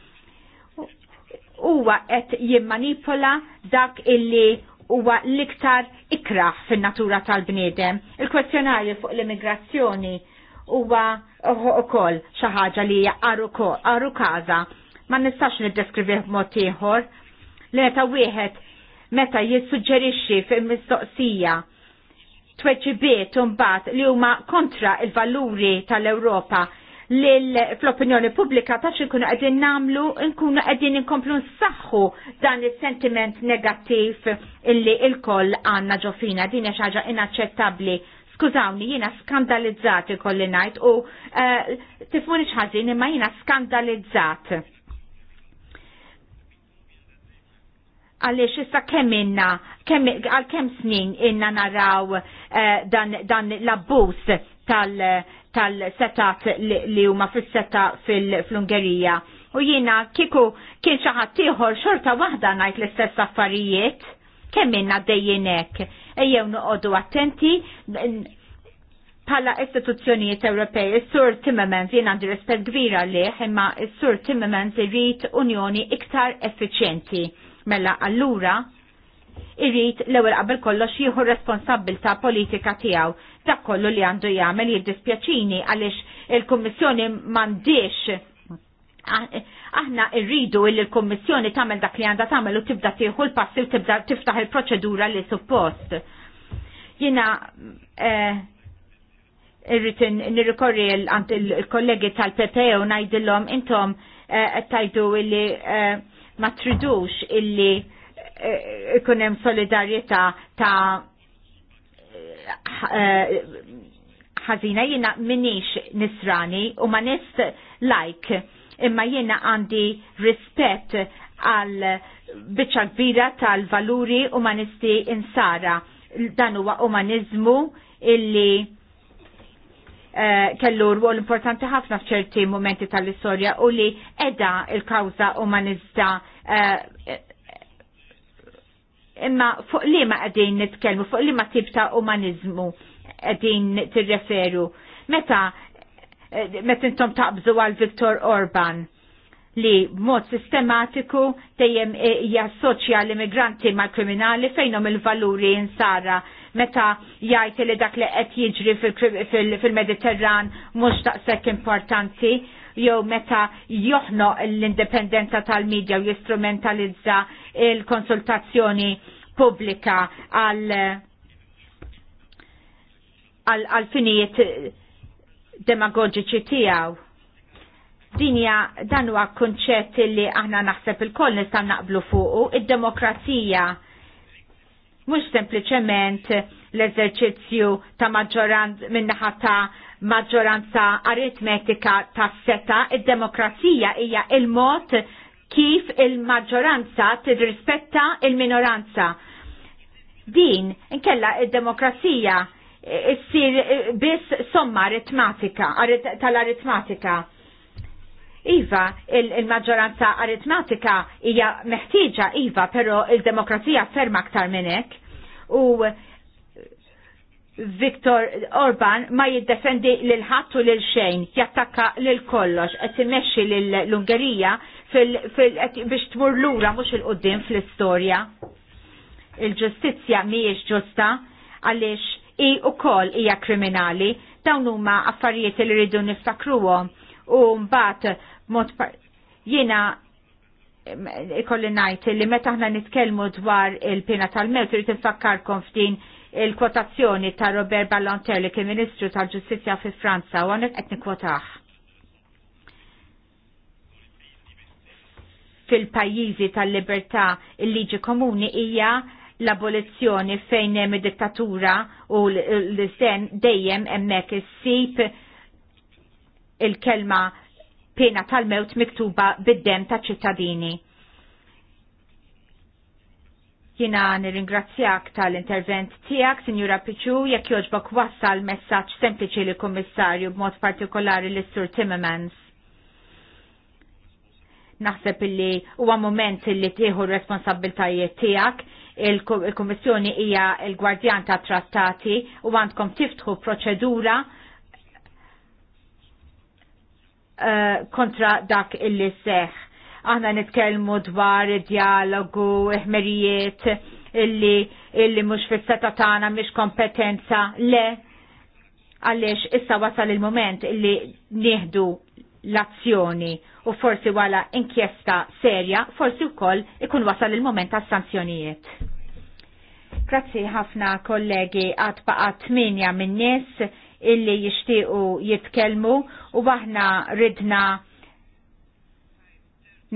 Uwa qed jimmanipola dak illi huwa l-iktar ikra fin-natura tal-bniedem. Il-kwestjonarju fuq l-immigrazzjoni huwa ukoll xi ħaġa li hija aru kaza. Ma nistax niddeskrivih b'mod ieħor. Meta wieħed meta jissuġġerixxi fil-mistoqsija tweġibiet imbagħad li huma kontra il-valuri tal-Ewropa fl-opinjoni pubblika ta' inkunu għedin namlu, nkunu għedin inkomplu nsaxħu dan il-sentiment negattiv illi il-koll għanna ġofina. Din xaġa inaċċettabli Skużawni, jiena skandalizzat ikolli ngħid u uh, tifmuni xħazin imma jiena skandalizzat. Għaliex issa kemm inna, għal kemm snin inna naraw uh, dan, dan l abbus tal-setat li huma fis-seta fil-Ungerija. U jiena kiku kien xi ħadd ieħor xorta waħda ngħid l-istess affarijiet kemm inna dejjinek ejjew noqogħdu attenti pala istituzzjonijiet Ewropej, is-Sur Timmermans jien għandi rispett gbira lih imma is-Sur Timmermans irid Unjoni iktar effiċjenti. Mela allura irrid l-ewwel qabel kollox jieħu responsabbilta politika tiegħu. Dak kollu li għandu jagħmel jiddispjaċini għaliex il-Kummissjoni m'għandix Aħna rridu illi l-Kommissjoni tagħmel dak li għandha tagħmel u tibda tieħu l pass u tibda tiftaħ il-proċedura li suppost. Jiena eh, nirrikorri il-kollegi tal-PP u ngħidilhom intom qed tajdu illi ma tridux illi ikun hemm solidarjetà ta' ħażina jiena minix nisrani u ma nist like imma jiena għandi rispett għal biċċa kbira tal-valuri umanisti insara. Dan huwa umanizmu illi uh, kellu rwol importanti ħafna f'ċerti momenti tal-istorja u li edha il-kawza umanista uh, imma fuq li ma għedin nitkelmu, fuq li ma tibta ta' umanizmu għedin tirreferu. Meta Eh, met intom taqbżu għal Viktor Orban li mod sistematiku dejjem eh, jassoċja l-immigranti mal kriminali fejnom il-valuri insara meta jgħid li dak li qed jiġri fil-Mediterran mhux daqshekk importanti jew meta joħno l-indipendenza tal-medja u jistrumentalizza il-konsultazzjoni pubblika għal għal finijiet demagogiċi tiegħu. Dinja dan huwa konċett li aħna naħseb il-koll nistgħu naqblu fuqu, id-demokrazija mhux sempliċement l-eżerċizzju ta' maġġoranza minnaħa ta' maġġoranza aritmetika ta' seta, id-demokrazija hija il-mod kif il-maġġoranza tirrispetta il-minoranza. Din inkella id-demokrazija issir eh, biss somma aritmatika, tal-aritmatika. Iva, il-maġġoranza il aritmatika hija meħtieġa iva, però il-demokrazija ferma aktar minn hekk. U Viktor Orban ma jiddefendi lil ħadd u lil xejn, jattakka lil kollox, qed timmexxi l-Ungerija biex tmur lura mhux il-qudiem fl-istorja. Il-ġustizzja mhijiex ġusta għaliex i wkoll hija kriminali dawn huma affarijiet li rridu niftakruhom u mbagħad mod jiena ikolli ngħid li meta aħna nitkellmu dwar il-pena tal-mewt irid infakkarkom f'din il-kwotazzjoni ta' Robert Ballanter li kien Ministru tal-Ġustizzja fi Franza u għanet qed nikkwotah. fil-pajjiżi tal-libertà il-liġi komuni hija l-abolizzjoni fejn hemm id-dittatura u l-sen dejjem hemmhekk issib il-kelma pena tal-mewt miktuba bid-dem ta' ċittadini. Jina nirringrazzjak tal-intervent tijak, Sinjura Piċu, jekk joġbok wassal messaċ sempliċi li kommissarju b'mod partikolari l sur Timmermans naħseb illi huwa moment illi tieħu r-responsabbiltajiet tiegħek il-Kommissjoni hija il-Gwardjan ta' Trattati u għandkom tiftħu proċedura eh, kontra dak illi seħ. Aħna nitkellmu dwar dialogu, ħmerijiet, illi, illi mhux fis seta tagħna mhix kompetenza, le, għaliex issa wasal il-moment illi nieħdu l-azzjoni u forsi wala inkjesta serja, forsi wkoll ikun wasal il-moment tas sanzjonijiet. Grazzi ħafna kollegi għad baqa tminja minn nies illi jixtiequ jitkellmu u aħna ridna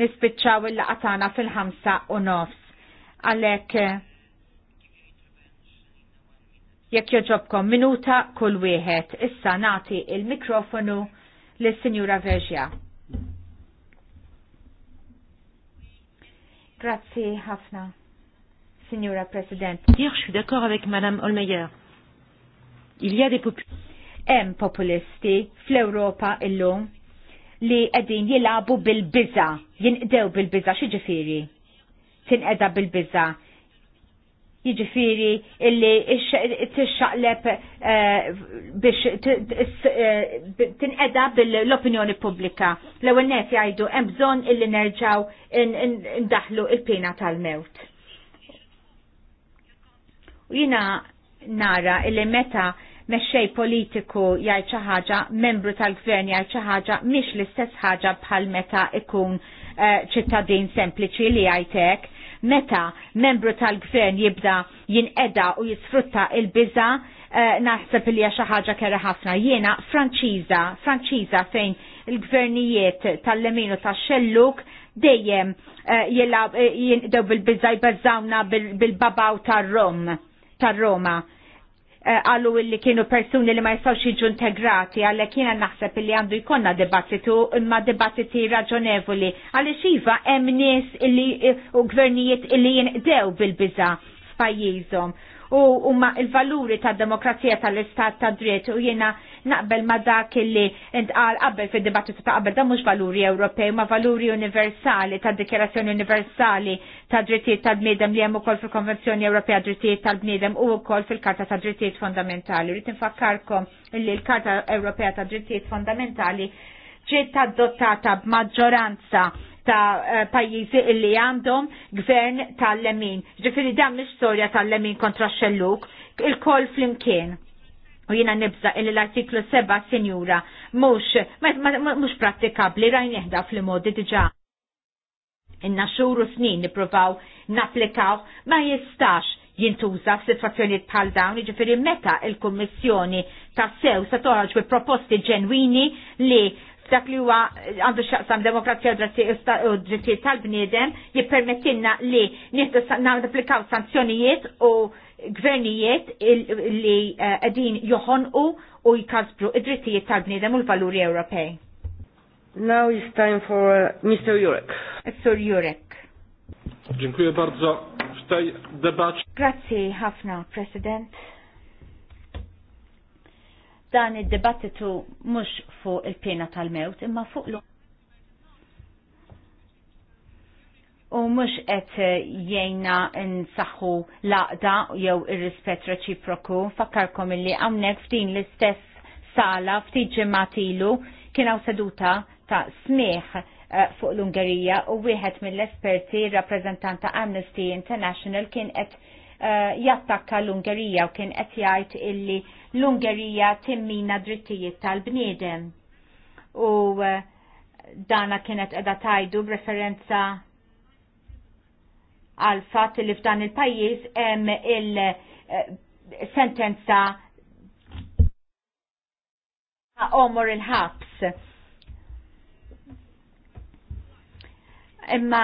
nispiċċaw il qatana fil-ħamsa u nofs. Għalek jekk joġobkom minuta kull wieħed. Issa nati il-mikrofonu l senjura Verġja. Grazzi ħafna, Sinjura President. Dir, je suis d'accord avec Madame Olmeyer. Il y a des populistes. Hemm populisti fl-Ewropa illum li qegħdin jilabu bil-biża, jinqdew bil-biża xi ġifieri. Tinqeda bil-biża jiġifiri illi t-xaqleb eh, biex eh, t-inqeda bil-opinjoni publika. L-ewel net jgħidu hemm bżonn illi nerġaw ndaħlu il-pena tal-mewt. U jina nara illi meta mexxej politiku jgħid xi ħaġa, membru tal-gvern jgħid xi ħaġa, mhix l-istess ħaġa bħal meta ikun eh, ċittadin sempliċi li jgħid hekk meta membru tal-gvern jibda jinqeda u jisfrutta il biza eh, naħseb li hija xi ħaġa kera ħafna. Jiena Franċiża, Franċiża fejn il-gvernijiet tal leminu ta' tax-xelluk dejjem eh, eh jinqedaw bil-biża jbeżżawna bil-babaw tar-Rom tar-Roma. tar rom tal roma roma Eh, għallu illi kienu persuni li ma jistawx jiġu integrati, għalli kiena naħseb illi għandu jkonna dibattitu imma dibattiti raġonevoli, għalli xiva hemm nies illi eh, u gvernijiet illi jinqdew bil-biza f'pajjiżhom u huma il-valuri tad demokrazija tal-istat ta' dritt u jiena naqbel ma' dak li intqal qabel fi dibattitu ta' qabel da mhux valuri Ewropej ma' valuri universali tad dikjerazzjoni universali ta' drittijiet tal-bniedem li hemm ukoll fil-Konvenzjoni Ewropea drittijiet tal-bniedem u wkoll fil-Karta ta' Drittijiet Fondamentali. Rrid infakkarkom li l-Karta Ewropea ta' Drittijiet Fondamentali ġiet adottata b'maġġoranza ta' eh, pajjiżi illi għandhom gvern tal-lemin. Ġifiri dan mhix storja tal-lemin kontra xelluk, il-kol flimkien. U jina nibza illi l-artiklu 7 sinjura mhux mhux prattikabbli rajn jihda fl-modi diġà. Inna xuru u snin nippruvaw napplikaw ma jistax jintuża f'sitwazzjonijiet bħal dawn, jiġifieri meta il-Kummissjoni tas-sew se toħroġ bi proposti ġenwini li dak li huwa għandu xaqsam demokrazija u drittijiet tal-bniedem jippermettilna li nieħdu napplikaw sanzjonijiet u gvernijiet li eh, qegħdin joħonqu u jkasbru id-drittijiet tal-bniedem u l-valuri Ewropej. Now it's time for uh, Mr. Jurek. Sir Jurek. Dziękuję bardzo w tej debacie. Grazie, Hafna, President dan id-dibattitu mhux fuq il-pena tal-mewt imma fuq l u mhux qed jgħinna nsaħħu laqda jew ir-rispett reċiproku fakkarkom illi hawnhekk f'din l-istess sala ftit ġematilu kienaw seduta ta' smieħ eh, fuq l-Ungerija u wieħed mill-esperti rappreżentanta Amnesty International kien qed Eh, jattakka l-Ungerija u kien qed jgħid illi l-Ungerija timmina drittijiet tal-bniedem. U eh, dana kienet edha tajdu b'referenza għal fatt li f'dan il-pajjiż hemm il-sentenza eh, ta' omor il-ħabs imma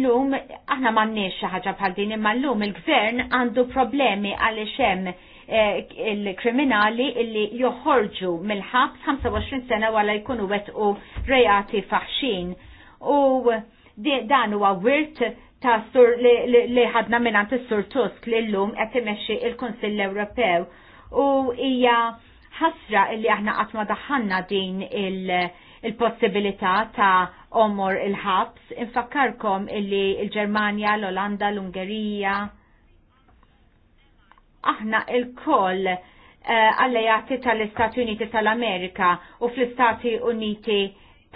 llum aħna m'għandniex xi ħaġa bħal din imma llum il-gvern għandu problemi għaliex hemm eh, il-kriminali illi joħorġu mill-ħabs 25 sena wara jkunu wetqu rejati faħxin. U dan huwa wirt ta' sur li ħadna minnant is-sur Tusk li llum qed imexxi l kunsill Ewropew. U hija ħasra illi aħna qatt ma daħħalna din il- il-possibilità ta' omor il-ħabs. Infakkarkom illi il-Germania, l-Olanda, l-Ungerija. Aħna il-koll għallejati eh, tal-Istati Uniti tal-Amerika u fl-Istati Uniti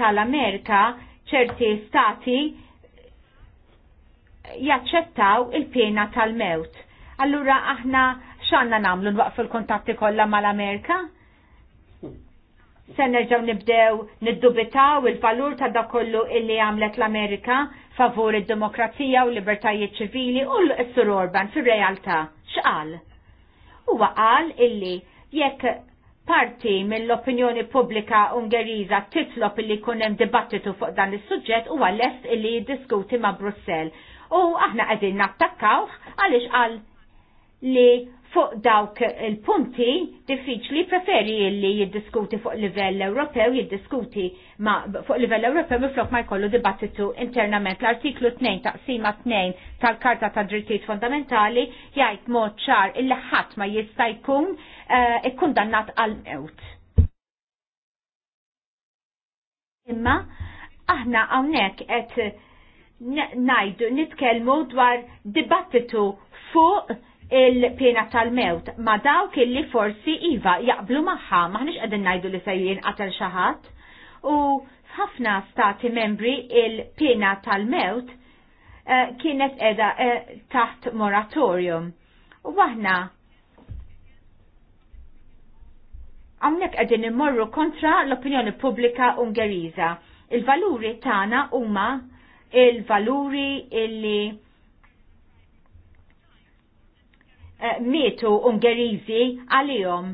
tal-Amerika ċerti stati jaċċettaw il-pena tal-mewt. Allura aħna xanna namlu nwaqfu l-kontatti kollha mal-Amerika? se nerġaw nibdew niddubitaw il-valur ta' da kollu illi għamlet l-Amerika favur id-demokrazija u libertajiet ċivili u l-Sur Orban fil-realtà. X'qal? Huwa qal illi jekk parti mill-opinjoni pubblika Ungeriża titlob illi jkun hemm dibattitu fuq dan is-suġġett huwa lest illi jiddiskuti ma' Brussell. U aħna qegħdin nattakkaw għaliex qal li fuq dawk il-punti diffiċli preferi li jiddiskuti fuq livell Ewropew, jiddiskuti ma fuq livell Ewropew miflok ma jkollu dibattitu internament. L-artiklu 2 taqsima 2 tal-Karta ta' Drittijiet Fundamentali jgħid mod ċar il ħadd ma jista' jkun eh, ikkundannat għal mewt. Imma aħna hawnhekk qed ngħidu nitkellmu dwar dibattitu fuq il-pena tal-mewt ma dawk illi forsi iva jaqblu maħħa maħnix qegħdin ngħidu li se għatel xi ħadd u f'ħafna stati membri il-pena tal-mewt eh, kienet qiegħda eh, taħt moratorium. U aħna għamnek qegħdin immorru kontra l-opinjoni pubblika Ungeriża. Il-valuri tagħna huma il-valuri illi Eh, mietu Ungeriżi għalihom.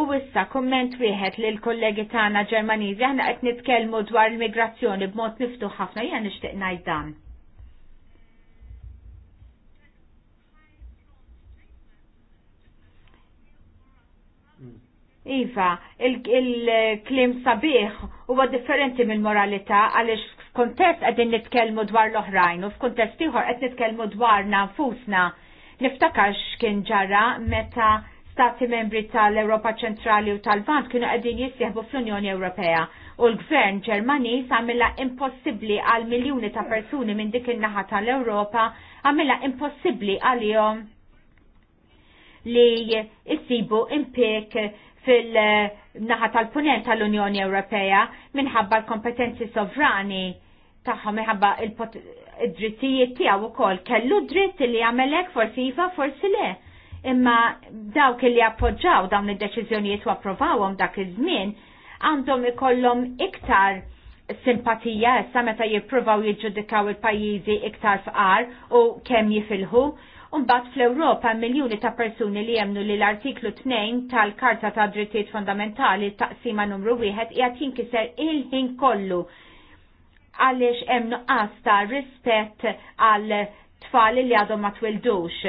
U issa komment wieħed lil kollegi tagħna Ġermaniżi aħna qed nitkellmu dwar l-migrazzjoni b'mod miftuħ ħafna jien nixtieq ngħid dan. Iva, il-klim sabiħ huwa differenti mill-moralità għaliex f'kuntest qegħdin nitkellmu dwar l-oħrajn u f'kuntest ieħor qed nitkellmu dwarna nfusna Niftakarx kien ġara meta stati membri tal-Europa ċentrali u tal-Vant kienu għedin jissieħbu fl-Unjoni Ewropea u l-gvern Ġermaniż għamilla impossibli għal miljoni ta' persuni minn dik il-naħa tal-Ewropa għamilla impossibli għalihom li jisibu impik fil-naħa tal-punent tal-Unjoni Ewropea minħabba l-kompetenzi sovrani tagħhom minħabba id-drittijiet tiegħu wkoll kellu dritt li jagħmelek forsi iva forsi le. Imma dawk li appoġġaw dawn id-deċiżjonijiet u approvawhom dak iż-żmien għandhom ikollhom iktar simpatija issa meta jippruvaw jiġġudikaw il-pajjiżi iktar fqar u kemm jifilħu. Umbat fl ewropa miljuni ta' persuni li jemnu li l-artiklu 2 tal-Karta ta' Drittijiet Fundamentali taqsima numru 1 qiegħed jinkiser il-ħin kollu għaliex hemm nuqqas ta' rispett għal tfal li għadhom ma twildux.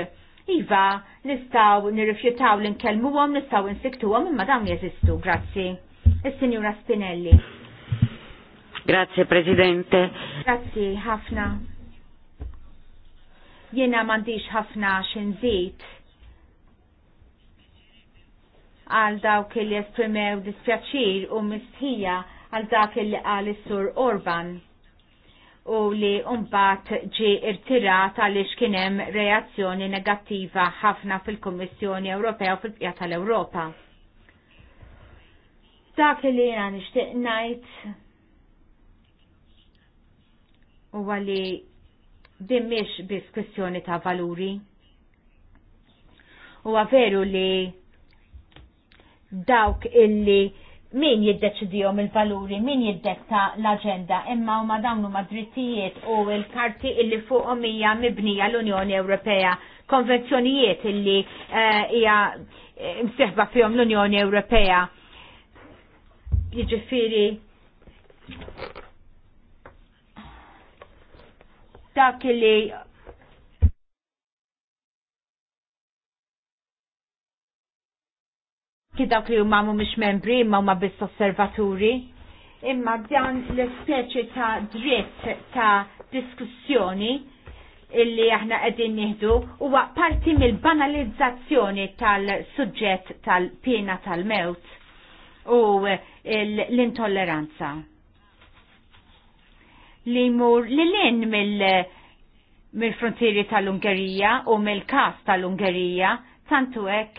Iva, nistaw nirrifjutaw l-inkelmuhom, nistaw insiktuhom imma dawn jeżistu. Grazzi. Is-Sinjura Spinelli. Grazie Presidente. Grazie ħafna. Jena mandiċ ħafna xinżit għal dawk li esprimew dispjaċir u mistħija għal dak li għal sur Orban u li umbat ġi irtirat għaliex kienem reazzjoni negattiva ħafna fil-Kommissjoni Ewropea u fil-Pjata tal-Ewropa. Dak li jena nishtiq najt u għalli dimmiex bis kwestjoni ta' valuri. U għaveru li dawk illi min jiddeċidihom il-valuri, min jiddetta l-agenda, imma huma dawn huma drittijiet u l-karti illi fuqhom hija mibnija l-Unjoni Ewropea, konvenzjonijiet illi eh, hija uh, msieħba fihom l-Unjoni Ewropea. Jiġifieri dak illi kif dawk li huma mhumiex membri imma huma biss osservaturi. Imma dan l-speċi ta' dritt ta' diskussjoni illi aħna qegħdin nieħdu huwa parti mill-banalizzazzjoni tal-suġġett tal-pena tal-mewt u l-intolleranza. Li mur li lin mill-frontieri tal-Ungerija u mill-kas tal-Ungerija tantu hekk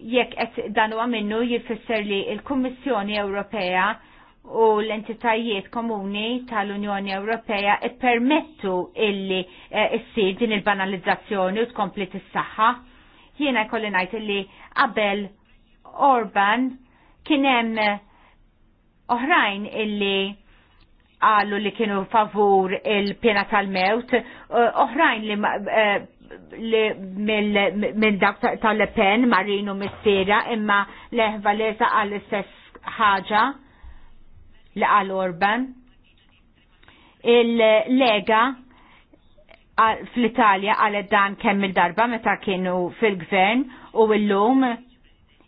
jekk qed dan huwa minnu jifisser li l-Kummissjoni Ewropea u l-entitajiet komuni tal-Unjoni Ewropea ippermettu illi eh, issir din il-banalizzazzjoni u tkompli tis-saħħa. Jiena jkolli ngħid illi qabel Orban kien hemm eh, oħrajn illi għallu li kienu favur il-pena tal-mewt, eh, oħrajn li minn dak tal-Le Pen marinu mistira imma leħva għal għall istess ħaġa li għal Orban. Il-Lega fl-Italja għal dan kemm il-darba meta kienu fil-gvern u l-lum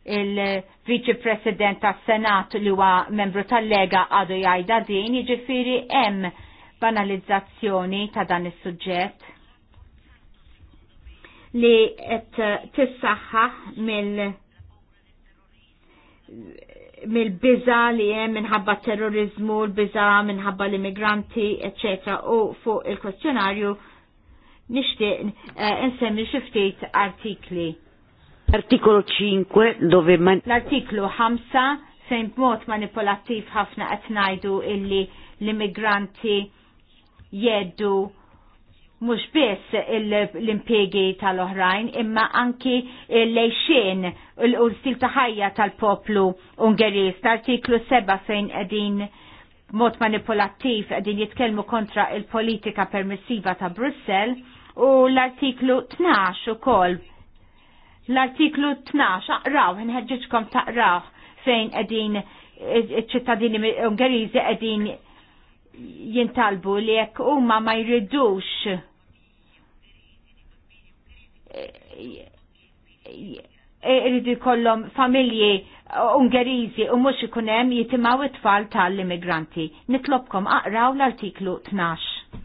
il-Viċi President tas-Senat li huwa membru tal-Lega għadu jgħida din jiġifieri hemm banalizzazzjoni ta' dan is-suġġett li qed tissaħħa mill mill-biża li hemm minħabba terrorizmu, l-biża minħabba l-immigranti, etc. u fuq il-kwestjonarju nixtieq eh, insemmi xi ftit artikli. L-artiklu 5 dove man... L-artiklu 5 fejn b'mod manipolattiv ħafna qed ngħidu illi l-immigranti jeddu mux biss l-impiegi tal-oħrajn, imma anki l-lejxin u l-stil taħajja tal-poplu Ungeris. L-artiklu 7 fejn edin mod manipulattiv edin jitkelmu kontra il-politika permissiva ta' Brussel u l-artiklu 12 u kol. L-artiklu 12, aqraw, nħedġiġkom taqraw fejn edin ċittadini Ungerizi edin jintalbu li jekk huma ma jridux irridu jkollhom familji uh, Ungeriżi u mhux ikun hemm jitimgħu it-tfal tal-immigranti. Nitlobkom aqraw l-artiklu 12.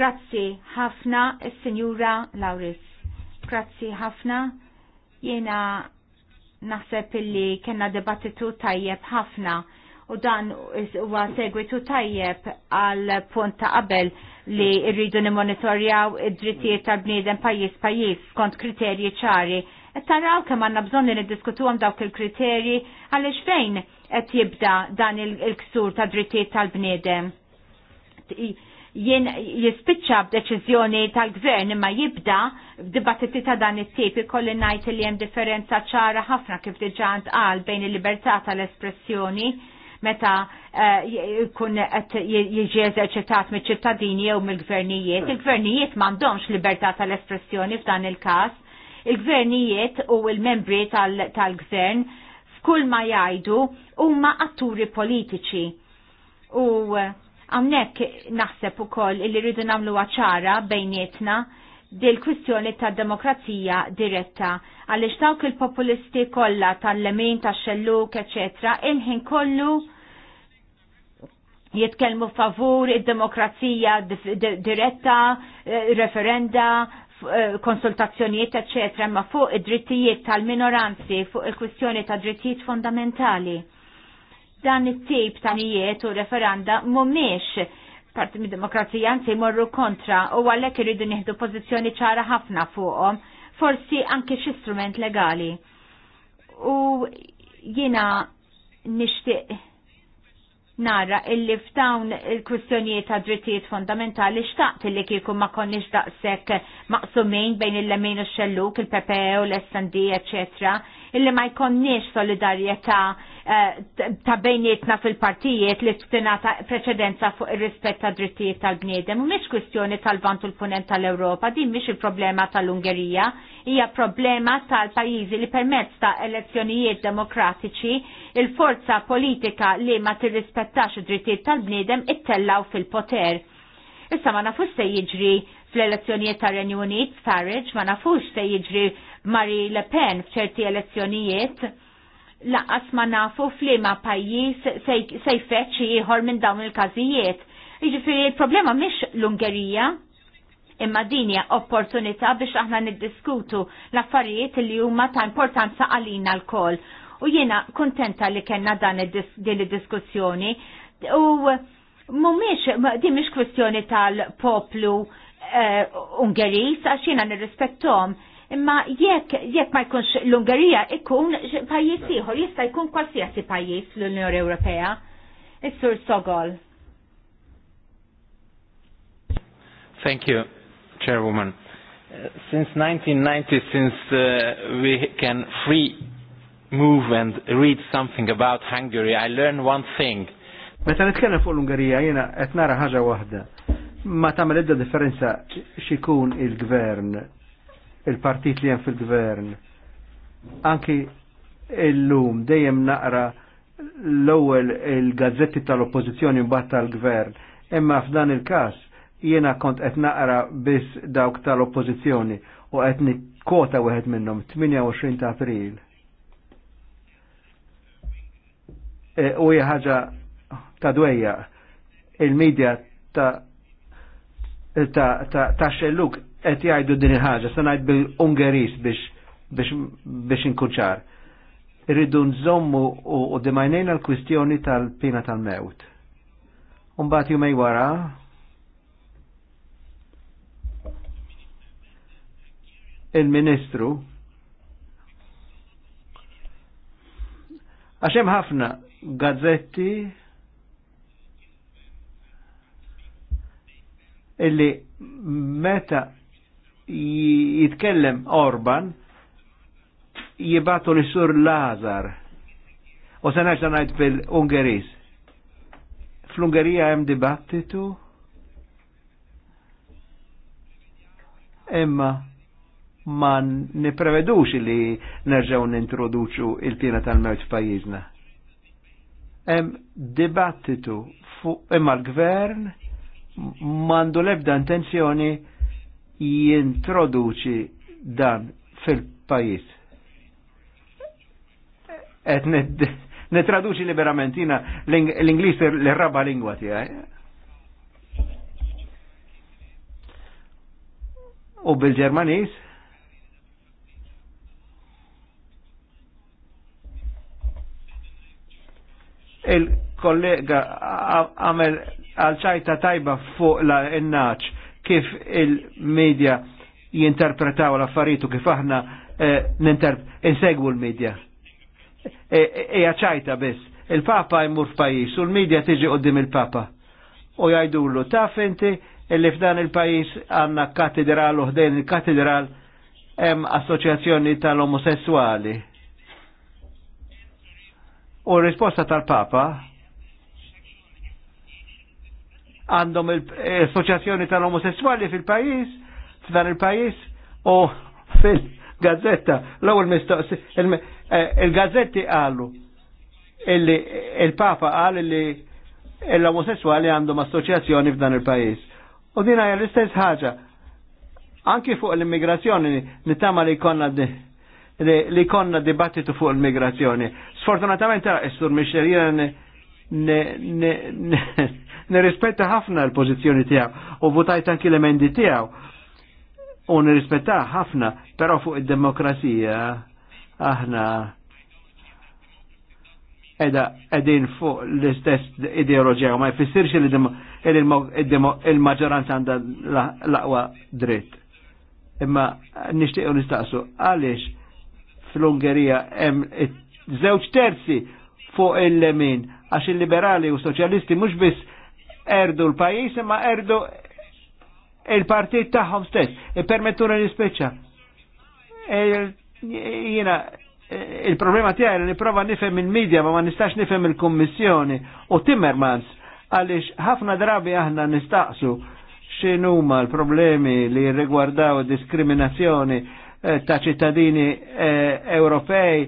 Grazzi ħafna is-Sinjura Lauris. Grazzi ħafna. Jiena naħseb illi kena debattitu tajjeb ħafna u dan huwa segwitu tajjeb għal punt ta' qabel li rridu nimonitorjaw id-drittijiet tal-bniedem pajjiż pajjiż skont kriterji ċari. Et taraw kemm għandna bżonn li niddiskutuhom dawk il-kriterji għaliex fejn qed jibda dan il-ksur ta' drittijiet tal-bniedem. Jien jispiċċa b'deċiżjoni tal-gvern imma jibda dibattiti ta' dan it-tip ikolli ngħid li hemm differenza ċara ħafna kif diġà ntqal bejn il-libertà tal-espressjoni meta eh, kun jiġi eżerċitat mill ċittadini jew mill-gvernijiet. Il-gvernijiet m'għandhomx libertà tal-espressjoni f'dan il-każ. Il-gvernijiet u il-membri tal-gvern f'kull ma jgħidu huma atturi politiċi. U għamnek eh, naħseb ukoll li rridu namlu ċara bejnietna dil kwistjoni ta' demokrazija diretta għaliex xtawk il-populisti kollha tal-lemin tax xelluk, eċetera, il-ħin kollu jitkellmu favur id-demokrazija diretta, eh, referenda, eh, konsultazzjonijiet, etc. ma fuq id-drittijiet tal-minoranzi, fuq il-kwistjoni ta' drittijiet fondamentali. Dan it-tip ta' nijiet u referenda mumiex parti mid demokrazija anzi morru kontra u għallek irridu nieħdu pożizzjoni ċara ħafna fuqhom, forsi anke x'istrument legali. U jiena nixtieq nara illi f'dawn il-kwistjonijiet ta' drittijiet fondamentali xtaqt illi kieku ma konniex daqshekk maqsumin bejn il-lemin u xelluk, il-PPE u l-SND, eccetera illi ma jkonniex solidarjetà eh, ta' bejnietna fil-partijiet li t-tinata preċedenza fuq ir-rispett ta' drittijiet tal-bniedem. U miex kwistjoni tal-vant u l-punent tal-Ewropa, din mhix il-problema tal-Ungerija, hija problema tal-pajjiżi li permezz ta' elezzjonijiet demokratiċi il-forza politika li ma tirrispettax id-drittijiet tal-bniedem ittellaw fil-poter. Issa ma nafux se jiġri fl-elezzjonijiet tar renju Unit Farage ma nafux se jiġri Marie Le Pen f'ċerti elezzjonijiet laqas ma nafu flima pajjiż se jfeċċi ieħor minn dawn il-każijiet. Jiġifieri il-problema mhix l-Ungerija, imma din hija opportunità biex aħna niddiskutu l-affarijiet li huma ta' importanza għalina l-kol. U jiena kontenta li kellna dan din id-diskussjoni. U mhumiex di mhix kwestjoni tal-poplu Eh, Ungeris għax jiena nirrispettom imma jekk jekk ma jkunx l-Ungerija ikun pajjiż ieħor jista' jkun qualsiasi pajis l unjoni Ewropea. Is-Sur Sogol. Thank you, Chairwoman. Since 1990, since uh, we can free move and read something about Hungary, I learned one thing. Meta nitkellem fuq l-Ungerija jena qed nara ħaġa waħda ma tagħmel edda differenza x'ikun il-gvern, il-partit li hemm fil-gvern. Anki il-lum, dejjem naqra l-ewwel il-gazzetti tal-oppożizzjoni mbagħad tal-gvern. Imma f'dan il-każ jiena kont qed naqra biss dawk tal-oppożizzjoni u qed kota wieħed minnhom 28 ta' April. E, u hija ħaġa ta' dwejja il-medja ta' ta', ta, ta xelluk qed jgħidu din il-ħaġa, sa ngħid bil-Ungeris biex biex biex inkuċar. Irridu nżommu u, u dimajnejna l-kwistjoni tal-pina tal-mewt. Umbat jumej wara, il-ministru, għaxem ħafna gazzetti, illi meta jitkellem Orban jibatu li sur Lazar u sanax najt fil-Ungeris fl-Ungerija hemm dibattitu imma ma niprevedux li nerġaw nintroduċu il-pjena tal-mewt f'pajjiżna. Em dibattitu fuq imma l-gvern mandu lebda intenzjoni jintroduċi dan fil-pajis. Et netraduċi liberament jina l-Inglis l-raba lingwa tijaj. U bil-Ġermanis il-kollega għamel għal ċajta tajba fuq la innaċ kif il-medja jinterpretaw l-affarijiet u kif aħna eh, ninsegwu l-medja. E, e, eja ċajta biss. Il-papa jmur f'pajis u l-medja tiġi qoddim il-papa. U jgħidullu taf inti illi f'dan il-pajis għanna katedral u ħdejn il-katedral hemm assoċjazzjoni tal-omosessuali. U r-risposta tal-papa għandhom l-Assoċjazzjoni tal-Omosessuali fil-pajis, f'dan il-pajis, u fil-gazzetta, l-ewwel mistoqsi, eh, il-gazzetti għallu, il-Papa għal li l-omosessuali għandhom assoċjazzjoni f'dan il-pajis. U din hija l-istess ħaġa. Anki fuq l-immigrazzjoni nittama li konna li konna dibattitu fuq l migrazzjoni Sfortunatamente, Sur Michel, nirrispetta ħafna l-pożizzjoni tiegħu u votajt anki l-emendi tiegħu. U nirrispetta ħafna, però fuq id-demokrazija aħna edha edin fuq l-istess ideoloġija u ma jfissirx il-maġġoranza għandha l-aqwa dritt. Imma nixtiequ nistaqsu għaliex fl-Ungerija hemm żewġ terzi fuq il-lemin għax il-liberali u soċjalisti mhux biss erdu l-pajis ma erdu il-partit taħħom stess. Permettuna nispeċċa. E, Jina, e, il-problema tiegħi li nipprova nifhem il-medja ma ma nistax nifhem il kommissjoni u Timmermans għaliex ħafna drabi aħna nistaqsu x'inhuma l-problemi li riguardaw diskriminazzjoni e, ta' ċittadini Ewropej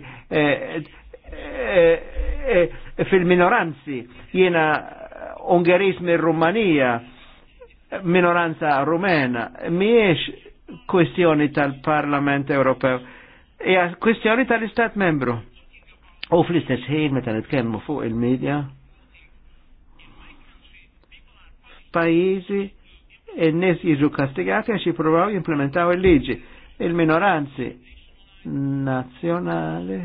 fil-minoranzi. Jina, Ungeris minn rumanija minoranza rumena, miex kwestjoni tal-Parlament Ewropew, hija kwestjoni tal-Istat membru. U fl-istess ħin meta nitkellmu fuq il-medja, f'pajjiżi in-nies jiġu kastigati għax jippruvaw jimplementaw il-liġi. Il-minoranzi nazzjonali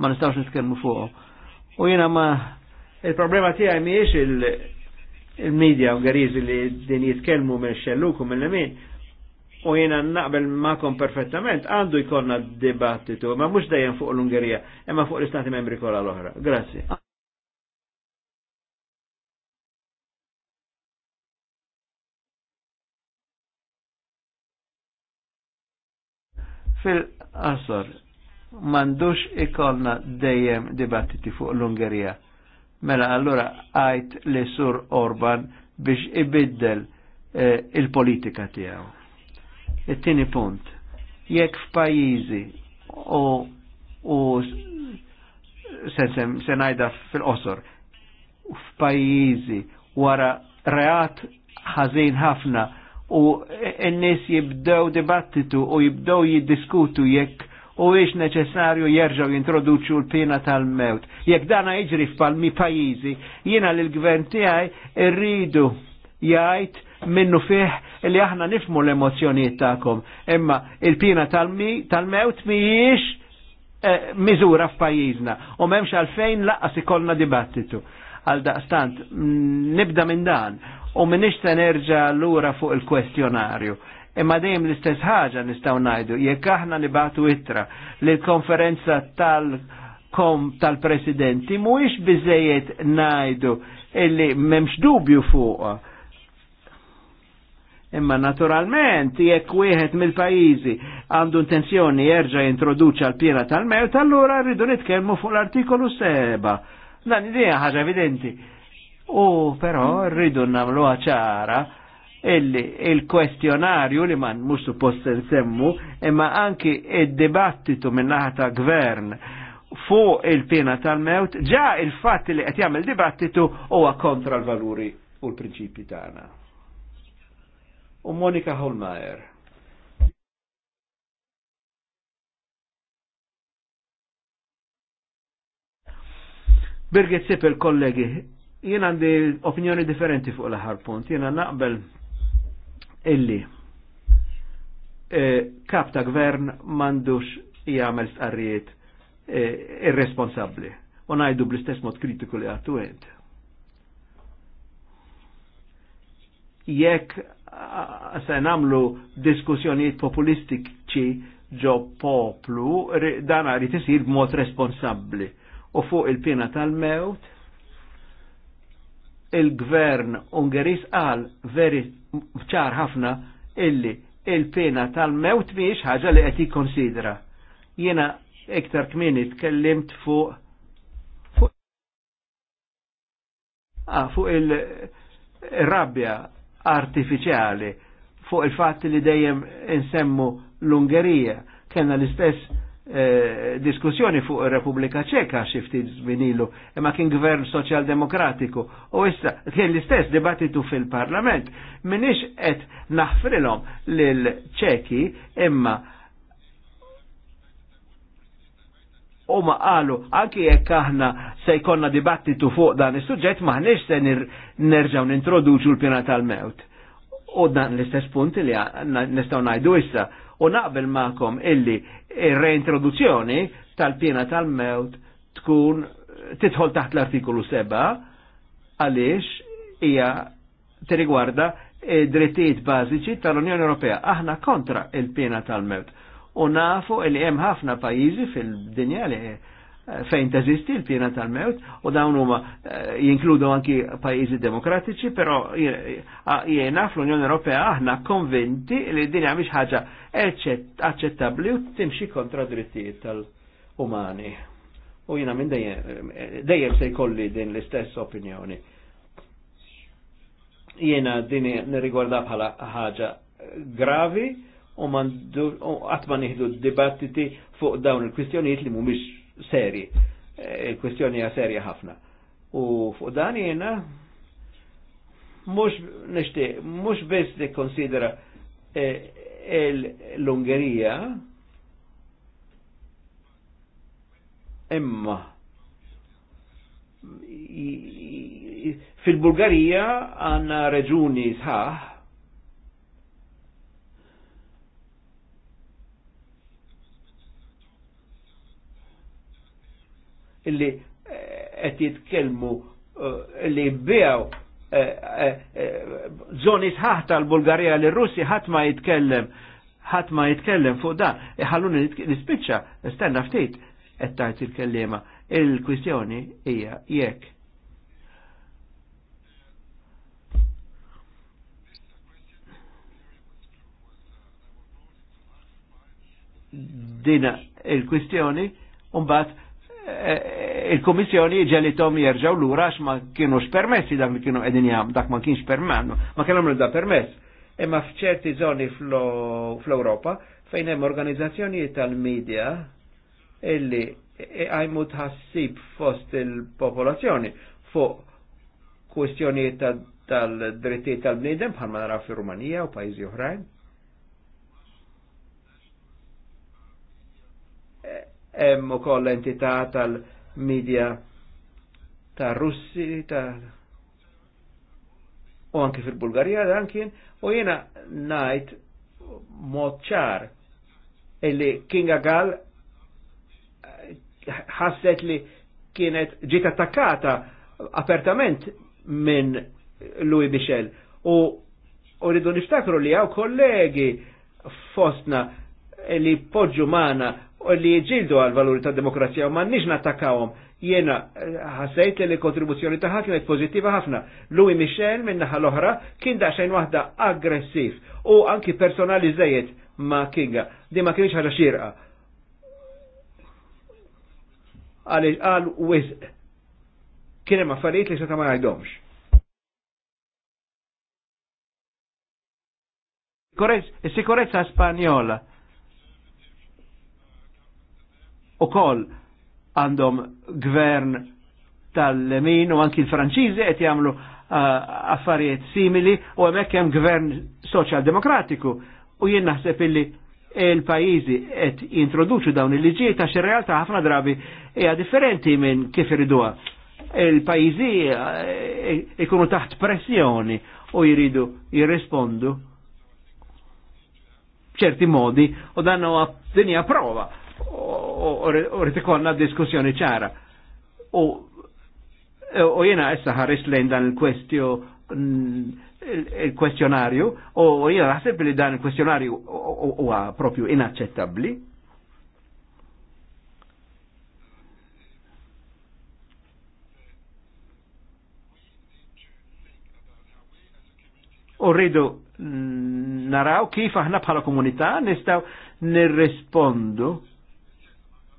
ma nistawx nitkellmu fuq. U jiena ma Il-problema tiegħi mhijiex il-medja Ungariżi li din jitkellmu minn xelluk u minn min u jena naqbel ma'kom perfettament għandu jkollna dibattitu, ma mhux dejjem fuq l-Ungerija, imma fuq l-Istati Membri kollha l-oħra. Grazzi. Fil-qasor, mandux ikollna dejjem dibattiti fuq l-Ungerija Mela allura għajt li sur Orban biex ibiddel eh, il-politika tiegħu. It-tieni punt. Jekk f'pajjiżi u u se ngħidha fil-qosor f'pajjiżi wara reat ħażin ħafna u n-nies jibdew dibattitu u jibdew jiddiskutu jekk u ix neċessarju jerġaw jintroduċu l-pina tal-mewt. Jek dana iġri f'palmi pajizi, jina l-gvern tijaj irridu jajt minnu fih li aħna nifmu l-emozjoniet ta'kom. Imma il-pina tal-mewt miex eh, miżura f'pajjiżna u memx għalfejn si ikollna dibattitu. Għal daqstant, mm, nibda minn dan u minix se nerġa' lura fuq il-kwestjonarju Imma dejjem l-istess ħaġa nistgħu ngħidu jekk aħna nibatu ittra li konferenza tal- kom tal-presidenti mhuwiex biżejjed ngħidu illi m'hemmx dubju fuq. Imma naturalment jekk wieħed mill-pajjiżi għandu intenzjoni jerġa' jintroduċi l piena tal-mewt, allura rridu nitkellmu fuq l-artikolu seba'. Dan idea ħaġa evidenti. U però rridu nagħmluha ċara il-kwestjonarju li man mux suppost nsemmu, imma anki il-dibattitu minnaħa ta' gvern fuq il-pena tal-mewt, ġa il-fat li qed jagħmel dibattitu huwa kontra l-valuri u l prinċipi tagħna. U Monika Holmeyer. Birgit Sipel kollegi, jien għandi opinjoni differenti fuq l-ħar punt, jien naqbel illi e, kap ta' gvern mandux jgħamil stqarrijiet e, irresponsabbli. U ngħidu bl-istess mod kritiku li għattu għed. Jekk se namlu diskussjonijiet populistiċi ġo poplu, dan għarit isir b'mod responsabbli. U fuq il-pina tal-mewt, il-gvern Ungeris għal veri ċar ħafna illi il-pena tal-mewt miex ħaġa li qed jikkonsidra. Jiena iktar kmieni tkellimt fuq fuq ah, fuq il-rabbja artificiali fuq il fatti li dejjem insemmu l-Ungerija. kena l-istess Eh, diskussjoni fuq ir-Repubblika Ċeka xi ftit żmien imma kien gvern soċjaldemokratiku u issa kien l-istess dibattitu fil-Parlament minix qed naħfrilhom lil ċeki imma u ma qalu anki jekk aħna se jkollna dibattitu fuq dan is-suġġett maħniex se nerġgħu nintroduċu l-pjena tal-mewt. U dan l-istess punti li nistgħu ngħidu issa u naqbel ma'kom illi reintroduzzjoni tal-pjena tal-mewt tkun titħol taħt l-artikolu 7 għaliex hija tirigwarda drittijiet bażiċi tal-Unjoni Ewropea. Aħna kontra il-pjena tal-mewt. U nafu li hemm ħafna pajjiżi fil-dinja li fejn teżisti l-pjena tal-mewt u dawn huma eh, jinkludu anki pajjiżi demokratiċi, però jiena fl-Unjoni Ewropea aħna konvinti li din mhix ħaġa aċċettabbli u timxi kontra drittijiet tal-umani. U jiena minn eh, dejjem se jkolli din l-istess opinjoni. Jiena din nirrigwarda bħala ħaġa eh, gravi u għatma nieħdu dibattiti fuq dawn il-kwistjonijiet li mhumiex seri. Il-kwestjoni e, hija serja ħafna. U fuq dan jiena mhux nixtieq mhux biss konsidera e, l-Ungerija imma fil-Bulgarija għanna reġuni sħaħ illi eh, qed jitkellmu eh, li bijaw eh, zoni sħaħ tal-Bulgarija l russi ħadd ma jitkellem ħadd ma jitkellem fuq dan, iħalluni nispiċċa, stenna ftit qed tajt il-kellima. Il-kwistjoni hija jekk. Dina il-kwistjoni, un bat Eh, il-Komissjoni ġelitom jerġaw lura għax ma kienu permessi dak li kienu edin jam, dak ma kienx permessi, ma kellhom l-da permess. Imma fċerti zoni fl-Europa fejn hemm organizzazzjonijiet tal-medja illi għajmu tħassib fost il-popolazzjoni fuq kwestjonijiet tal-drittijiet tal-bniedem bħalma naraw fi rumanija u pajjiżi oħrajn hemm ukoll entità tal-medja ta' Russi, ta' u anki fil-Bulgarija dan kien, u jena najt mod ċar illi Kinga Gall eh, ħasset li kienet ġiet attakkata apertament minn Louis Michel u u rridu niftakru li għaw kollegi fostna li poġġu mana li jġildu għal-valuri ta' demokrazija u mannix nattakawhom. Jena eh, ħassejt li kontribuzzjoni taħħa kienet pozittiva ħafna. Lui Michel minna l-oħra kien daċxajn waħda aggressiv u anki personali zejet ma' Kinga. Di ma' kienx ħaġa xirqa. Għalix għal wiz kien hemm affarijiet li ta ma jgħidhomx. sikurezza Spanjola u kol għandhom gvern tal-lemin u anki l-Franċiżi qed jagħmlu uh, affarijiet simili u hemmhekk hemm gvern soċjal-demokratiku u jien naħseb illi il-pajjiżi qed introduċu dawn il-liġijiet għax ir ħafna drabi hija differenti minn kif iriduha. Il-pajjiżi uh, ikunu taħt pressjoni u jiridu jirrispondu b'ċerti modi u dan huwa dinja prova u rritikonna diskussjoni ċara. U jena essa ħares lejn dan il kwestjonarju u jena ħasib li dan il-kwestjonarju huwa propju inaċċettabli. U rridu naraw kif aħna bħala komunità nistgħu nirrispondu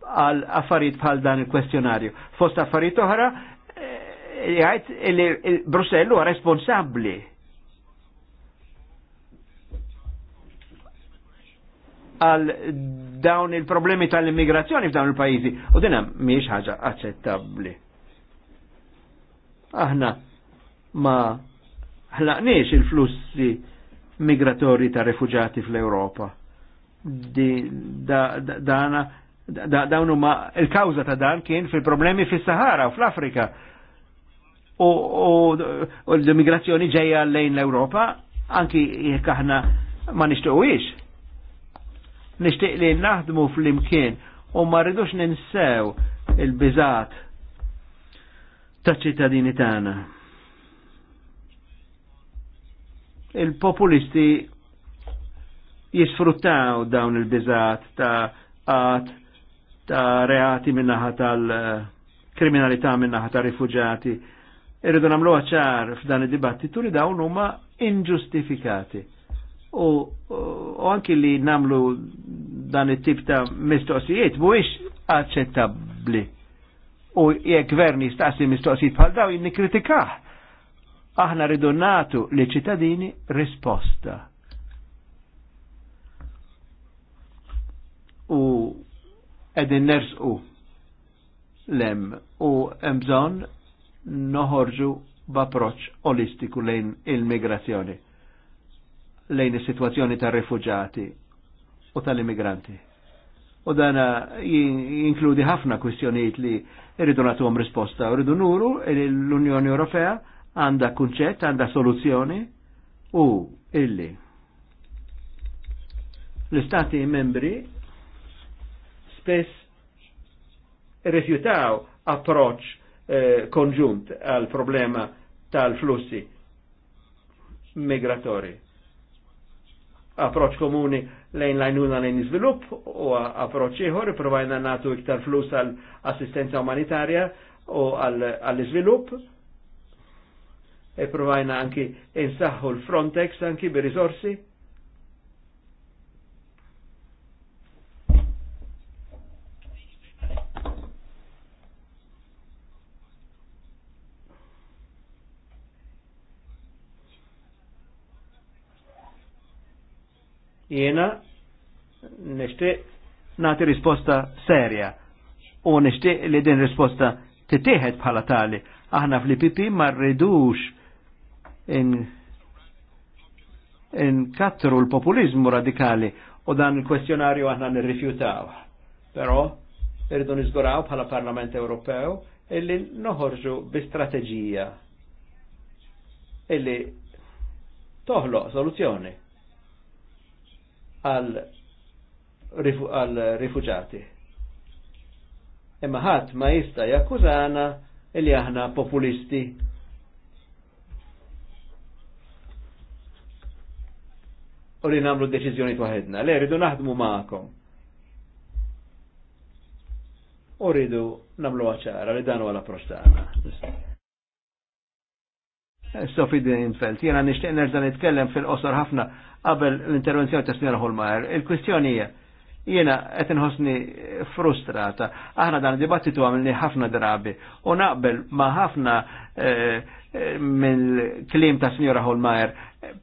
għal affarijiet bħal dan il-kwestjonarju. Fost affarijiet oħra, eh, jgħajt li bruxellu huwa responsabbli. għal dawn il-problemi tal-immigrazzjoni f'dawn il-pajizi. U dinam miex ħaġa accettabli. Aħna ma ħlaqniex il-flussi migratori ta' refugjati fl-Europa. da, da, dana dawn huma il-kawża ta' dan kien fil-problemi fis-Sahara u fl-Afrika. U l-immigrazzjoni ġejja lejn l-Ewropa anki jekk aħna ma nixtiequx. Nixtieq li naħdmu fl-imkien u ma rridux ninsew il-biżat ta' ċittadini tagħna. Il-populisti jisfruttaw dawn il-biżat ta' għat ta' reati minnaħa tal-kriminalità minnaħa tal-rifugjati. Irridu namlu ċar f'dan id-dibattitu li dawn huma inġustifikati. U, u anki li namlu dan it-tip ta' mistoqsijiet mhuwiex aċċettabbli. U jekk gvern jistaqsi mistoqsijiet bħal daw jinnikritikah. Aħna ridu natu li ċittadini risposta. U edin u lem u mbżon noħorġu b'approċċ olistiku lejn il-migrazzjoni, lejn is-sitwazzjoni tar rifugjati u tal-immigranti. U dana jinkludi ħafna kwistjonijiet li irridu nagħtuhom risposta, rridu nuru l-Unjoni Ewropea għandha kunċett, għandha soluzzjoni u illi l-istati membri stess rifjutaw approċ eh, konġunt għal problema tal-flussi migratori. Approċ komuni lejn lajnuna lejn izvilup u approċ ieħor provajna natu iktar flus għal assistenza umanitarja u għal izvilup e provajna anki insaħħu l-Frontex anki bi risorsi Jena nishtiq nati risposta serja u nishtiq li din risposta titieħed bħala tali. Aħna fl-IPP ma rridux inkattru in l-populizmu radikali u dan il-kwestjonarju aħna nirrifjutaw. Però irridu nizguraw bħala Parlament Ewropew illi noħorġu bi strateġija illi toħloq soluzzjoni għal rifuġati. Imma ħadd ma jista' jakkużana li aħna populisti. U li nagħmlu deċiżjoni waħedna. Le rridu naħdmu magħkom. U rridu nagħmlu ċara li dan huwa l-approċċ tagħna. Sofi Dinfeld. Jena nishtiq nerġa' nitkellem fil-qosor ħafna qabel l-intervenzjoni ta' Sinjora Holmajer. Il-kwistjoni hija jiena qed inħossni frustrata. Aħna dan dibattitu għamilni ħafna drabi u naqbel ma' ħafna eh, eh, mill-klim ta' Sinjora Holmajer,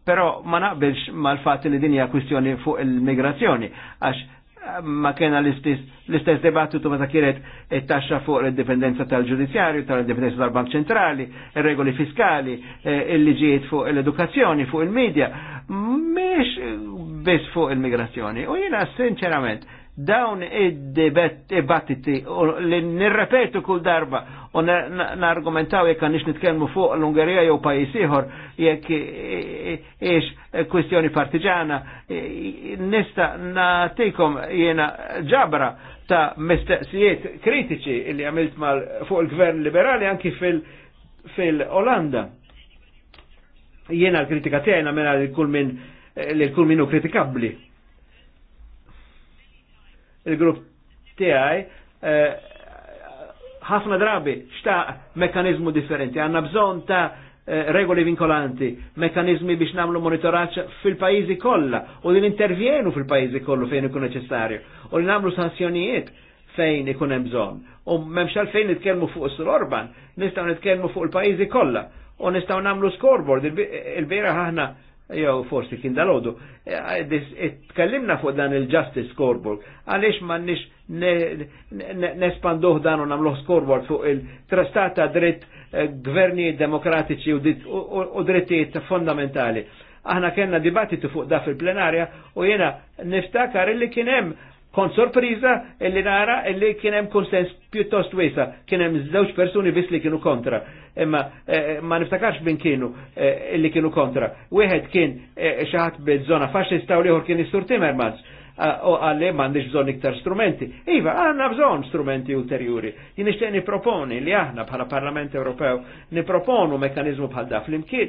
però ma naqbilx mal-fatt li din hija kwistjoni fuq il-migrazzjoni għax ma kena l-istess debattitu ma ta' kienet it-taxxa fuq l-indipendenza tal-ġudizzjarju, tal-indipendenza tal-Bank Ċentrali, regoli fiskali, eh, il-liġijiet fuq l-edukazzjoni, fuq il-medja, miex biss fuq il-migrazzjoni. U jina sinċerament, dawn id-debattiti li nirrepetu kull darba u n-argumentaw jekk għan nitkellmu fuq l-Ungerija jew pajis ieħor jekk ix kwistjoni partiġana nista' natikom jena ġabra ta' mistaqsijiet kritiċi li għamilt mal fuq il-Gvern Liberali anki fil-Olanda. Fil jiena l-kritika tiegħi nagħmilha li l kull minnu kritikabli Il-grupp tiegħi eh, ħafna drabi x'ta mekanizmu differenti, għanna bżon ta' eh, regoli vinkolanti, mekanizmi biex namlu monitoraċ fil-pajizi kolla u li intervjenu fil-pajizi kollu fejn ikun neċessarju u li namlu sanzjonijiet fejn ikun hemm bżonn. U memx fejn nitkellmu fuq s Orban, nistgħu nitkellmu fuq il-pajjiżi kollha u nistgħu nagħmlu scoreboard il-bera aħna jew forsi kien dalodu. Eh, tkellimna fuq dan il-Justice Scoreboard għaliex m'għandniex nespanduh dan u namluħ scoreboard fuq il-trastata dritt eh, gverni demokratiċi u drittijiet fondamentali. Aħna kena dibattitu fuq da fil-plenarja u jena niftakar illi kienem kon sorpriza illi nara illi kienem konsens pjuttost wesa, kienem zewċ persuni bis li kienu kontra, imma eh, ma niftakarx bin kienu eh, illi kienu kontra. Wieħed kien xaħat bil-zona faxista u liħor kien istur Timmermans u ah, għalli mandiġ bżon iktar strumenti. Iva, għanna bżon strumenti ulterjuri. Jien ixtieq niproponi li aħna bħala Parlament Ewropew niproponu mekanizmu bħal da flimkien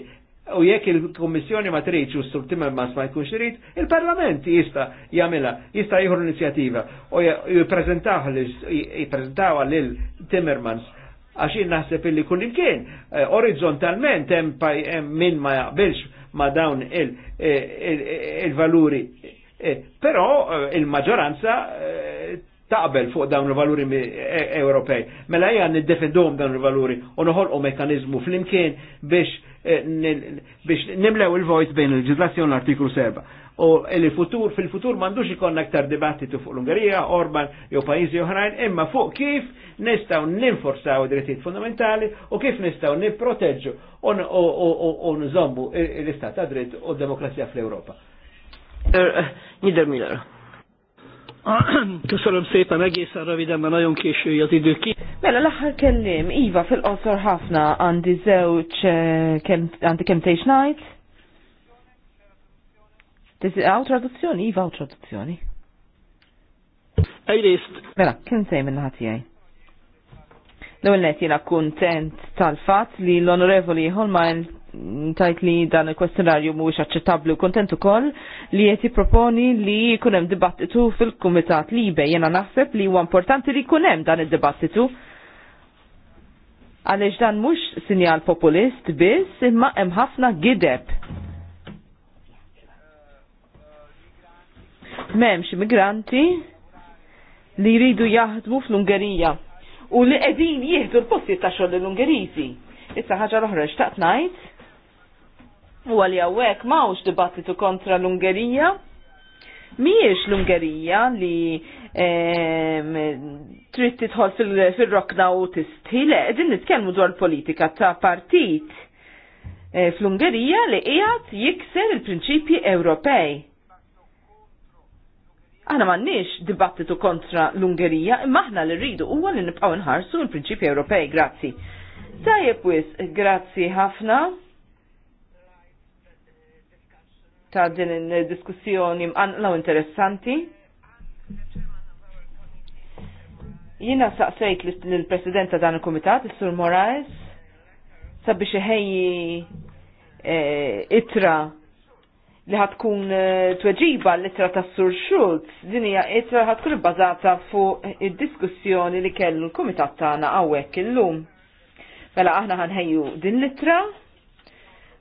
u jekk il-Kommissjoni ma triċ u s-sultima ma ma jkunx irid, il-Parlament jista jagħmilha, jista jieħu inizjattiva u jippreżentaw lil Timmermans għax naħseb illi kull imkien eh, orizzontalment hemm min ma jaqbilx ma dawn eh, il-valuri il, il, il, il valuri Eh, però eh, il-maġġoranza eh, taqbel fuq dawn il-valuri e-, Ewropej. Mela hija niddefendhom dawn il-valuri u noħolqu mekanizmu flimkien biex nimlew il-vojt bejn il leġislazzjoni l-artiklu 7. U il-futur, fil-futur mandux ikon aktar dibattitu fuq l-Ungerija, Orban, jew pajizi oħrajn, imma fuq kif nistaw ninforsaw drittijiet fundamentali u kif nistaw niproteġġu u nżommu l-istat ta' dritt u d-demokrazija fl-Europa. Eh, Miller. Köszönöm szépen, egészen röviden, mert nagyon késői az idő ki. Mela l-aħħar kellim, Iva fil-qosor ħafna għandi zewċ eh, għandi kem Night. najt. Għaw traduzzjoni, Iva għaw traduzzjoni. Ejlist. Mela, kem tej minna ħatijaj. L-għu net jena kontent tal-fat li l-onorevoli Holman tajt li dan il kwestjonarju mhuwiex aċċettabbli u kontent ukoll li qed jipproponi li jkun hemm dibattitu fil-Kumitat Libe. Jena naħseb li huwa importanti li jkun hemm dan id-dibattitu għaliex dan mhux sinjal populist biss imma hemm ħafna gideb. M'hemmx migranti li jridu jaħdmu fl-Ungerija u li qegħdin jieħdu l-postijiet ta' xogħol l-Ungeriżi. Issa ħaġa l-oħra xtaqt ngħid U għalli għawek mawx dibattitu kontra l-Ungerija. Miex l-Ungerija li trid tidħol fil-rokna u tistħile, din nitkellmu dwar politika ta' partit eh, fl-Ungerija li qiegħed jikser il-prinċipji Ewropej. Aħna m'għandniex dibattitu kontra l-Ungerija, imma aħna li rridu huwa li nibqgħu nħarsu l-prinċipji Ewropej, grazzi. Tajjeb wis, grazzi ħafna. ta' din il-diskussjoni mqanqla u interessanti. Jina saqsejt l-president ta' dan il-komitat, il-Sur Moraes, sabiex iħejji eh, itra li ħatkun eh, tweġiba l itra ta' Sur Schultz, din hija itra ħatkun bbażata fuq id-diskussjoni li kellu l-kumitat tagħna il illum. Mela aħna ħanħejju din l-ittra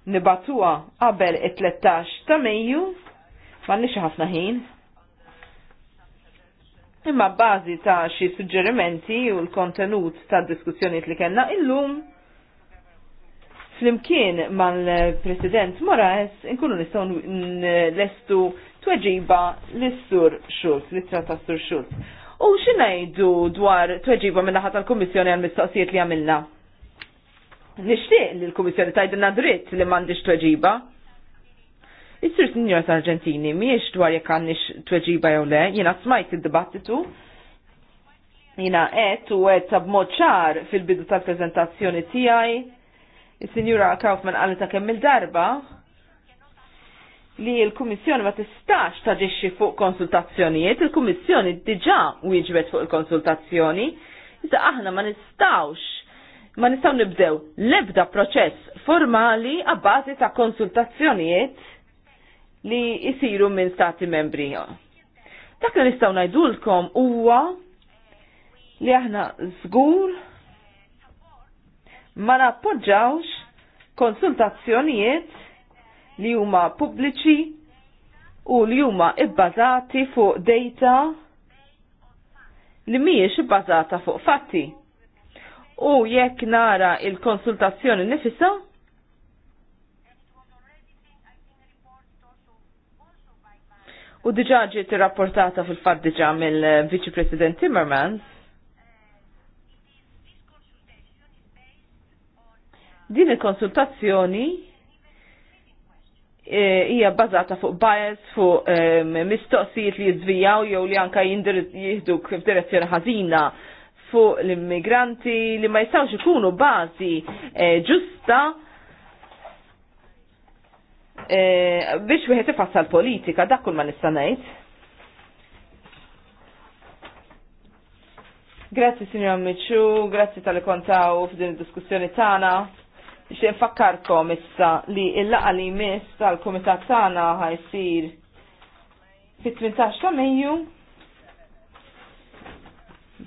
nibatuha qabel it-13 ta' Mejju, m'għandniex ħafna ħin. Imma bażi ta' xi suġġerimenti u l-kontenut tad diskussjonijiet li kellna illum flimkien mal-President Moraes inkunu nistgħu lestu tweġiba l-Sur Schulz, l-ittra ta' Sur Schulz. U xinajdu dwar tweġiba minna ħata l-Kommissjoni għal-mistoqsijiet li għamilna? Nixtieq li l-Kummissjoni dinna dritt li m'għandix tweġiba. Is-Sir Sinjor Sargentini miex dwar jekk għandix tweġiba jew le, jiena smajt id-dibattitu jina għet u għet tabmod ċar fil-bidu tal-prezentazzjoni tijaj. Il-Sinjura Kaufman għalli ta' kemm il-darba li l kummissjoni ma tistax taġixxi fuq konsultazzjonijiet, il-Kummissjoni diġà wieġbet fuq il-konsultazzjoni, iżda aħna ma nistawx ma nistaw nibdew lebda proċess formali għabbażi ta' konsultazzjonijiet li jisiru minn stati membri. Dak li nistaw najdulkom huwa li aħna żgur ma nappoġġawx konsultazzjonijiet li huma pubbliċi u li huma ibbażati fuq data li mhijiex ibbażata fuq fatti u jekk nara il-konsultazzjoni nifisa, U diġa ġiet rapportata fil-fat diġa mill-Viċi President Timmermans. Din il-konsultazzjoni eh, hija e, bbażata fuq bias, fuq e, mistoqsijiet li jizvijaw jew li anka jihdu f'direzzjoni ħażina fuq l-immigranti li ma jistawx ikunu bażi eh, ġusta eh, biex wieħed ifassal politika dak ma nista' ngħid. Grazzi Sinjora Miċu, grazzi tal-kontaw f'din id-diskussjoni tagħna xe nfakkarkom issa li l laqa li jmiss tal kumitat tagħna ħajsir fit-18 ta' Mejju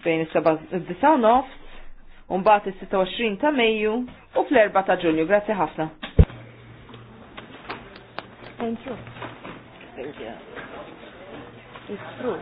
bejn is-7 nofs, u mbagħad is-26 ta' Mejju u fl-4 ta' Ġunju. Grazzi ħafna. Thank you. Thank you. It's true.